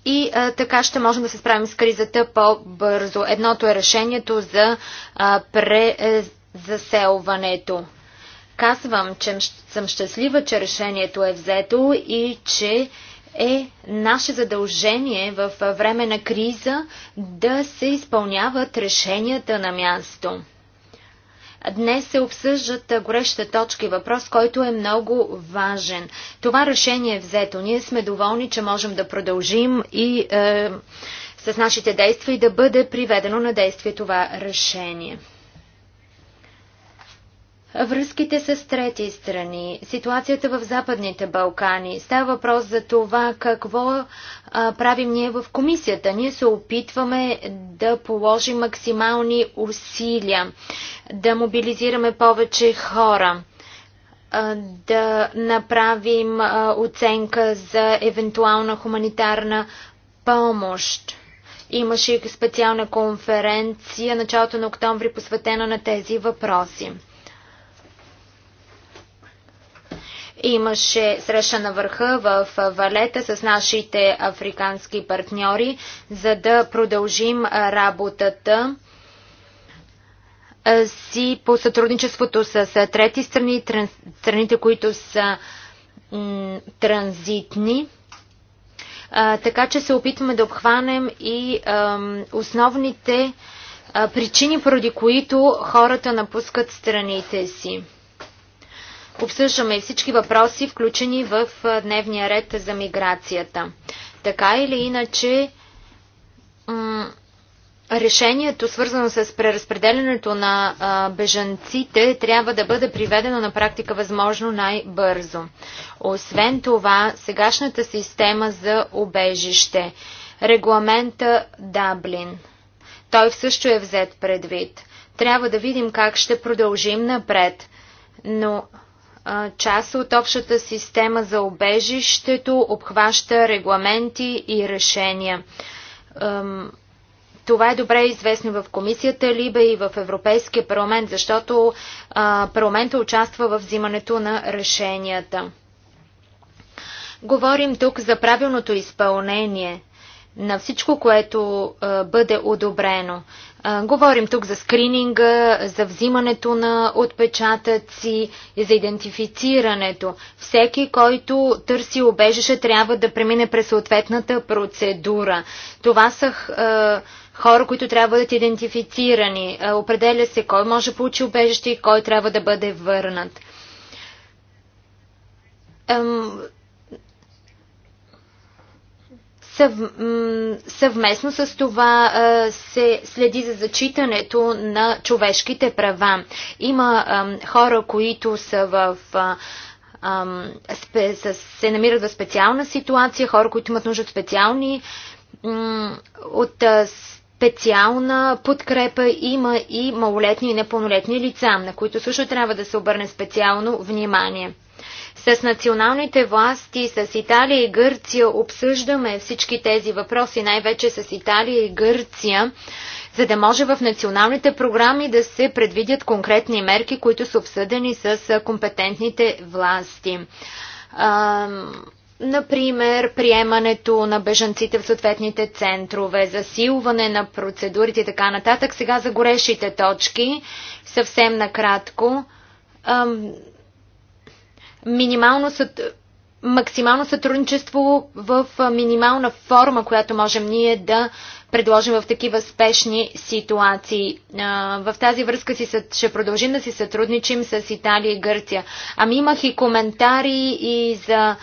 [SPEAKER 2] И е, така ще можем да се справим с кризата по-бързо. Едното е решението за е, презаселването. Казвам, че съм щастлива, че решението е взето и че е наше задължение в време на криза да се изпълняват решенията на място. Днес се обсъждат гореща точки, въпрос, който е много важен. Това решение е взето. Ние сме доволни, че можем да продължим и е, с нашите действия и да бъде приведено на действие това решение. Връзките с трети страни, ситуацията в Западните Балкани. Става въпрос за това какво а, правим ние в комисията. Ние се опитваме да положим максимални усилия, да мобилизираме повече хора, а, да направим а, оценка за евентуална хуманитарна помощ. Имаше и специална конференция началото на октомври посветена на тези въпроси. Имаше среща на върха в Валета с нашите африкански партньори, за да продължим работата си по сътрудничеството с трети страни, страните, които са транзитни. Така че се опитваме да обхванем и основните причини, поради които хората напускат страните си обсъждаме всички въпроси, включени в дневния ред за миграцията. Така или иначе, решението, свързано с преразпределянето на а, бежанците, трябва да бъде приведено на практика възможно най-бързо. Освен това, сегашната система за обежище, регламента Даблин, той също е взет предвид. Трябва да видим как ще продължим напред, но част от общата система за обежището обхваща регламенти и решения. Това е добре известно в комисията Либе и в Европейския парламент, защото парламента участва в взимането на решенията. Говорим тук за правилното изпълнение на всичко, което бъде одобрено. Говорим тук за скрининга, за взимането на отпечатъци, за идентифицирането. Всеки, който търси обежище, трябва да премине през съответната процедура. Това са хора, които трябва да бъдат идентифицирани. Определя се кой може да получи обежище и кой трябва да бъде върнат. Съв, съвместно с това се следи за зачитането на човешките права. Има хора, които са в се намират в специална ситуация, хора, които имат нужда от специални от специална подкрепа има и малолетни и непълнолетни лица, на които също трябва да се обърне специално внимание. С националните власти, с Италия и Гърция обсъждаме всички тези въпроси, най-вече с Италия и Гърция, за да може в националните програми да се предвидят конкретни мерки, които са обсъдени с компетентните власти. Например, приемането на бежанците в съответните центрове, засилване на процедурите и така нататък. Сега за горещите точки, съвсем накратко минимално съд... максимално сътрудничество в минимална форма, която можем ние да предложим в такива спешни ситуации. В тази връзка си съ... ще продължим да си сътрудничим с Италия и Гърция. Ами имах и коментари и за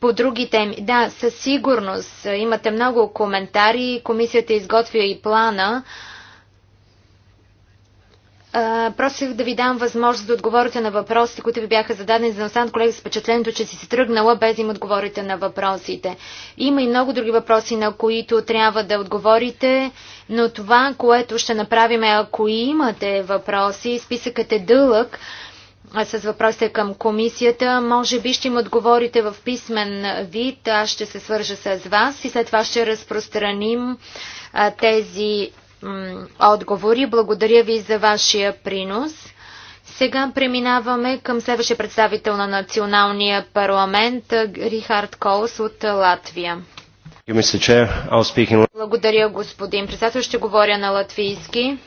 [SPEAKER 2] по други теми. Да, със сигурност имате много коментари. Комисията изготвя и плана просих да ви дам възможност да отговорите на въпросите, които ви бяха зададени, за да останат с впечатлението, че си се тръгнала без им отговорите на въпросите. Има и много други въпроси, на които трябва да отговорите, но това, което ще направим, е, ако имате въпроси, списъкът е дълъг, с въпросите към комисията. Може би ще им отговорите в писмен вид. Аз ще се свържа с вас и след това ще разпространим тези отговори. Благодаря ви за вашия принос. Сега преминаваме към следващия представител на националния парламент Рихард Колс от Латвия. Благодаря, господин председател. Ще говоря на латвийски.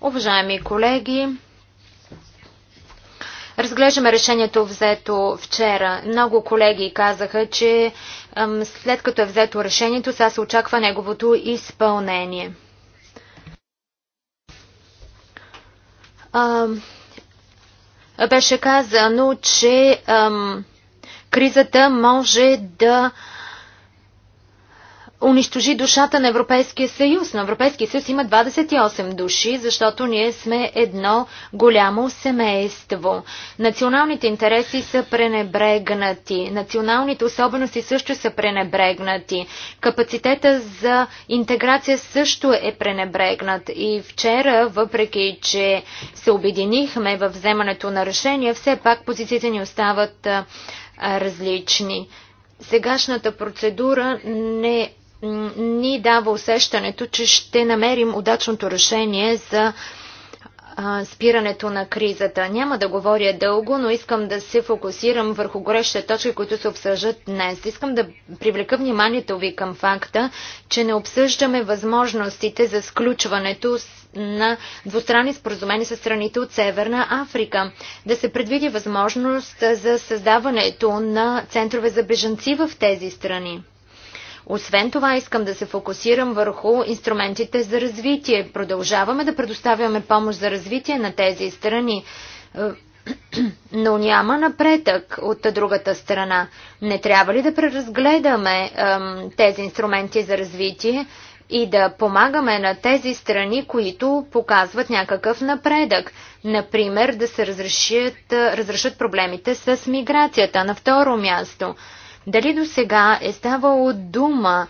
[SPEAKER 2] Уважаеми колеги, Разглеждаме решението взето вчера. Много колеги казаха, че след като е взето решението, сега се очаква неговото изпълнение. Беше казано, че кризата може да унищожи душата на Европейския съюз. На Европейския съюз има 28 души, защото ние сме едно голямо семейство. Националните интереси са пренебрегнати. Националните особености също са пренебрегнати. Капацитета за интеграция също е пренебрегнат. И вчера, въпреки че се обединихме в вземането на решения, все пак позициите ни остават различни сегашната процедура не ни дава усещането, че ще намерим удачното решение за спирането на кризата. Няма да говоря дълго, но искам да се фокусирам върху горещите точки, които се обсъждат днес. Искам да привлека вниманието ви към факта, че не обсъждаме възможностите за сключването на двустранни споразумени с страните от Северна Африка. Да се предвиди възможност за създаването на центрове за беженци в тези страни. Освен това, искам да се фокусирам върху инструментите за развитие. Продължаваме да предоставяме помощ за развитие на тези страни е, но няма напредък от другата страна. Не трябва ли да преразгледаме тези инструменти за развитие и да помагаме на тези страни, които показват някакъв напредък? Например, да се разрешат, разрешат проблемите с миграцията. На второ място – дали до сега е ставало дума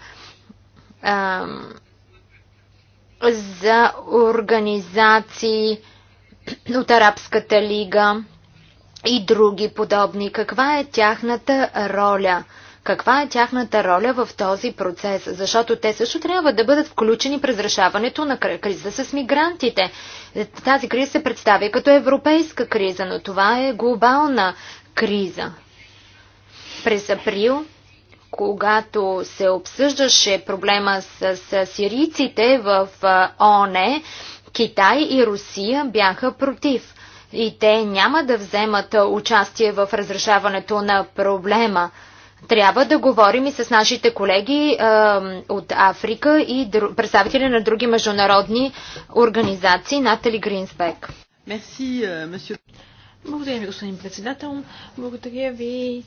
[SPEAKER 2] а, за организации от Арабската лига и други подобни? Каква е тяхната роля? каква е тяхната роля в този процес, защото те също трябва да бъдат включени през решаването на криза с мигрантите. Тази криза се представя като европейска криза, но това е глобална криза. През април, когато се обсъждаше проблема с, с сирийците в ОНЕ, Китай и Русия бяха против. И те няма да вземат участие в разрешаването на проблема. Трябва да говорим и с нашите колеги е, от Африка и дру, представители на други международни организации. Натали Гринсбек.
[SPEAKER 3] Благодаря ви, господин председател. Благодаря ви,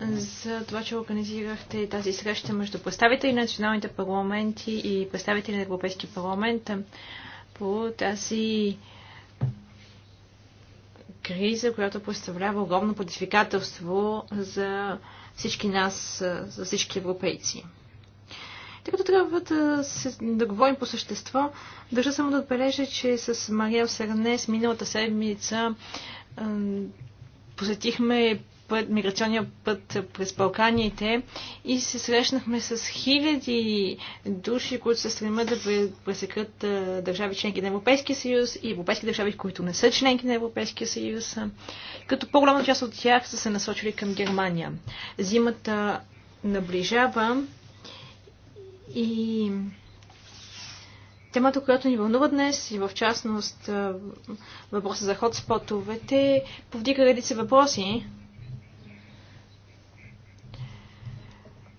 [SPEAKER 3] за това, че организирахте тази среща между представители на националните парламенти и представители на Европейски парламент по тази криза, която представлява огромно предизвикателство за всички нас, за всички европейци. Тъй като трябва да, се, да говорим по същество, държа само да отбележа, че с Мария Сернес миналата седмица посетихме път, миграционния път през Балканите и се срещнахме с хиляди души, които се стремят да пресекат държави членки на Европейския съюз и европейски държави, които не са членки на Европейския съюз, като по-голяма част от тях са се насочили към Германия. Зимата наближава и темата, която ни вълнува днес и в частност въпроса за ходспотовете, повдига редица въпроси,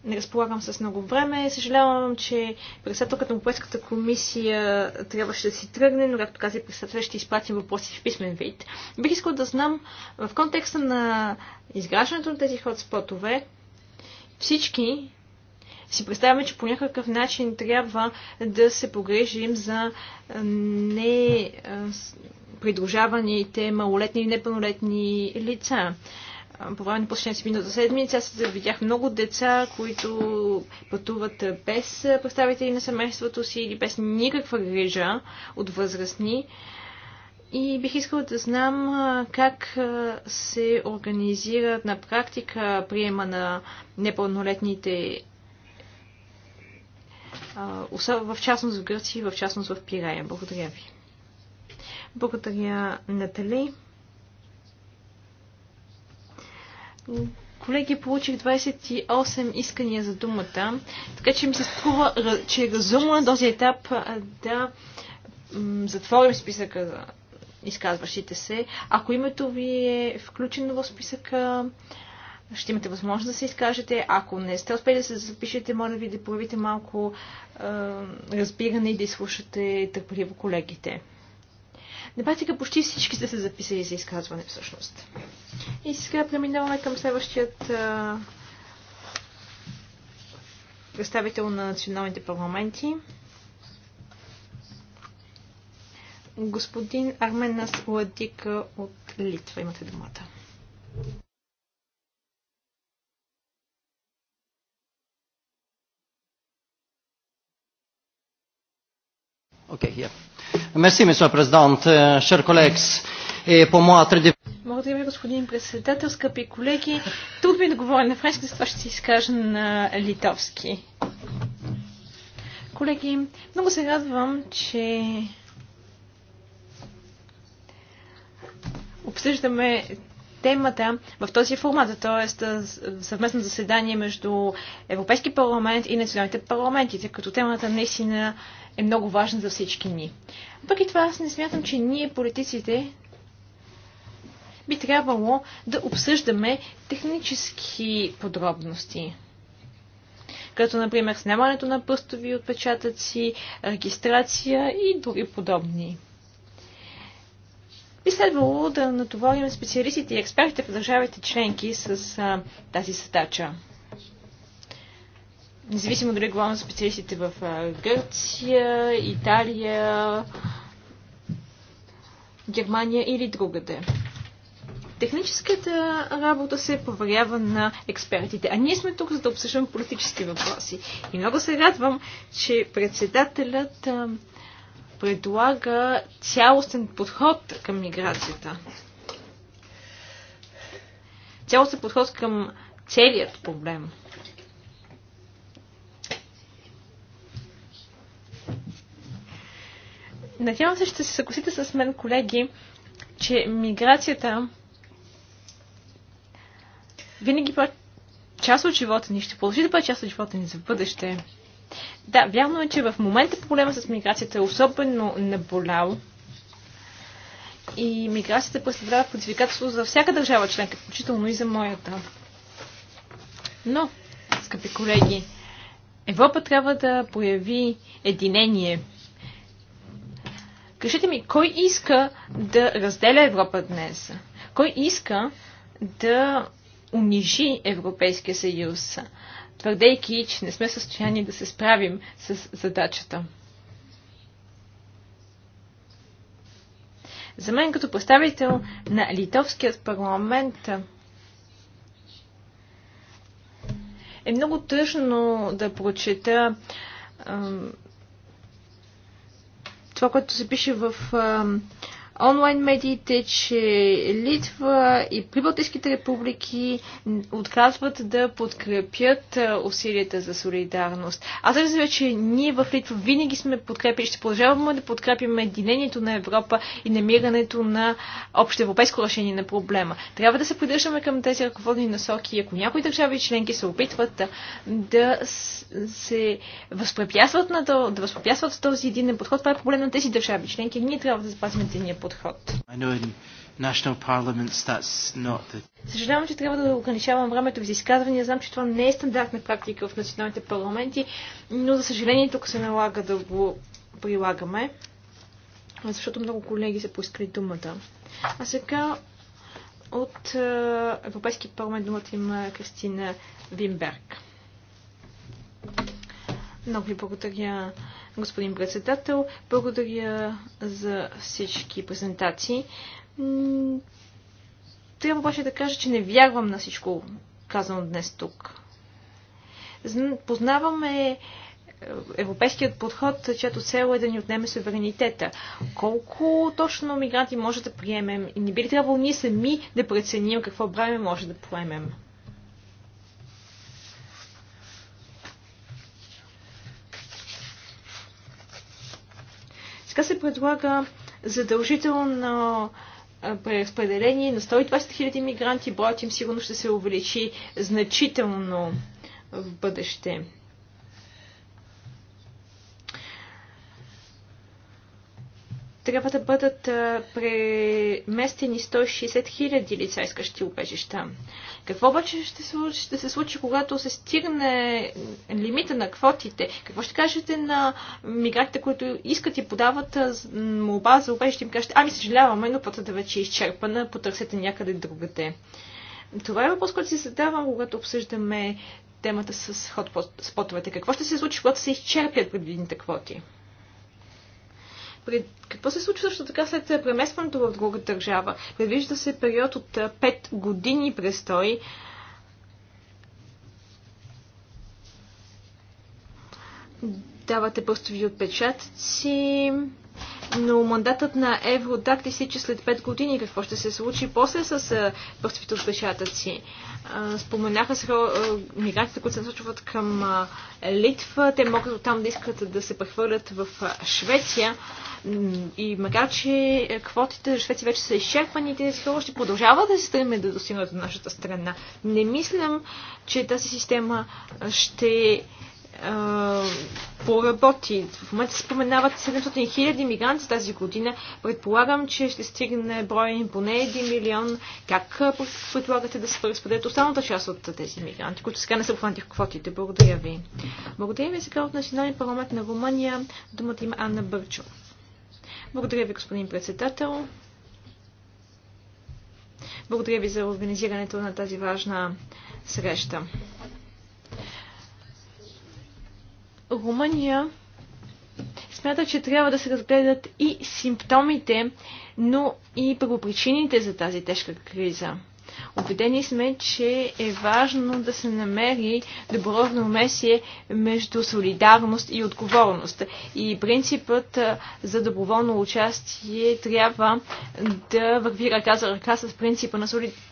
[SPEAKER 3] не разполагам с много време. Съжалявам, че председателката на Европейската комисия трябваше да си тръгне, но както каза председател, ще изпратим въпроси в писмен вид. Бих искал да знам в контекста на изграждането на тези ходспотове, всички си представяме, че по някакъв начин трябва да се погрежим за не придружаваните малолетни и непълнолетни лица по време на последните си минута седмица. Аз видях много деца, които пътуват без представители на семейството си или без никаква грижа от възрастни. И бих искала да знам как се организират на практика приема на непълнолетните в частност в Гърция и в частност в Пирая. Благодаря ви. Благодаря, Натали. Колеги, получих 28 искания за думата, така че ми се струва, че е разумно на този етап да затворим списъка за изказващите се. Ако името ви е включено в списъка, ще имате възможност да се изкажете. Ако не сте успели да се запишете, моля ви да проявите малко разбиране и да изслушате търпеливо колегите. На практика почти всички сте се записали за изказване всъщност. И сега преминаваме към следващият а, представител на националните парламенти. Господин Арменас Ладика от Литва. Имате думата.
[SPEAKER 4] Okay, Yeah. Мерси, месо президент, е, шер колекс. Е, по моя тради...
[SPEAKER 3] Благодаря ви, господин председател, скъпи колеги. Тук ми да говоря на френски, затова ще се изкажа на литовски. Колеги, много се радвам, че обсъждаме темата в този формат, т.е. съвместно заседание между Европейски парламент и националните парламенти, тъй като темата наистина е много важна за всички ни. и това аз не смятам, че ние политиците би трябвало да обсъждаме технически подробности. Като, например, снимането на пръстови отпечатъци, регистрация и други подобни. Би следвало да натоварим специалистите и експертите в държавите членки с а, тази задача независимо дали е главно специалистите в Гърция, Италия, Германия или другаде. Техническата работа се поверява на експертите, а ние сме тук за да обсъждаме политически въпроси. И много се радвам, че председателят предлага цялостен подход към миграцията. Цялостен подход към целият проблем. Надявам се, ще се съгласите с мен, колеги, че миграцията винаги бъде част от живота ни, ще продължи да бъде част от живота ни за бъдеще. Да, вярно е, че в момента проблема с миграцията е особено наболял. И миграцията представлява предизвикателство за всяка държава членка, включително и за моята. Но, скъпи колеги, Европа трябва да прояви единение – Кажете ми, кой иска да разделя Европа днес? Кой иска да унижи Европейския съюз, твърдейки, че не сме в състояние да се справим с задачата? За мен като представител на Литовският парламент е много тъжно да прочета това, което се пише в онлайн медиите, че Литва и Прибалтийските републики отказват да подкрепят е, усилията за солидарност. Аз разбира, че ние в Литва винаги сме подкрепили, ще продължаваме да подкрепим единението на Европа и намирането на общо европейско решение на проблема. Трябва да се придържаме към тези ръководни насоки. Ако някои държави членки се опитват да се възпрепятстват на да възпрепятстват този един подход, това е проблем на тези държави членки. Ние трябва да запазим
[SPEAKER 1] единия подход подход.
[SPEAKER 3] Съжалявам, че трябва да ограничавам времето за изказвания. Знам, че това не е стандартна практика в националните парламенти, но за съжаление тук се налага да го прилагаме, защото много колеги са поискали думата. А сега от е, Европейски парламент думата има Кристина Вимберг. Много ви благодаря, господин председател. Благодаря за всички презентации. Трябва обаче да кажа, че не вярвам на всичко казано днес тук. Познаваме е, европейският подход, чето цел е да ни отнеме суверенитета. Колко точно мигранти може да приемем и не би ли трябвало ние сами да преценим какво време може да поемем? Сега се предлага задължително преразпределение на 120 000 мигранти. Броят им сигурно ще се увеличи значително в бъдеще. трябва да бъдат преместени 160 хиляди лица, искащи убежища. Какво обаче ще, случи, ще се случи, когато се стигне лимита на квотите? Какво ще кажете на мигрантите, които искат и подават молба за убежище? Им кажете, ами съжаляваме, но пътата вече е изчерпана, потърсете някъде другаде. Това е въпрос, който си задавам, когато обсъждаме темата с хот спотовете. Какво ще се случи, когато се изчерпят предвидените квоти? Пред... Какво се случва също така след преместването в друга държава? Предвижда се период от 5 години престой. Давате просто ви отпечатъци, но мандатът на Евродак изтича след 5 години. Какво ще се случи после с пръстовите отпечатъци? Споменаха се мигрантите, които се насочват към Литва. Те могат оттам да искат да се прехвърлят в Швеция. И макар, че квотите за Швеция вече са изчерпани, тези хора ще продължават да се стремят да достигнат до нашата страна. Не мислям, че тази система ще поработи. В момента се споменават 700 хиляди мигранти тази година. Предполагам, че ще стигне броя им поне 1 милион. Как предлагате да се преразпределят останалата част от тези мигранти, които сега не са обхванати в квотите? Благодаря ви. Благодаря ви сега от Националния парламент на Румъния. Думата има Анна Бърчо. Благодаря ви, господин председател. Благодаря ви за организирането на тази важна среща. Румъния смята, че трябва да се разгледат и симптомите, но и първопричините за тази тежка криза. Обедени сме, че е важно да се намери добро равномесие между солидарност и отговорност. И принципът за доброволно участие трябва да върви ръка за ръка с принципа на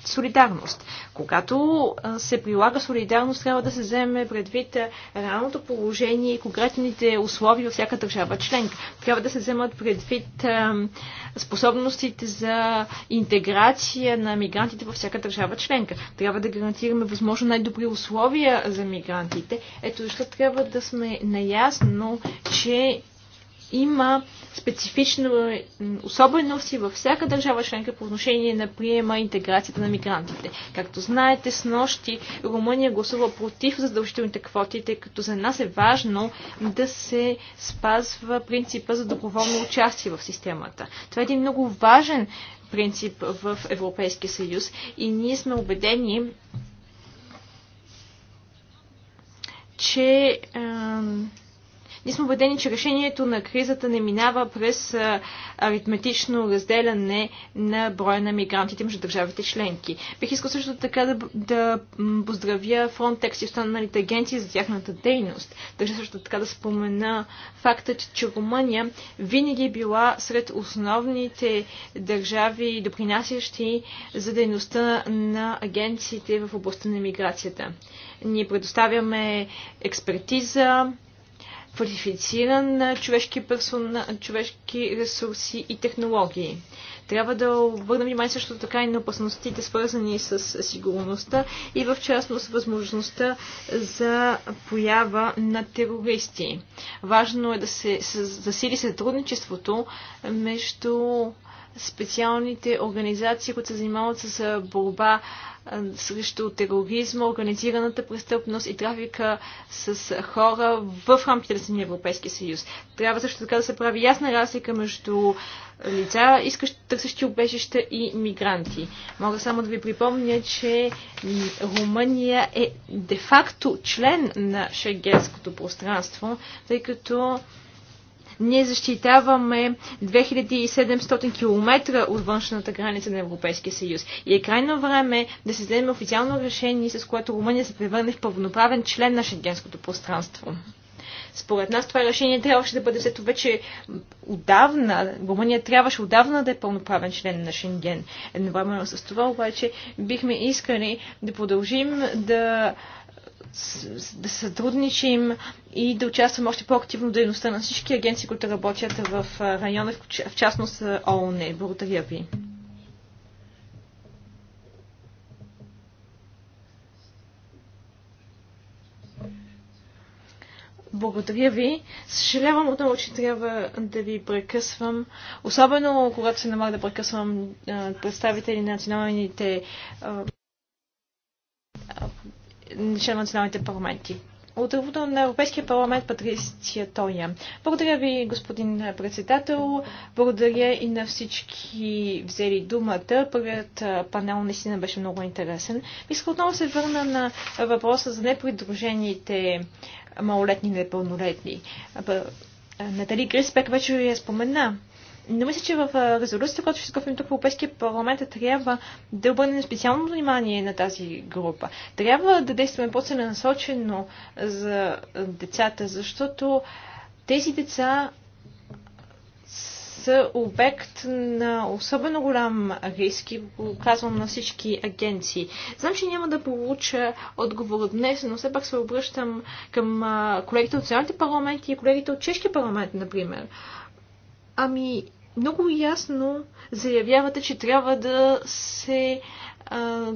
[SPEAKER 3] солидарност. Когато се прилага солидарност, трябва да се вземе предвид реалното положение и конкретните условия във всяка държава членка. Трябва да се вземат предвид способностите за интеграция на мигрантите във всяка всяка държава членка. Трябва да гарантираме възможно най-добри условия за мигрантите. Ето защо трябва да сме наясно, че има специфични особености във всяка държава членка по отношение на приема и интеграцията на мигрантите. Както знаете, с нощи Румъния гласува против задължителните квоти, тъй като за нас е важно да се спазва принципа за доброволно участие в системата. Това е един много важен принцип в Европейския съюз и ние сме убедени, че ние сме убедени, че решението на кризата не минава през аритметично разделяне на броя на мигрантите между държавите членки. Бих искал също така да, да поздравя Frontex и останалите агенции за тяхната дейност. Държа също така да спомена факта, че Румъния винаги е била сред основните държави, допринасящи за дейността на агенциите в областта на миграцията. Ние предоставяме експертиза, квалифициран човешки, персона, човешки ресурси и технологии. Трябва да обърнем внимание също така и на опасностите, свързани с сигурността и в частност възможността за поява на терористи. Важно е да се засили сътрудничеството между специалните организации, които се занимават с борба срещу тероризма, организираната престъпност и трафика с хора в рамките на самия Европейски съюз. Трябва също така да се прави ясна разлика между лица, искащи, търсещи убежища и мигранти. Мога само да ви припомня, че Румъния е де-факто член на шенгенското пространство, тъй като ние защитаваме 2700 км от външната граница на Европейския съюз. И е крайно време да се вземе официално решение, с което Румъния се превърне в пълноправен член на шенгенското пространство. Според нас това решение трябваше да бъде взето вече отдавна. Румъния трябваше отдавна да е пълноправен член на Шенген. Едновременно с това обаче бихме искали да продължим да да сътрудничим и да участваме още по-активно в дейността на всички агенции, които работят в района, в частност ООН. Благодаря ви. Благодаря ви. Съжалявам отново, че трябва да ви прекъсвам. Особено когато се намага да прекъсвам представители на националните член на националните парламенти. От ръвото на Европейския парламент Патриция Тоня. Благодаря ви, господин председател. Благодаря и на всички взели думата. Първият панел наистина беше много интересен. Искам отново се върна на въпроса за непридружените малолетни и непълнолетни. Натали Гриспек вече я спомена. Но мисля, че в резолюцията, която ще изготвим тук в Европейския парламент, трябва да обърнем специално внимание на тази група. Трябва да действаме по-целенасочено за децата, защото тези деца са обект на особено голям риск и го казвам на всички агенции. Знам, че няма да получа отговор днес, но все пак се обръщам към колегите от националните парламенти и колегите от чешки парламент, например. Ами, много ясно заявявате, че трябва да се. А,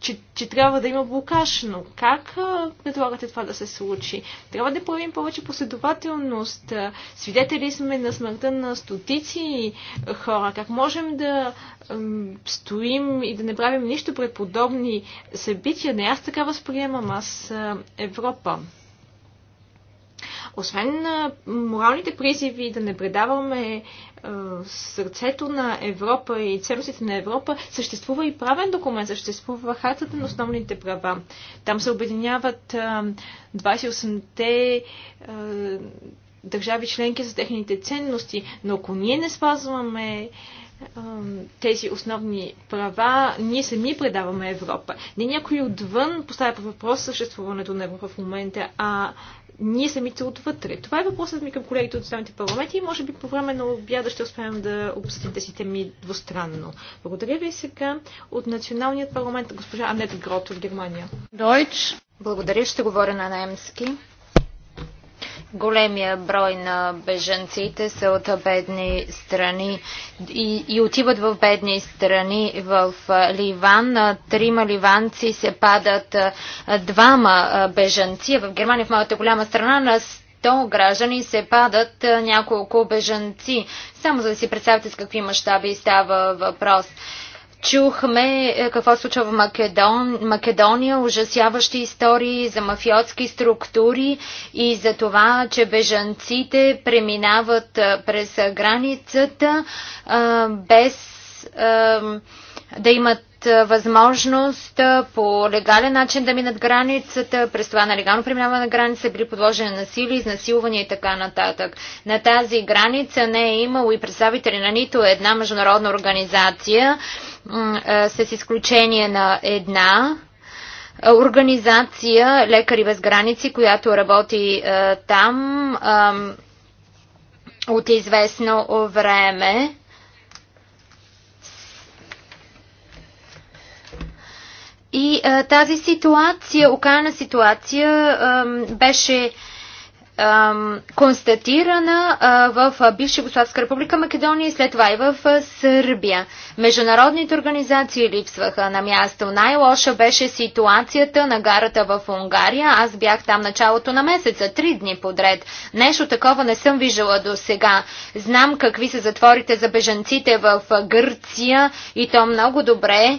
[SPEAKER 3] че, че трябва да има блокаж, но как а, предлагате това да се случи? Трябва да появим повече последователност. Свидетели сме на смъртта на стотици хора. Как можем да а, стоим и да не правим нищо пред подобни събития? Не аз така възприемам, аз а, Европа освен моралните призиви да не предаваме сърцето на Европа и ценностите на Европа съществува и правен документ, съществува хартата на основните права. Там се обединяват 28-те държави членки за техните ценности, но ако ние не спазваме тези основни права, ние сами предаваме Европа. Не някой отвън поставя по въпрос съществуването на Европа в момента, а ние самите отвътре. Това е въпросът ми към колегите от останалите парламенти и може би по време на обяда ще успеем да обсъдим тези теми двустранно. Благодаря ви сега от националният парламент госпожа Анет Грот от
[SPEAKER 2] Германия. Дойч. Благодаря, ще говоря на немски. Големия брой на бежанците са от бедни страни и, и отиват в бедни страни в Ливан. Трима ливанци се падат двама бежанци. В Германия, в моята голяма страна, на 100 граждани се падат няколко бежанци. Само за да си представите с какви мащаби става въпрос. Чухме е, какво случва в Македон, Македония, ужасяващи истории за мафиотски структури и за това, че бежанците преминават е, през границата е, без да имат възможност по легален начин да минат границата, през това нелегално преминаване на граница, били подложени на сили, изнасилвания и така нататък. На тази граница не е имало и представители на нито една международна организация. Е, с изключение на една е, организация Лекари без граници, която работи е, там от известно време. И а, тази ситуация, окана ситуация, а, беше констатирана в бивша Югославска република Македония и след това и в Сърбия. Международните организации липсваха на място. Най-лоша беше ситуацията на гарата в Унгария. Аз бях там началото на месеца, три дни подред. Нещо такова не съм виждала до сега. Знам какви са затворите за бежанците в Гърция и то много добре.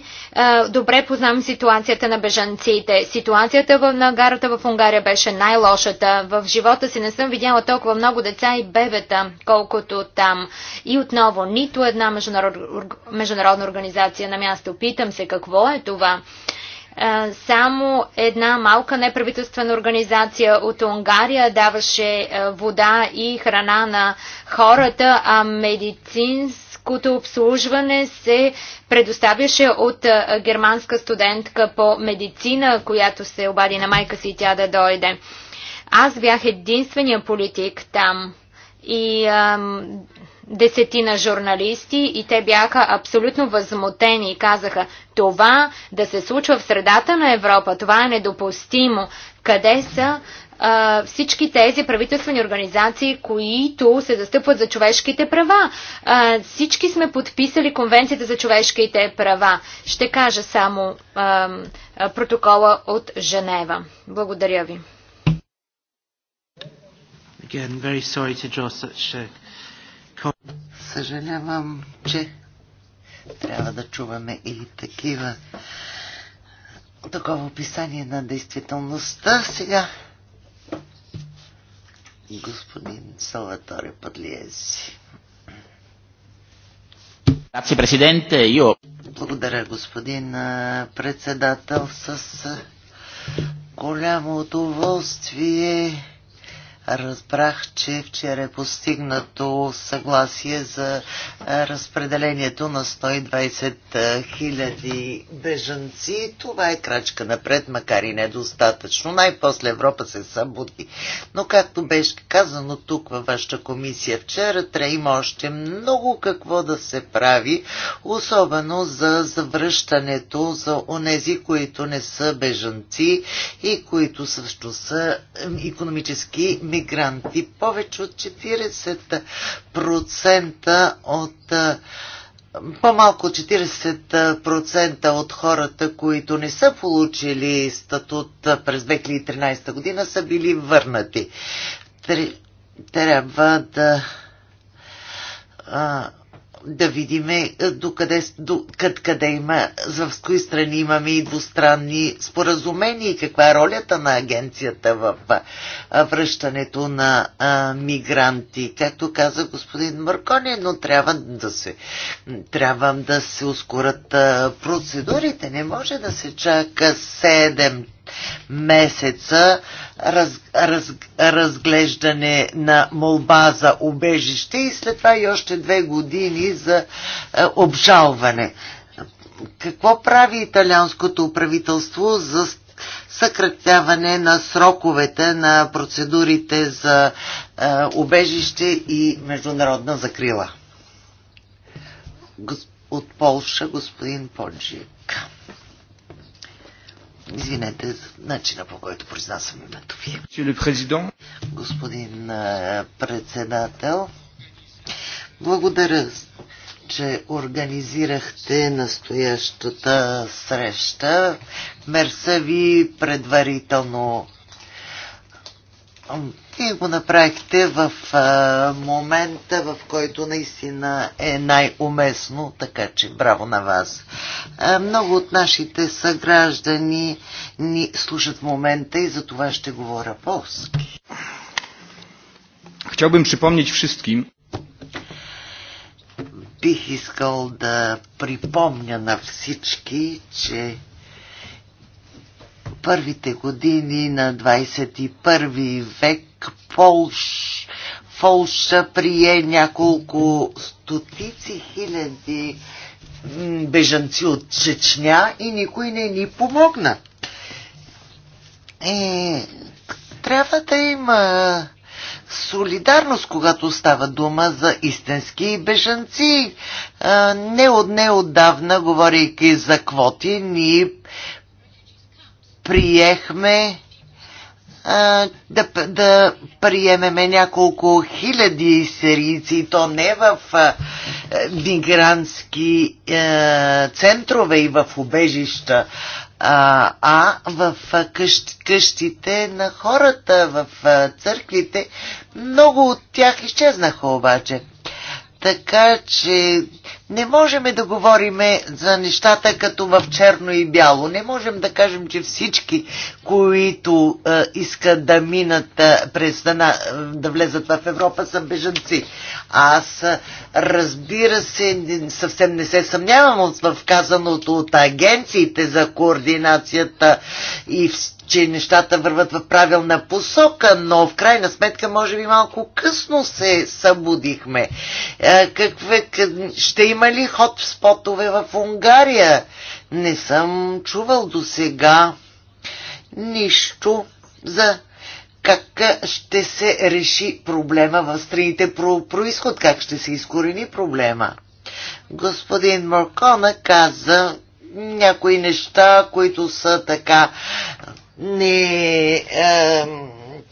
[SPEAKER 2] Добре познам ситуацията на бежанците. Ситуацията на гарата в Унгария беше най-лошата. В живота живота си не съм видяла толкова много деца и бебета, колкото там. И отново, нито една международна организация на място. Питам се, какво е това? Само една малка неправителствена организация от Унгария даваше вода и храна на хората, а медицинското обслужване се предоставяше от германска студентка по медицина, която се обади на майка си и тя да дойде. Аз бях единствения политик там и ам, десетина журналисти и те бяха абсолютно възмутени и казаха това да се случва в средата на Европа, това е недопустимо. Къде са а, всички тези правителствени организации, които се застъпват за човешките права? А, всички сме подписали Конвенцията за човешките права. Ще кажа само а, протокола от Женева. Благодаря ви.
[SPEAKER 1] Again, very sorry to draw such a... Съжалявам, че
[SPEAKER 4] трябва да чуваме и такива такова описание на действителността. Сега господин Салатори Падлиези. Благодаря, господин председател. С голямо удоволствие разбрах, че вчера е постигнато съгласие за е, разпределението на 120 е, хиляди бежанци. Това е крачка напред, макар и недостатъчно. Най-после Европа се събуди. Но както беше казано тук във вашата комисия вчера, трябва има още много какво да се прави, особено за завръщането за онези, които не са бежанци и които също са економически мигранти. Повече от 40% от по-малко 40% от хората, които не са получили статут през 2013 година, са били върнати. Трябва да а, да видиме е, до къде, до, къд, къде има, за в кои страни имаме и двустранни споразумения и каква е ролята на агенцията в е, връщането на а, е, мигранти. Както каза господин Маркони, но трябва да се, трябва да се ускорят а, процедурите. Не може да се чака 7 месеца раз, раз, разглеждане на молба за убежище и след това и още две години за е, обжалване. Какво прави италианското правителство за съкратяване на сроковете на процедурите за е, убежище и международна закрила. От Полша господин Поджик. Извинете начина по който произнасям името ви. Господин председател, благодаря, че организирахте настоящата среща. Мерса ви предварително вие го направихте в а, момента, в който наистина е най-уместно, така че браво на вас. А, много от нашите съграждани ни слушат в момента и за това ще говоря полски.
[SPEAKER 3] Chciałbym przypomnieć wszystkim.
[SPEAKER 4] Бих искал да припомня на всички, че първите години на 21 век Полш, Полша прие няколко стотици хиляди бежанци от Чечня и никой не ни помогна. Е, трябва да има солидарност, когато става дума за истински бежанци. Не от отдавна, говорейки за квоти, ние приехме да, да приемеме няколко хиляди сирийци, то не в мигрантски а, центрове и в убежища, а, а в къщ, къщите на хората, в църквите. Много от тях изчезнаха обаче. Така че не можем да говорим за нещата като в черно и бяло. Не можем да кажем, че всички, които е, искат да минат е, през да, да влезат в Европа, са бежанци. Аз е, разбира се, съвсем не се съмнявам в казаното от агенциите за координацията и в че нещата върват в правилна посока, но в крайна сметка може би малко късно се събудихме. Е, Какве, ще има ли ход в спотове в Унгария? Не съм чувал до сега нищо за как ще се реши проблема в страните про происход, как ще се изкорени проблема. Господин Моркона каза някои неща, които са така не е,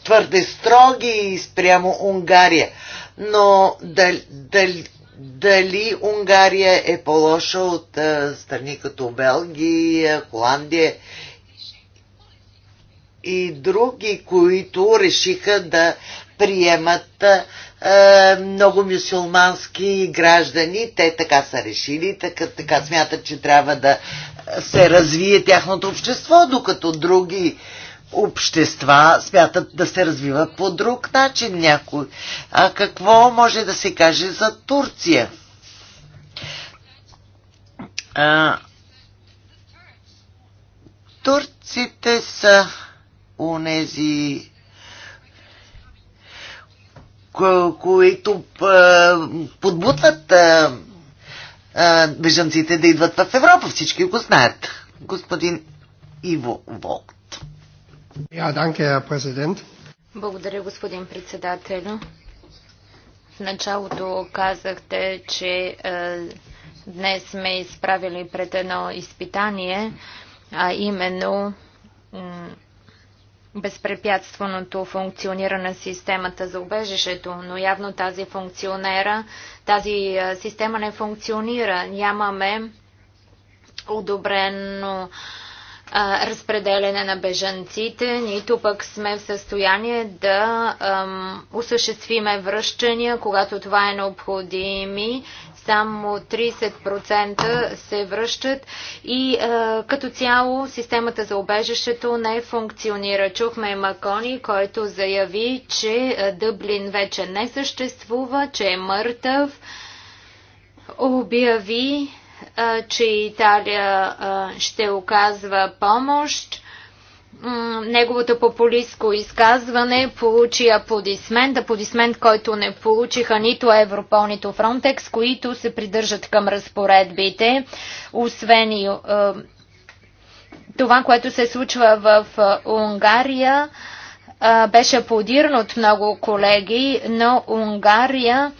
[SPEAKER 4] твърде строги спрямо Унгария. Но дали, дали, дали Унгария е по-лоша от е, страни като Белгия, Холандия и други, които решиха да приемат е, много мюсюлмански граждани. Те така са решили, така, така смятат, че трябва да се развие тяхното общество, докато други общества смятат да се развиват по друг начин някой. А какво може да се каже за Турция? А, турците са унези, които подбутват а, бежанците да идват в Европа. Всички го знаят. Господин Иво Волт.
[SPEAKER 1] президент.
[SPEAKER 2] Благодаря, господин председател. В началото казахте, че е, днес сме изправили пред едно изпитание, а именно безпрепятственото функциониране на системата за убежището, но явно тази функционера, тази система не функционира. Нямаме одобрено разпределене разпределяне на бежанците, нито пък сме в състояние да ам, осъществиме връщания, когато това е необходимо. Само 30% се връщат и а, като цяло системата за обежището не функционира. Чухме Макони, който заяви, че Дъблин вече не съществува, че е мъртъв. Обяви че Италия ще оказва помощ. Неговото популистско изказване получи аплодисмент, аплодисмент, който не получиха нито Европол, нито Фронтекс, които се придържат към разпоредбите, освен и това, което се случва в Унгария, беше аплодирано от много колеги, но Унгария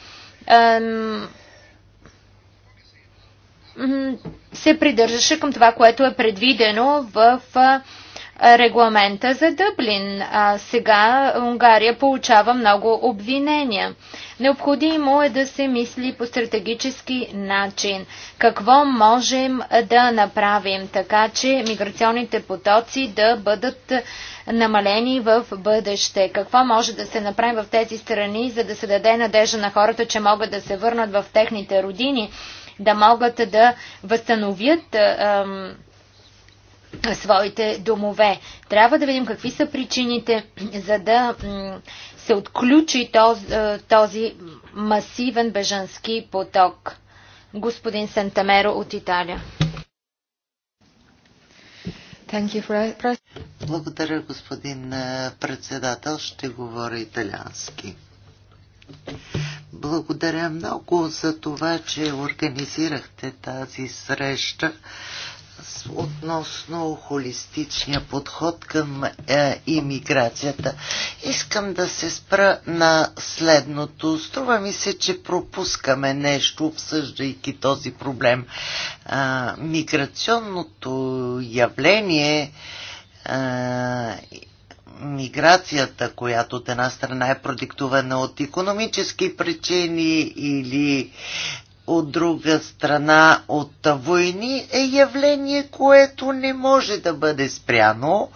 [SPEAKER 2] се придържаше към това, което е предвидено в регламента за Дъблин. А сега Унгария получава много обвинения. Необходимо е да се мисли по стратегически начин. Какво можем да направим така, че миграционните потоци да бъдат намалени в бъдеще? Какво може да се направи в тези страни, за да се даде надежда на хората, че могат да се върнат в техните родини? да могат да възстановят своите домове. Трябва да видим какви са причините, за да се отключи този, този масивен бежански поток. Господин Сантамеро от Италия.
[SPEAKER 4] Благодаря, господин председател. Ще говоря италиански. Благодаря много за това, че организирахте тази среща относно холистичния подход към е, иммиграцията. Искам да се спра на следното. Струва ми се, че пропускаме нещо, обсъждайки този проблем. А, миграционното явление а, миграцията, която от една страна е продиктувана от економически причини или от друга страна от войни е явление, което не може да бъде спряно.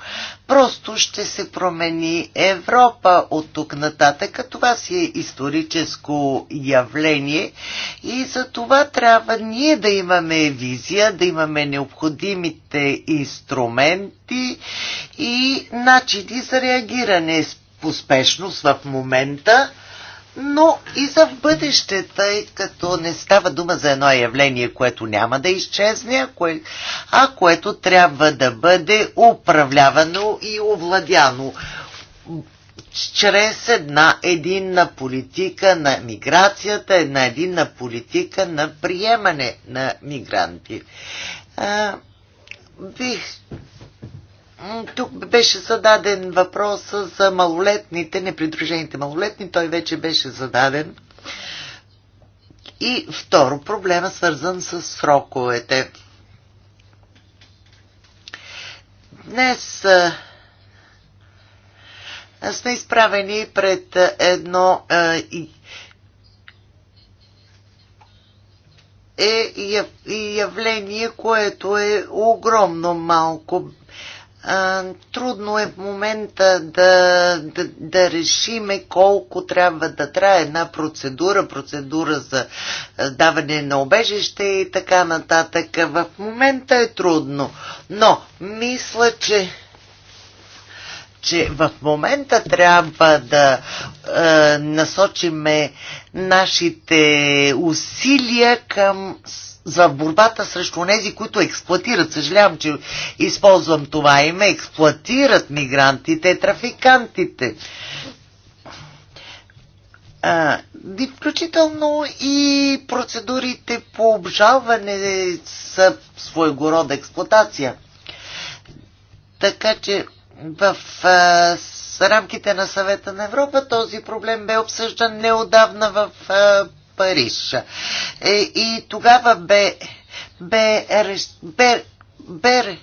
[SPEAKER 4] Просто ще се промени Европа от тук нататък. Това си е историческо явление и за това трябва ние да имаме визия, да имаме необходимите инструменти и начини за реагиране по спешност в момента но и за в бъдеще, тъй като не става дума за едно явление, което няма да изчезне, а което трябва да бъде управлявано и овладяно чрез една единна политика на миграцията, една единна политика на приемане на мигранти. А, бих тук беше зададен въпрос за малолетните, непридружените малолетни. Той вече беше зададен. И второ, проблема свързан с сроковете. Днес сме изправени пред едно е явление, което е огромно малко трудно е в момента да, да, да решиме колко трябва да трае една процедура, процедура за даване на обежище и така нататък. В момента е трудно, но мисля, че че в момента трябва да е, насочиме нашите усилия към за борбата срещу нези, които експлуатират. Съжалявам, че използвам това име. Експлуатират мигрантите, трафикантите. А, включително и процедурите по обжалване са своего рода експлуатация. Така че в а, рамките на съвета на Европа този проблем бе обсъждан неодавна в а, Париж. Е, и тогава бе, бе, бе, бе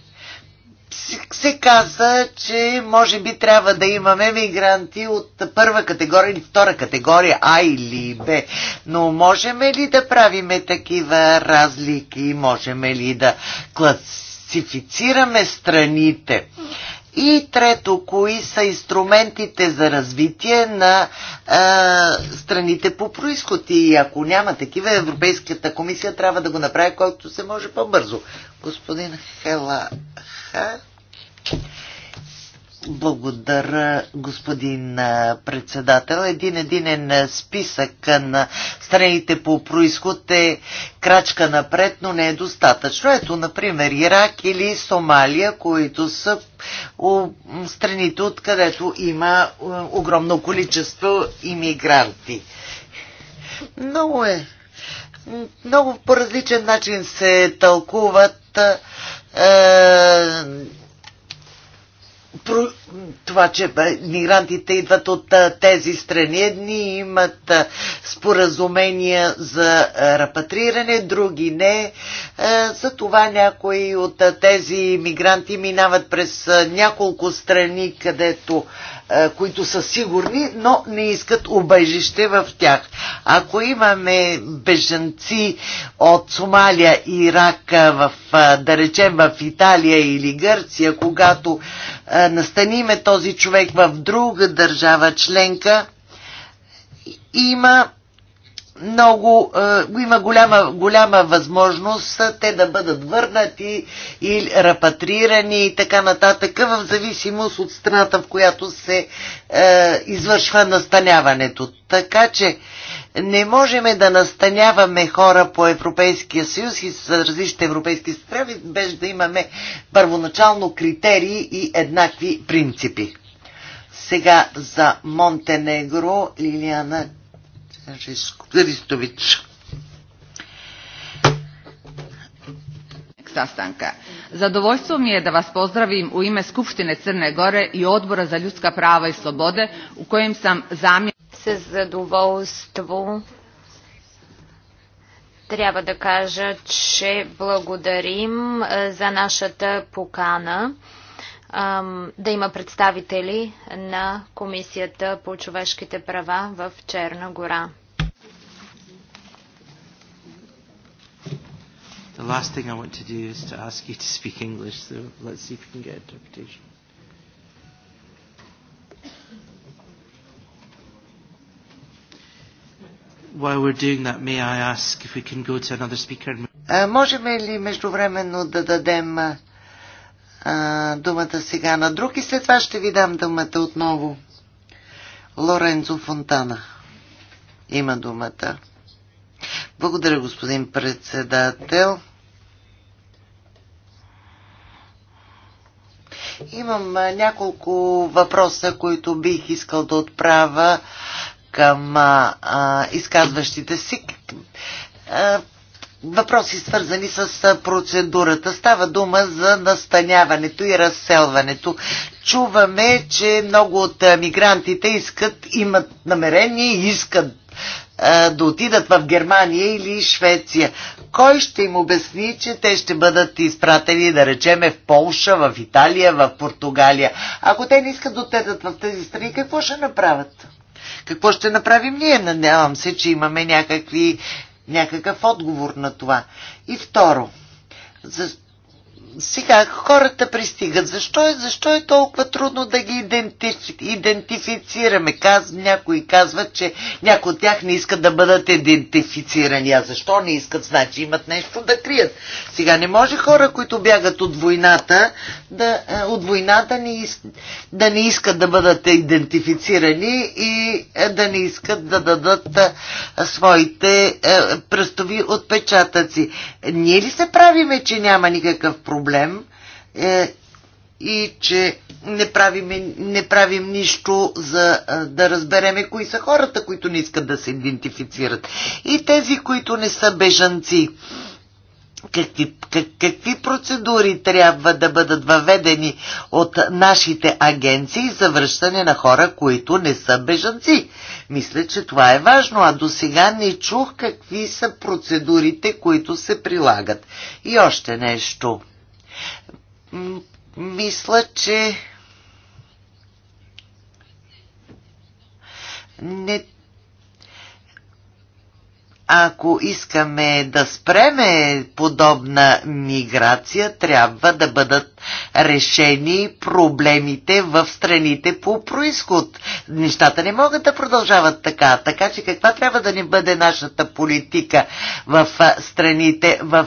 [SPEAKER 4] се каза, че може би трябва да имаме мигранти от първа категория или втора категория А или Б. Но можем ли да правиме такива разлики? Можем ли да класифицираме страните? И трето, кои са инструментите за развитие на а, страните по происход. И ако няма такива, Европейската комисия трябва да го направи колкото се може по-бързо. Господин Хела... Ха? Благодаря, господин председател. Един единен списък на страните по происход е крачка напред, но не е достатъчно. Ето, например, Ирак или Сомалия, които са страните, откъдето има огромно количество иммигранти. Много е. Много по различен начин се тълкуват е, това, че мигрантите идват от тези страни. Едни имат споразумения за рапатриране, други не. За това някои от тези мигранти минават през няколко страни, където е, които са сигурни, но не искат убежище в тях. Ако имаме бежанци от Сомалия и Ирак, е, в, е, да речем в Италия или Гърция, когато настаниме този човек в друга държава членка, има много, е, има голяма, голяма възможност те да бъдат върнати или репатрирани и така нататък, в зависимост от страната, в която се е, извършва настаняването. Така че не можем да настаняваме хора по Европейския съюз и с различните европейски страни, без да имаме първоначално критерии и еднакви принципи. Сега за Монтенегро Лилиана Ристович. sastanka. Zadovoljstvo mi je da vas pozdravim u ime Skupštine Crne
[SPEAKER 2] Gore i Odbora za ljudska prava i slobode u kojem sam zamjen... С задоволство трябва да кажа, че благодарим за нашата покана да има представители на Комисията по човешките права в Черна гора.
[SPEAKER 1] The last thing I want to do is to ask you to speak English, so let's see if we can get interpretation. While we're doing that, may I ask if we can go to another speaker?
[SPEAKER 4] Можем ли междувременно да дадем а, думата сега на друг и след това ще ви дам думата отново. Лоренцо Фонтана има думата. Благодаря, господин председател. Имам няколко въпроса, които бих искал да отправя към а, изказващите си. А, въпроси свързани с процедурата. Става дума за настаняването и разселването. Чуваме, че много от мигрантите искат, имат намерение и искат да отидат в Германия или Швеция. Кой ще им обясни, че те ще бъдат изпратени, да речеме, в Полша, в Италия, в Португалия? Ако те не искат да отидат в тези страни, какво ще направят? Какво ще направим ние? Надявам се, че имаме някакви някакъв отговор на това. И второ, за сега хората пристигат. Защо е, защо е толкова трудно да ги идентифи, идентифицираме? Каз, някои казват, че някои от тях не искат да бъдат идентифицирани. А защо не искат? Значи имат нещо да крият. Сега не може хора, които бягат от войната, да, е, от войната не, да не искат да бъдат идентифицирани и е, да не искат да дадат е, своите пръстови отпечатъци. Ние ли се правиме, че няма никакъв проблем? проблем е, и че не правим, не правим нищо за да разбереме кои са хората, които не искат да се идентифицират. И тези, които не са бежанци. Какви, как, какви процедури трябва да бъдат въведени от нашите агенции за връщане на хора, които не са бежанци? Мисля, че това е важно, а до сега не чух какви са процедурите, които се прилагат. И още нещо – мисля, че не ако искаме да спреме подобна миграция, трябва да бъдат решени проблемите в страните по происход. Нещата не могат да продължават така. Така че каква трябва да ни бъде нашата политика в страните в,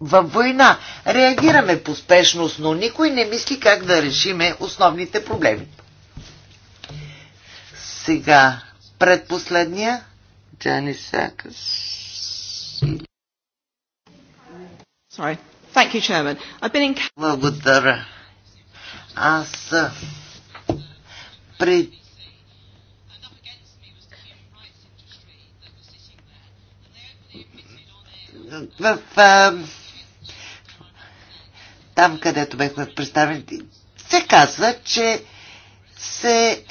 [SPEAKER 4] в война? Реагираме поспешност, но никой не мисли как да решиме основните проблеми. Сега, предпоследния. Danny Sackers. Sorry. Thank you, Chairman. I've been in... Благодаря. Аз пред в, а, там, където бехме представени, се казва, че се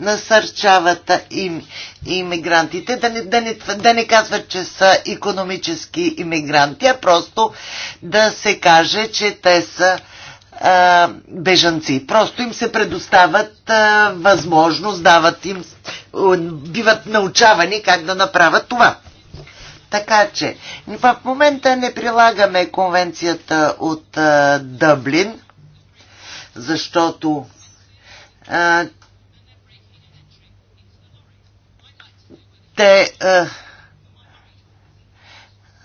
[SPEAKER 4] насърчават им, иммигрантите, да не, да, не, да не казват, че са економически иммигранти, а просто да се каже, че те са а, бежанци. Просто им се предоставят а, възможност, дават им, биват научавани как да направят това. Така че в момента не прилагаме конвенцията от а, Дъблин, защото те а,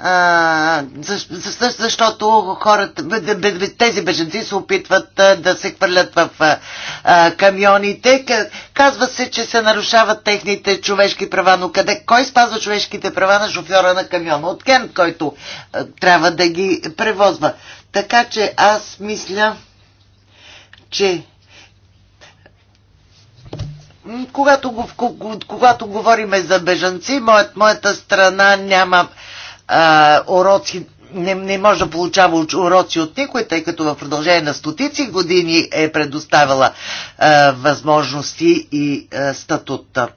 [SPEAKER 4] а, защ, защ, защото хората, тези беженци се опитват да се хвърлят в а, камионите. Казва се, че се нарушават техните човешки права, но къде, кой спазва човешките права на шофьора на камиона? От Кен, който а, трябва да ги превозва. Така че аз мисля, че когато, когато говориме за бежанци, моят, моята страна няма а, уроци, не, не може да получава уроци от никой, тъй като в продължение на стотици години е предоставила а, възможности и а, статута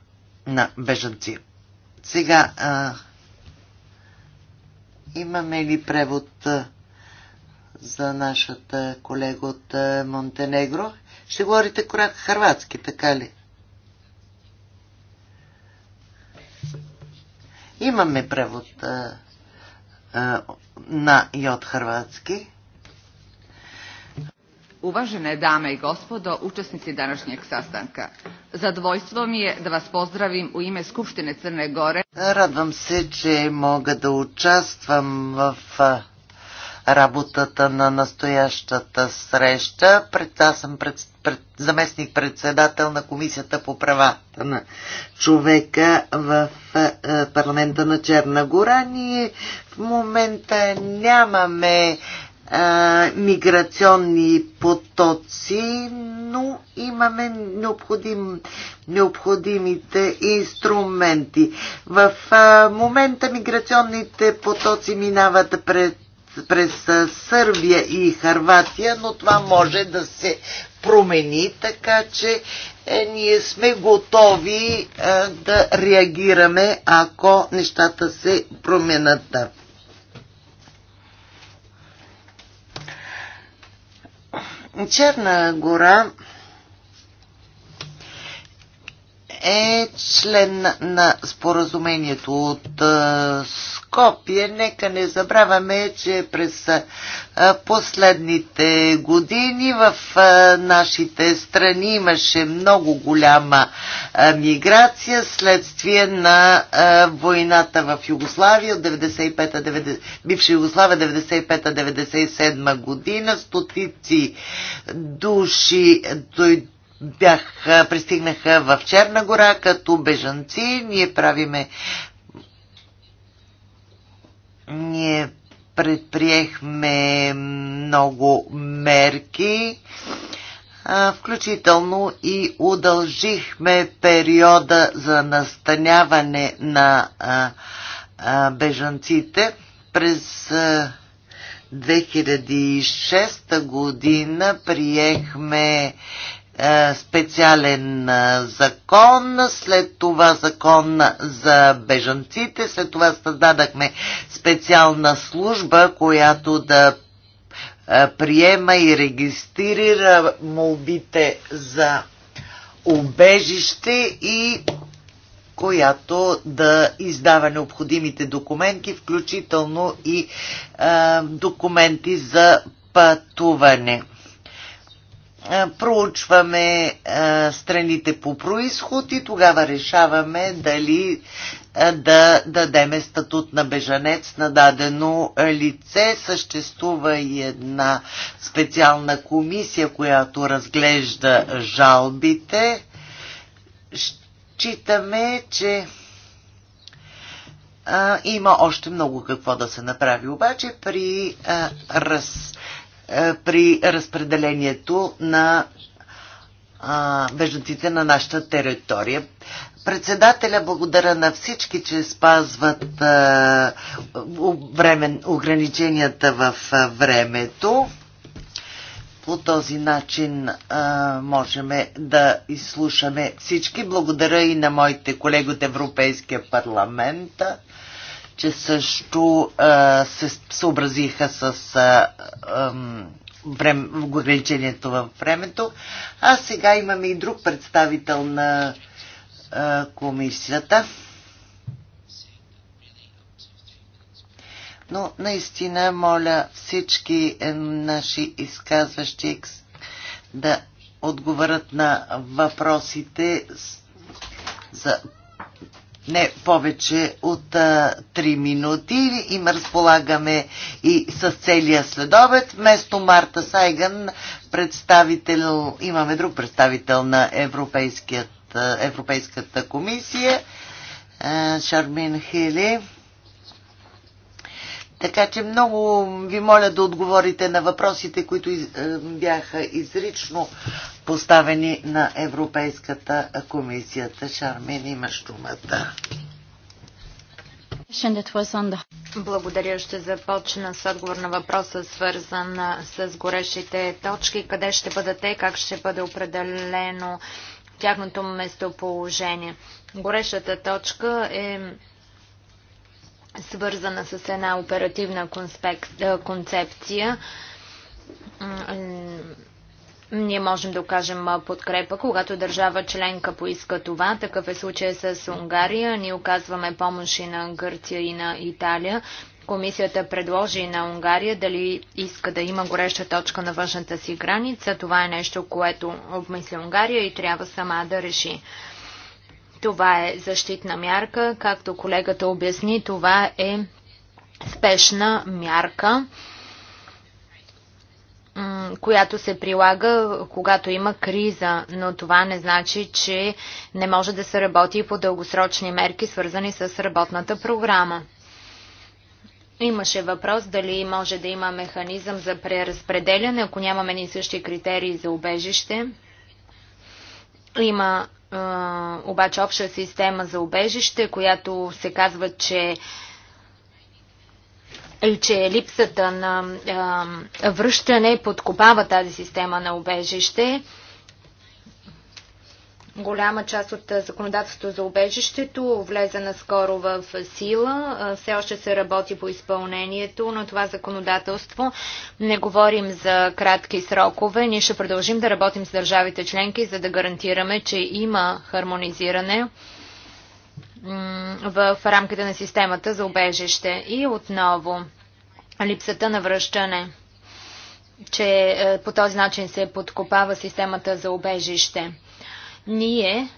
[SPEAKER 4] на бежанци. Сега, а, имаме ли превод а, за нашата колега от а, Монтенегро? Ще говорите крак хрватски, така ли? Имаме превод а, а, на и от хрватски. Уважене dame и
[SPEAKER 2] gospodo, učesnici današnjeg sastanka. Задоволство ми е да вас поздравим у име Скупштине
[SPEAKER 4] Црне Горе. Радвам се, че мога да участвам в работата на настоящата среща. Пред, съм представ пред, заместник председател на Комисията по правата на човека в е, е, парламента на Черна гора. Ние в момента нямаме е, миграционни потоци, но имаме необходим, необходимите инструменти. В е, момента миграционните потоци минават пред през Сърбия и Харватия, но това може да се промени, така че е, ние сме готови е, да реагираме, ако нещата се променят. Черна гора е член на споразумението от Скопие. Нека не забравяме, че през последните години в нашите страни имаше много голяма миграция следствие на войната в Югославия от 95 бивша Югославия 95-97 година. Стотици души дойдоха бях, пристигнаха в Черна гора като бежанци. Ние правиме ние предприехме много мерки, включително и удължихме периода за настаняване на бежанците през 2006 година приехме е, специален е, закон, след това закон за бежанците, след това създадахме специална служба, която да е, приема и регистрира молбите за убежище и която да издава необходимите документи, включително и е, документи за пътуване. Е, проучваме е, страните по происход и тогава решаваме дали е, да дадеме статут на бежанец на дадено лице. Съществува и една специална комисия, която разглежда жалбите. Считаме, че а, има още много какво да се направи. Обаче при а, раз, е, при разпределението на бежанците на нашата територия. Председателя благодаря на всички, че спазват а, е, време, ограниченията в а, е, времето. По този начин а, можем да изслушаме всички. Благодаря и на моите колеги от Европейския парламент че също а, се съобразиха с а, ам, време, ограничението във времето. А сега имаме и друг представител на а, комисията. Но наистина моля всички наши изказващи да отговорят на въпросите за не повече от а, 3 минути. Им разполагаме и с целия следобед. Вместо Марта Сайган представител, имаме друг представител на Европейският, Европейската комисия. Шармин Хили така че много ви моля да отговорите на въпросите, които е, бяха изрично поставени на Европейската комисията. Шармен, имаш думата.
[SPEAKER 2] Благодаря. Ще започна с отговор на въпроса, свързан с горещите точки. Къде ще бъдат те, как ще бъде определено тяхното местоположение. Горещата точка е свързана с една оперативна е, концепция. Ние можем да окажем подкрепа, когато държава членка поиска това. Такъв е случай с Унгария. Ние оказваме помощ и на Гърция и на Италия. Комисията предложи на Унгария дали иска да има гореща точка на външната си граница. Това е нещо, което обмисля Унгария и трябва сама да реши. Това е защитна мярка, както колегата обясни, това е спешна мярка, която се прилага, когато има криза, но това не значи, че не може да се работи и по дългосрочни мерки, свързани с работната програма. Имаше въпрос дали може да има механизъм за преразпределяне, ако нямаме ни същи критерии за убежище. Има обаче обща система за обежище, която се казва, че че липсата на а, връщане подкопава тази система на обежище. Голяма част от законодателството за обежището влезе наскоро в сила. Все още се работи по изпълнението на това законодателство. Не говорим за кратки срокове. Ние ще продължим да работим с държавите членки, за да гарантираме, че има хармонизиране в рамките на системата за обежище. И отново, липсата на връщане че е, по този начин се подкопава системата за обежище. Ние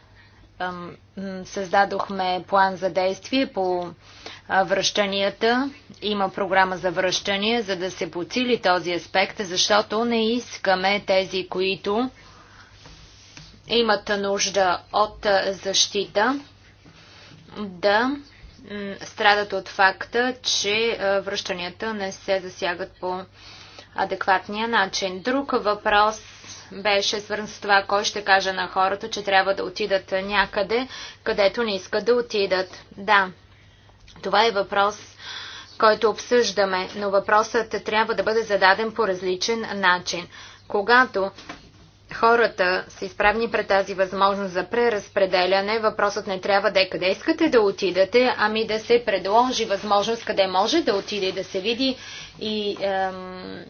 [SPEAKER 2] създадохме план за действие по връщанията. Има програма за връщания, за да се подсили този аспект, защото не искаме тези, които имат нужда от защита, да страдат от факта, че връщанията не се засягат по адекватния начин. Друг въпрос беше свързан с това, кой ще каже на хората, че трябва да отидат някъде, където не искат да отидат. Да, това е въпрос, който обсъждаме, но въпросът трябва да бъде зададен по различен начин. Когато хората са изправни пред тази възможност за преразпределяне, въпросът не трябва да е къде искате да отидете, ами да се предложи възможност къде може да отиде да се види и... Ем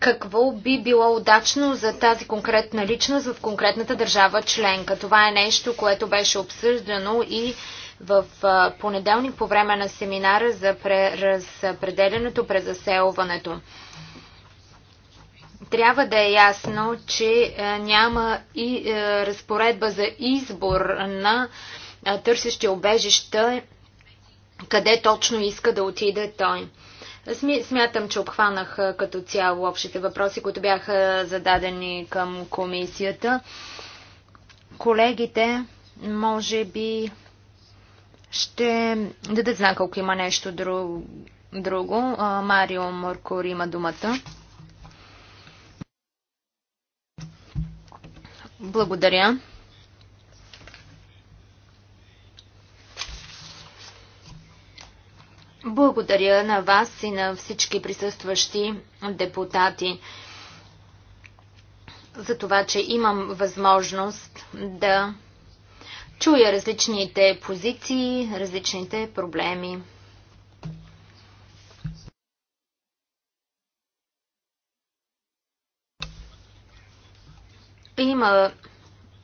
[SPEAKER 2] какво би било удачно за тази конкретна личност в конкретната държава членка. Това е нещо, което беше обсъждано и в понеделник по време на семинара за преразпределенето, презаселването. Трябва да е ясно, че няма и разпоредба за избор на търсещи обежища, къде точно иска да отиде той. Смятам, че обхванах като цяло общите въпроси, които бяха зададени към комисията. Колегите, може би, ще дадат знак, ако има нещо друго. Марио Моркор има думата. Благодаря. Благодаря на вас и на всички присъстващи депутати за това, че имам възможност да чуя различните позиции, различните проблеми. Има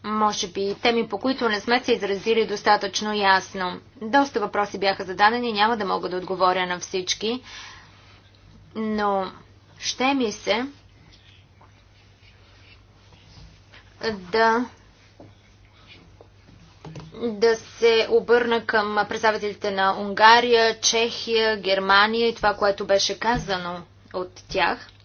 [SPEAKER 2] може би, теми, по които не сме се изразили достатъчно ясно. Доста въпроси бяха зададени, няма да мога да отговоря на всички, но ще ми се да да се обърна към представителите на Унгария, Чехия, Германия и това, което беше казано от тях –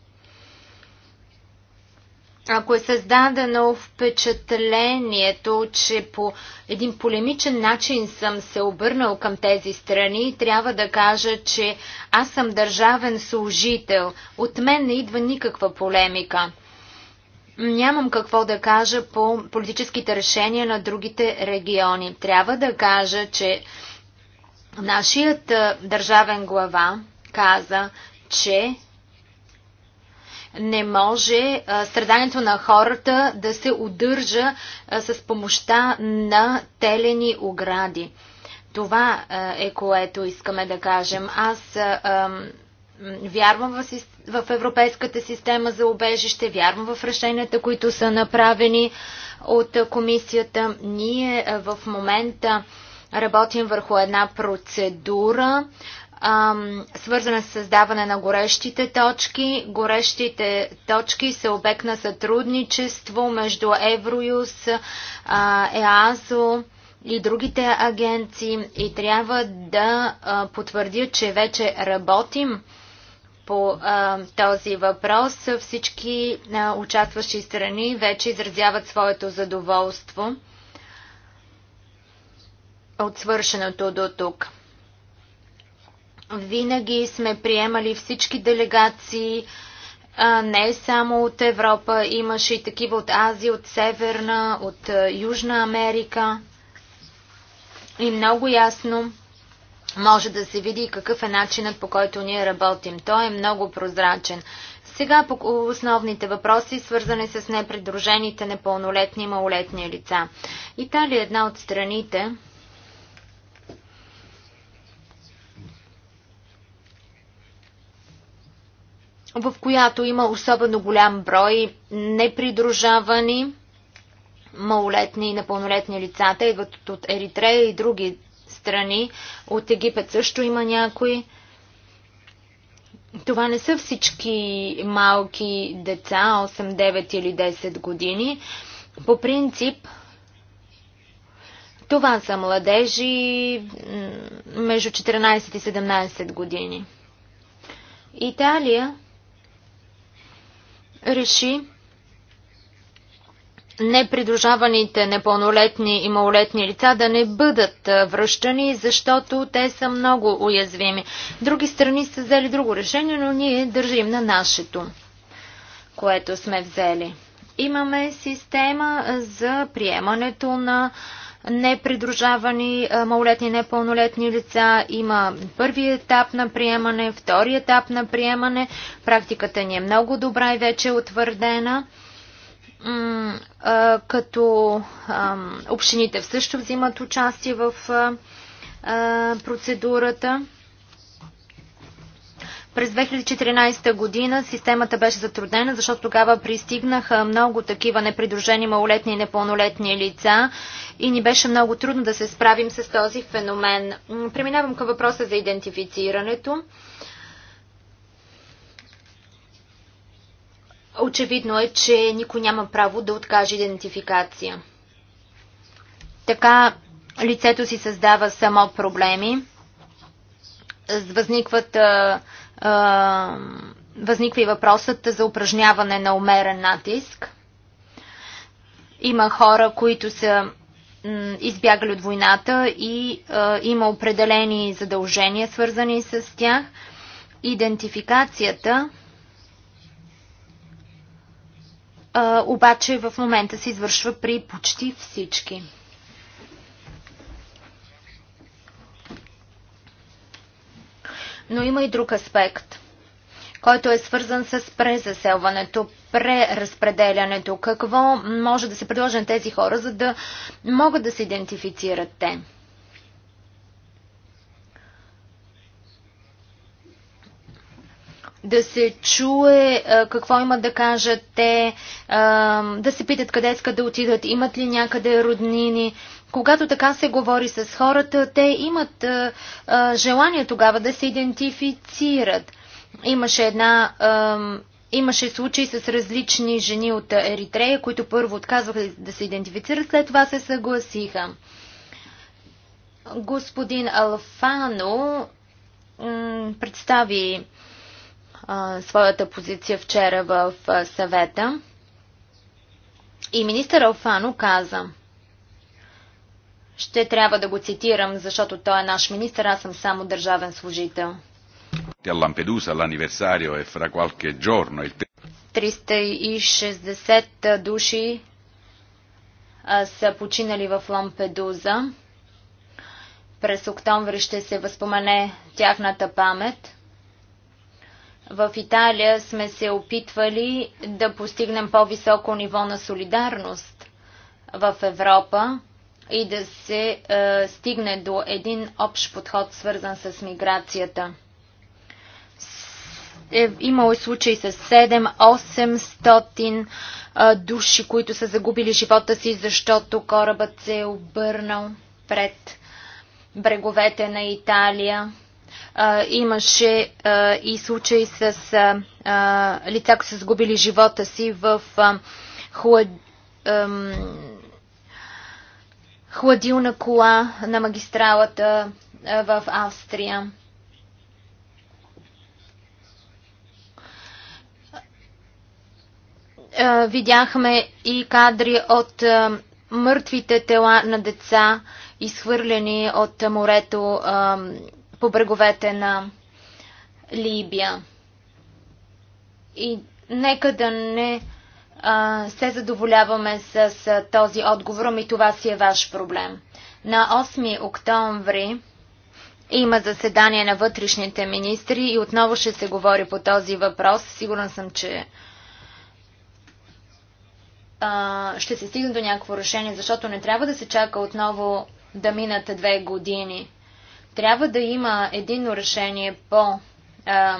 [SPEAKER 2] ако е създадено впечатлението, че по един полемичен начин съм се обърнал към тези страни, трябва да кажа, че аз съм държавен служител. От мен не идва никаква полемика. Нямам какво да кажа по политическите решения на другите региони. Трябва да кажа, че нашият държавен глава каза, че не може страданието на хората да се удържа с помощта на телени огради. Това е което искаме да кажем. Аз вярвам в Европейската система за обежище, вярвам в решенията, които са направени от комисията. Ние в момента работим върху една процедура, свързана с създаване на горещите точки. Горещите точки са обект на сътрудничество между Евроюз, ЕАЗО и другите агенции и трябва да потвърдя, че вече работим по а, този въпрос. Всички а, участващи страни вече изразяват своето задоволство от свършеното до тук. Винаги сме приемали всички делегации, не само от Европа, имаше и такива от Азия, от Северна, от Южна Америка. И много ясно може да се види какъв е начинът по който ние работим. Той е много прозрачен. Сега по основните въпроси, свързани с непридружените непълнолетни и малолетни лица. Италия е една от страните, в която има особено голям брой непридружавани малолетни и непълнолетни лица, тъй като от Еритрея и други страни, от Египет също има някои. Това не са всички малки деца, 8, 9 или 10 години. По принцип, това са младежи между 14 и 17 години. Италия реши непридружаваните непълнолетни и малолетни лица да не бъдат връщани, защото те са много уязвими. Други страни са взели друго решение, но ние държим на нашето, което сме взели. Имаме система за приемането на непридружавани малолетни и непълнолетни лица. Има първи етап на приемане, втори етап на приемане. Практиката ни е много добра и вече е утвърдена като общините също взимат участие в процедурата. През 2014 година системата беше затруднена, защото тогава пристигнаха много такива непридружени малолетни и непълнолетни лица и ни беше много трудно да се справим с този феномен. Преминавам към въпроса за идентифицирането. Очевидно е, че никой няма право да откаже идентификация. Така лицето си създава само проблеми. Възникват възниква и въпросът за упражняване на умерен натиск. Има хора, които са избягали от войната и а, има определени задължения, свързани с тях. Идентификацията а, обаче в момента се извършва при почти всички. Но има и друг аспект, който е свързан с презаселването, преразпределянето. Какво може да се предложи на тези хора, за да могат да се идентифицират те? да се чуе какво имат да кажат те, да се питат къде искат да отидат, имат ли някъде роднини. Когато така се говори с хората, те имат а, а, желание тогава да се идентифицират. Имаше една. А, Имаше случаи с различни жени от Еритрея, които първо отказваха да се идентифицират, след това се съгласиха. Господин Алфано представи а, своята позиция вчера в а, съвета и министър Алфано каза – ще трябва да го цитирам, защото той е наш министр, аз съм само държавен служител.
[SPEAKER 4] 360
[SPEAKER 2] е души са починали в Лампедуза. През октомври ще се възпомене тяхната памет. В Италия сме се опитвали да постигнем по-високо ниво на солидарност в Европа и да се е, стигне до един общ подход, свързан с миграцията. Е, имало е случаи с 7-800 е, души, които са загубили живота си, защото корабът се е обърнал пред бреговете на Италия. Е, имаше е, и случаи с е, е лица, които са загубили живота си в е, хладилна кола на магистралата в Австрия. Видяхме и кадри от мъртвите тела на деца, изхвърлени от морето по бреговете на Либия. И нека да не се задоволяваме с този отговор, ами това си е ваш проблем. На 8 октомври има заседание на вътрешните министри и отново ще се говори по този въпрос. Сигурен съм, че а, ще се стигне до някакво решение, защото не трябва да се чака отново да минат две години. Трябва да има едино решение по а,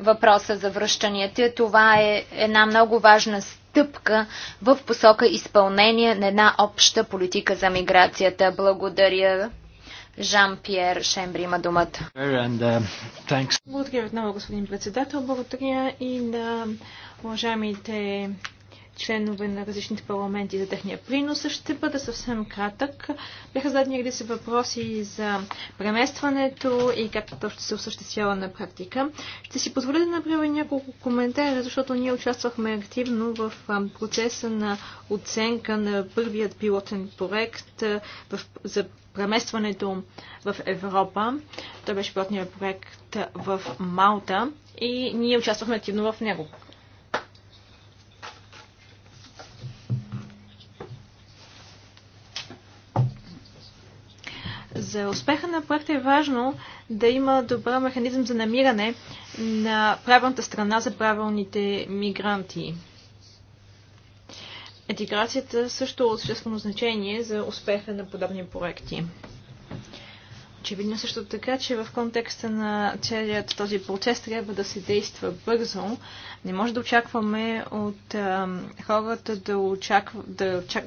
[SPEAKER 2] въпроса за връщанията. Това е една много важна стъпка стъпка в посока изпълнение на една обща политика за миграцията. Благодаря. Жан-Пьер Шембри има думата.
[SPEAKER 1] And,
[SPEAKER 2] uh, Благодаря отново,
[SPEAKER 3] господин председател. Благодаря и на уважаемите членове на различните парламенти за техния принос. Ще бъда съвсем кратък. Бяха задни ли се въпроси за преместването и как то ще се осъществява на практика. Ще си позволя да направя няколко коментара, защото ние участвахме активно в процеса на оценка на първият пилотен проект в, за преместването в Европа. Той беше пилотният проект в Малта и ние участвахме активно в него. За успеха на проекта е важно да има добър механизъм за намиране на правилната страна за правилните мигранти. Интеграцията също е от съществено значение за успеха на подобни проекти. Очевидно също така, че в контекста на целият този процес трябва да се действа бързо. Не може да очакваме от а, хората да, очаква, да чак,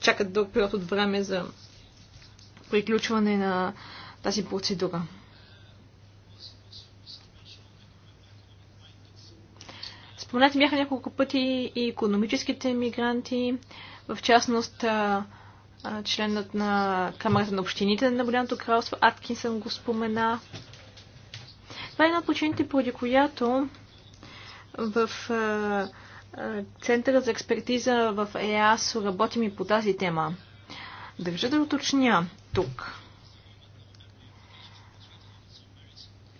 [SPEAKER 3] чакат дълг период от време за приключване на тази процедура. Споменати бяха няколко пъти и економическите мигранти, в частност членът на Камерата на общините на Голямото кралство, Аткинсън го спомена. Това е една от причините, поради която в Центъра за експертиза в ЕАСО работим и по тази тема. Държа да уточня тук.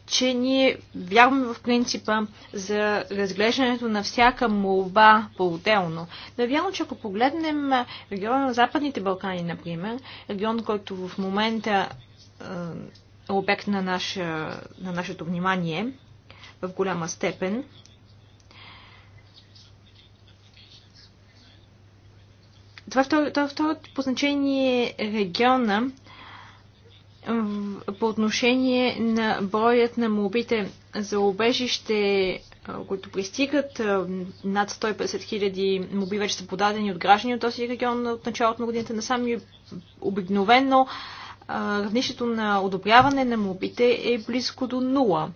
[SPEAKER 3] че ние вярваме в принципа за разглеждането на всяка молба по-отделно. Да вярно, че ако погледнем региона на Западните Балкани, например, регион, който в момента е, е обект на, наша, на нашето внимание в голяма степен, това е, е второто по значение региона, по отношение на броят на молбите за обежище, които пристигат, над 150 хиляди моби вече са подадени от граждани от този регион от началото на годината насам и обикновено равнището на одобряване на мобите е близко до нула.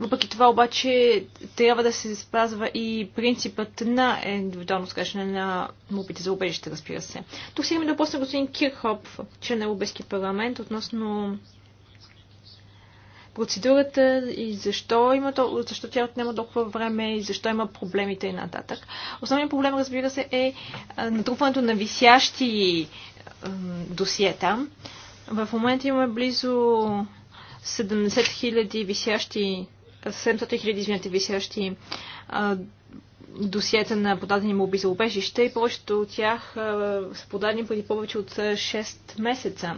[SPEAKER 3] Въпреки това обаче трябва да се спазва и принципът на индивидуално скачане на мобите за убежище, разбира се. Тук си имаме да на господин Кирхоп, член на Европейския парламент, относно процедурата и защо, има то, защо тя отнема толкова време и защо има проблемите и нататък. Основният проблем, разбира се, е натрупването на висящи досиета. В момента имаме близо 70 000 висящи 700 хиляди, извинете, висящи досиета на подадени му за убежище и повечето от тях а, са подадени преди повече от 6 месеца.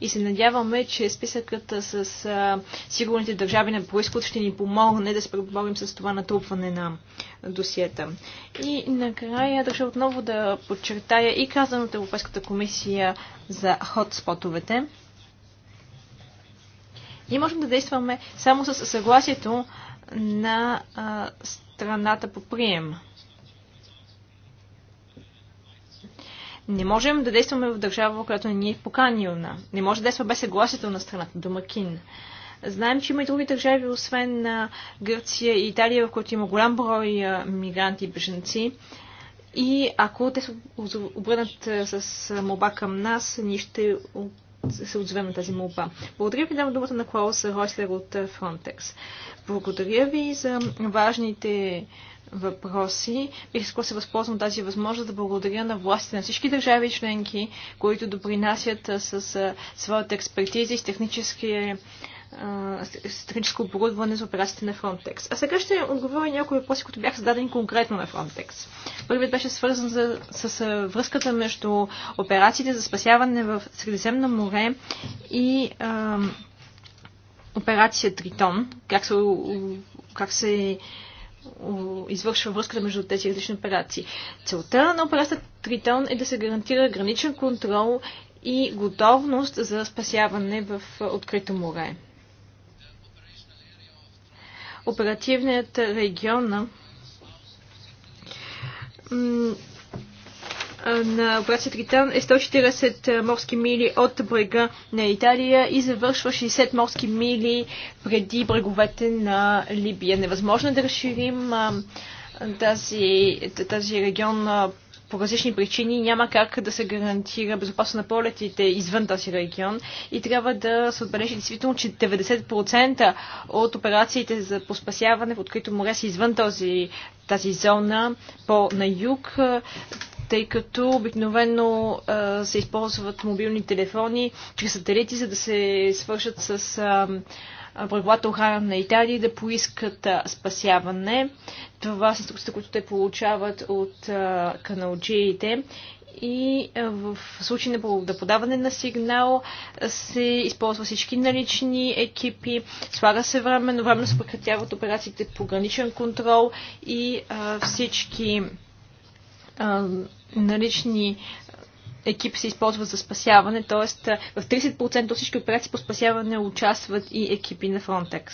[SPEAKER 3] И се надяваме, че списъкът с а, сигурните държави на происход ще ни помогне да се преборим с това натрупване на досиета. И накрая държа отново да подчертая и казаното Европейската комисия за хотспотовете. Ние можем да действаме само с съгласието на а, страната по прием. Не можем да действаме в държава, която ни е поканилна. Не може да действаме без съгласието на страната, домакин. Знаем, че има и други държави, освен на Гърция и Италия, в които има голям брой мигранти и беженци. И ако те се обърнат с моба към нас, ние ще се отзовем на тази молба. Благодаря ви, давам думата на Клаус Ройслер от е, Frontex. Благодаря ви за важните въпроси. Бих искал се възползвам тази възможност да благодаря на властите на всички държави и членки, които допринасят е, с е, своята експертиза и с техническия стратегическо оборудване за операциите на Frontex. А сега ще отговоря някои въпроси, които бяха зададени конкретно на Frontex. Първият беше свързан за, с, с връзката между операциите за спасяване в Средиземно море и а, операция Тритон, как се, как се извършва връзката между тези различни операции. Целта на операцията Тритон е да се гарантира граничен контрол и готовност за спасяване в открито море оперативният регион на операция Тритан е 140 морски мили от брега на Италия и завършва 60 морски мили преди бреговете на Либия. Невъзможно е да разширим тази, тази регион по различни причини няма как да се гарантира безопасно на полетите извън този регион и трябва да се отбележи действително, че 90% от операциите за по спасяване в открито море са извън този, тази зона по на юг тъй като обикновено се използват мобилни телефони чрез сателити, за да се свършат с а, бреговата охрана на Италия да поискат спасяване. Това са структурите, които те получават от каналджиите и в случай на подаване на сигнал се използва всички налични екипи, слага се време, но време се прекратяват операциите по граничен контрол и а, всички а, налични екип се използва за спасяване, т.е. в 30% от всички операции по спасяване участват и екипи на Frontex.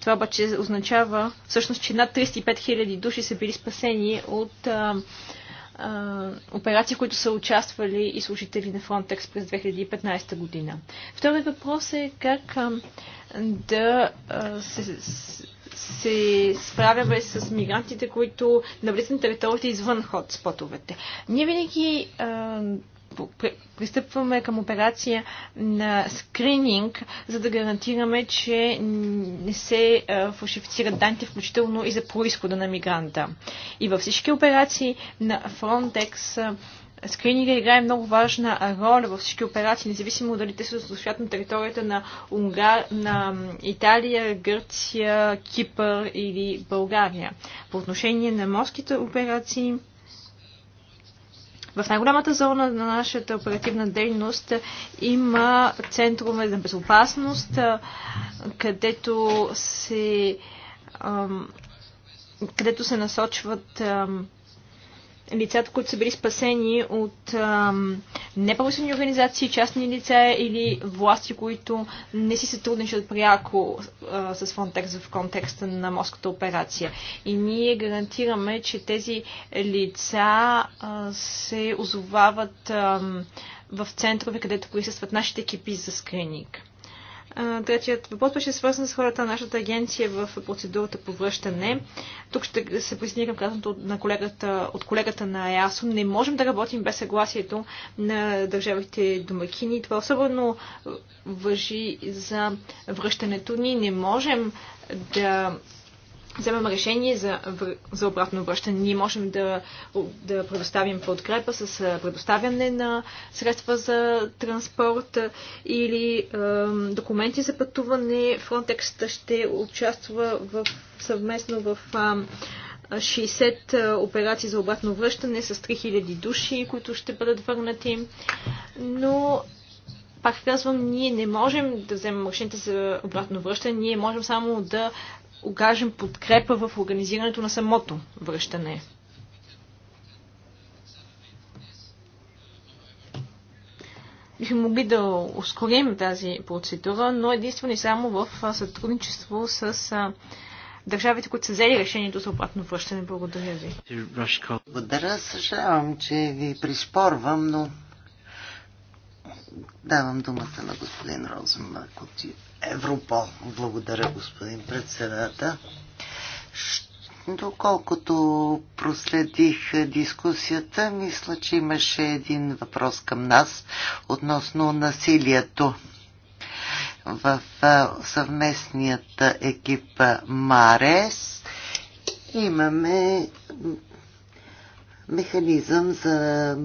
[SPEAKER 3] Това обаче означава всъщност, че над 35 000 души са били спасени от а, а, операции, които са участвали и служители на Frontex през 2015 година. Вторият въпрос е как а, да а, се се справяме с мигрантите, които навлизат на територията извън хотспотовете. Ние винаги а, пристъпваме към операция на скрининг, за да гарантираме, че не се фалшифицират данните, включително и за происхода на мигранта. И във всички операции на Frontex Скрининга играе много важна роля във всички операции, независимо дали те се осъществяват на територията на, Унгар, на Италия, Гърция, Кипър или България. По отношение на морските операции, в най-голямата зона на нашата оперативна дейност има центрове за безопасност, където се, където се насочват лицата, които са били спасени от неправителствени организации, частни лица или власти, които не си сътрудничат пряко а, с Frontex в контекста на морската операция. И ние гарантираме, че тези лица а, се озовават а, в центрове, където присъстват нашите екипи за скрининг. Третият въпрос беше свързан с хората на нашата агенция в процедурата по връщане. Тук ще се присъединя към казаното на колегата, от колегата на ЕАСО. Не можем да работим без съгласието на държавите домакини. Това особено въжи за връщането ни. Не можем да вземем решение за, за обратно връщане. Ние можем да, да предоставим подкрепа с предоставяне на средства за транспорт или е, документи за пътуване. Frontex ще участва в, съвместно в е, 60 операции за обратно връщане с 3000 души, които ще бъдат върнати. Но пак казвам, ние не можем да вземем машините за обратно връщане, ние можем само да окажем подкрепа в организирането на самото връщане. бихме могли да ускорим тази процедура, но единствено и само в сътрудничество с държавите, които са взели решението за обратно връщане. Благодаря ви.
[SPEAKER 4] Благодаря. Съжалявам, че ви приспорвам, но давам думата на господин Розенберг от Европол. Благодаря, господин председател. Доколкото проследих дискусията, мисля, че имаше един въпрос към нас относно насилието в съвместният екип Марес. Имаме механизъм за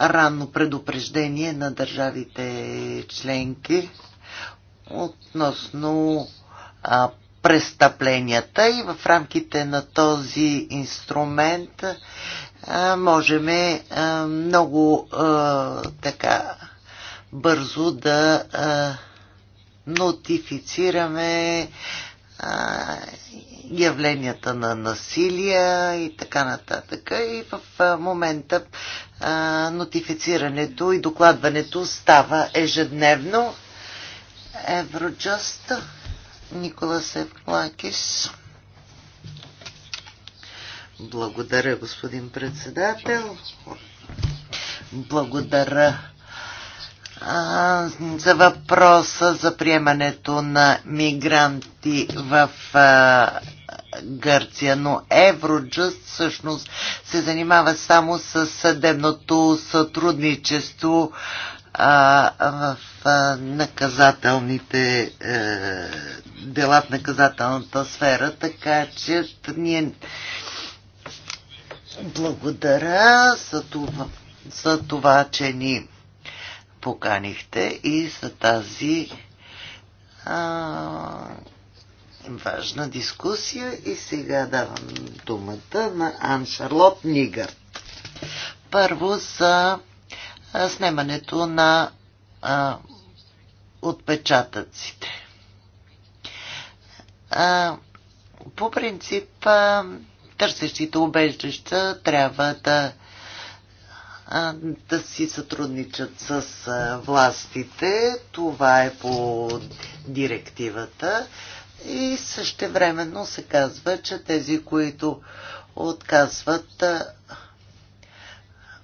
[SPEAKER 4] ранно предупреждение на държавите членки относно а, престъпленията и в рамките на този инструмент а, можем а, много а, така бързо да а, нотифицираме а, явленията на насилие и така нататък. И в момента а, нотифицирането и докладването става ежедневно Евроджаст, Николас Евклакис. Благодаря, господин председател. Благодаря за въпроса за приемането на мигранти в а, Гърция, но Евроджъст всъщност се занимава само с съдебното сътрудничество а, в а, наказателните а, е, дела в наказателната сфера, така че ние благодаря за това, за това че ни поканихте и за тази а, важна дискусия. И сега давам думата на Ан Шарлот Нигърт. Първо за Снимането на а, отпечатъците. А, по принцип, а, търсещите убежища трябва да, а, да си сътрудничат с а, властите. Това е по директивата. И същевременно се казва, че тези, които отказват а,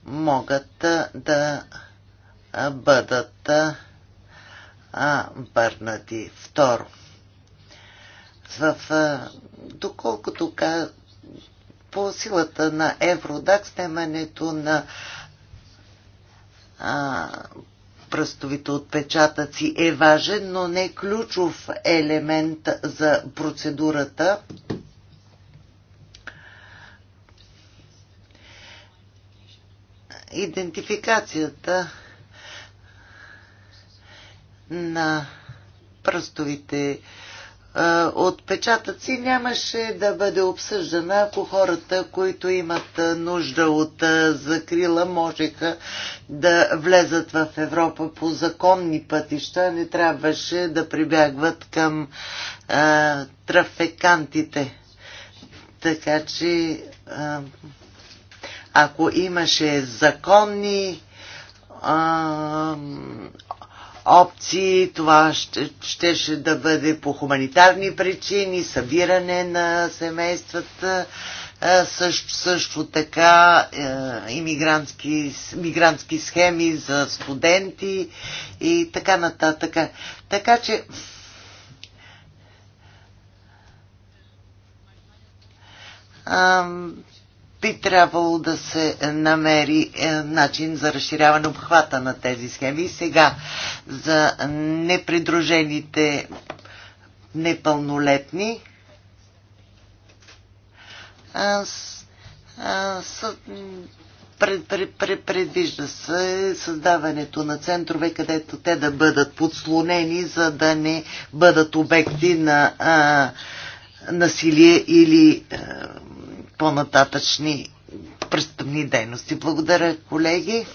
[SPEAKER 4] могат да бъдат върнати. Второ, в, доколкото по силата на Евродак, снимането на а, пръстовите отпечатъци е важен, но не е ключов елемент за процедурата идентификацията на пръстовите отпечатъци нямаше да бъде обсъждана, ако хората, които имат нужда от закрила, можеха да влезат в Европа по законни пътища, не трябваше да прибягват към а, трафикантите. Така че а, ако имаше законни а, опции, това ще, да бъде по хуманитарни причини, събиране на семействата, а, също, също така а, е, иммигрантски, мигрантски схеми за студенти и така нататък. Така че ам, би трябвало да се намери е, начин за разширяване обхвата на тези схеми. И сега за непридружените непълнолетни аз, аз, пред, пред, пред, предвижда се създаването на центрове, където те да бъдат подслонени, за да не бъдат обекти на а, насилие или а, по-нататъчни престъпни дейности. Благодаря, колеги.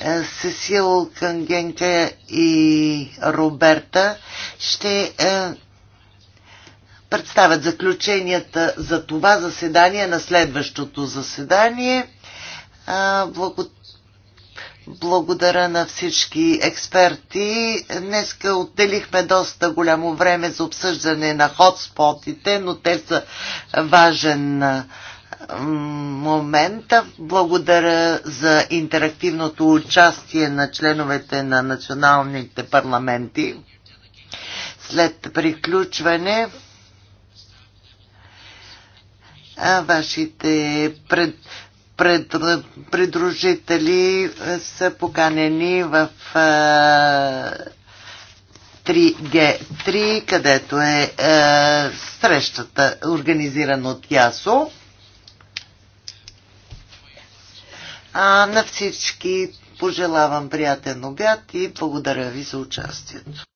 [SPEAKER 4] Е, Сесил Кангенка и Роберта ще е, представят заключенията за това заседание на следващото заседание. Е, Благодаря благодаря на всички експерти. Днеска отделихме доста голямо време за обсъждане на хотспотите, но те са важен момент. Благодаря за интерактивното участие на членовете на националните парламенти. След приключване вашите пред, пред, придружители е, са поканени в 3G3, е, където е, е срещата, организирана от Ясо. А на всички пожелавам приятен обяд и благодаря ви за участието.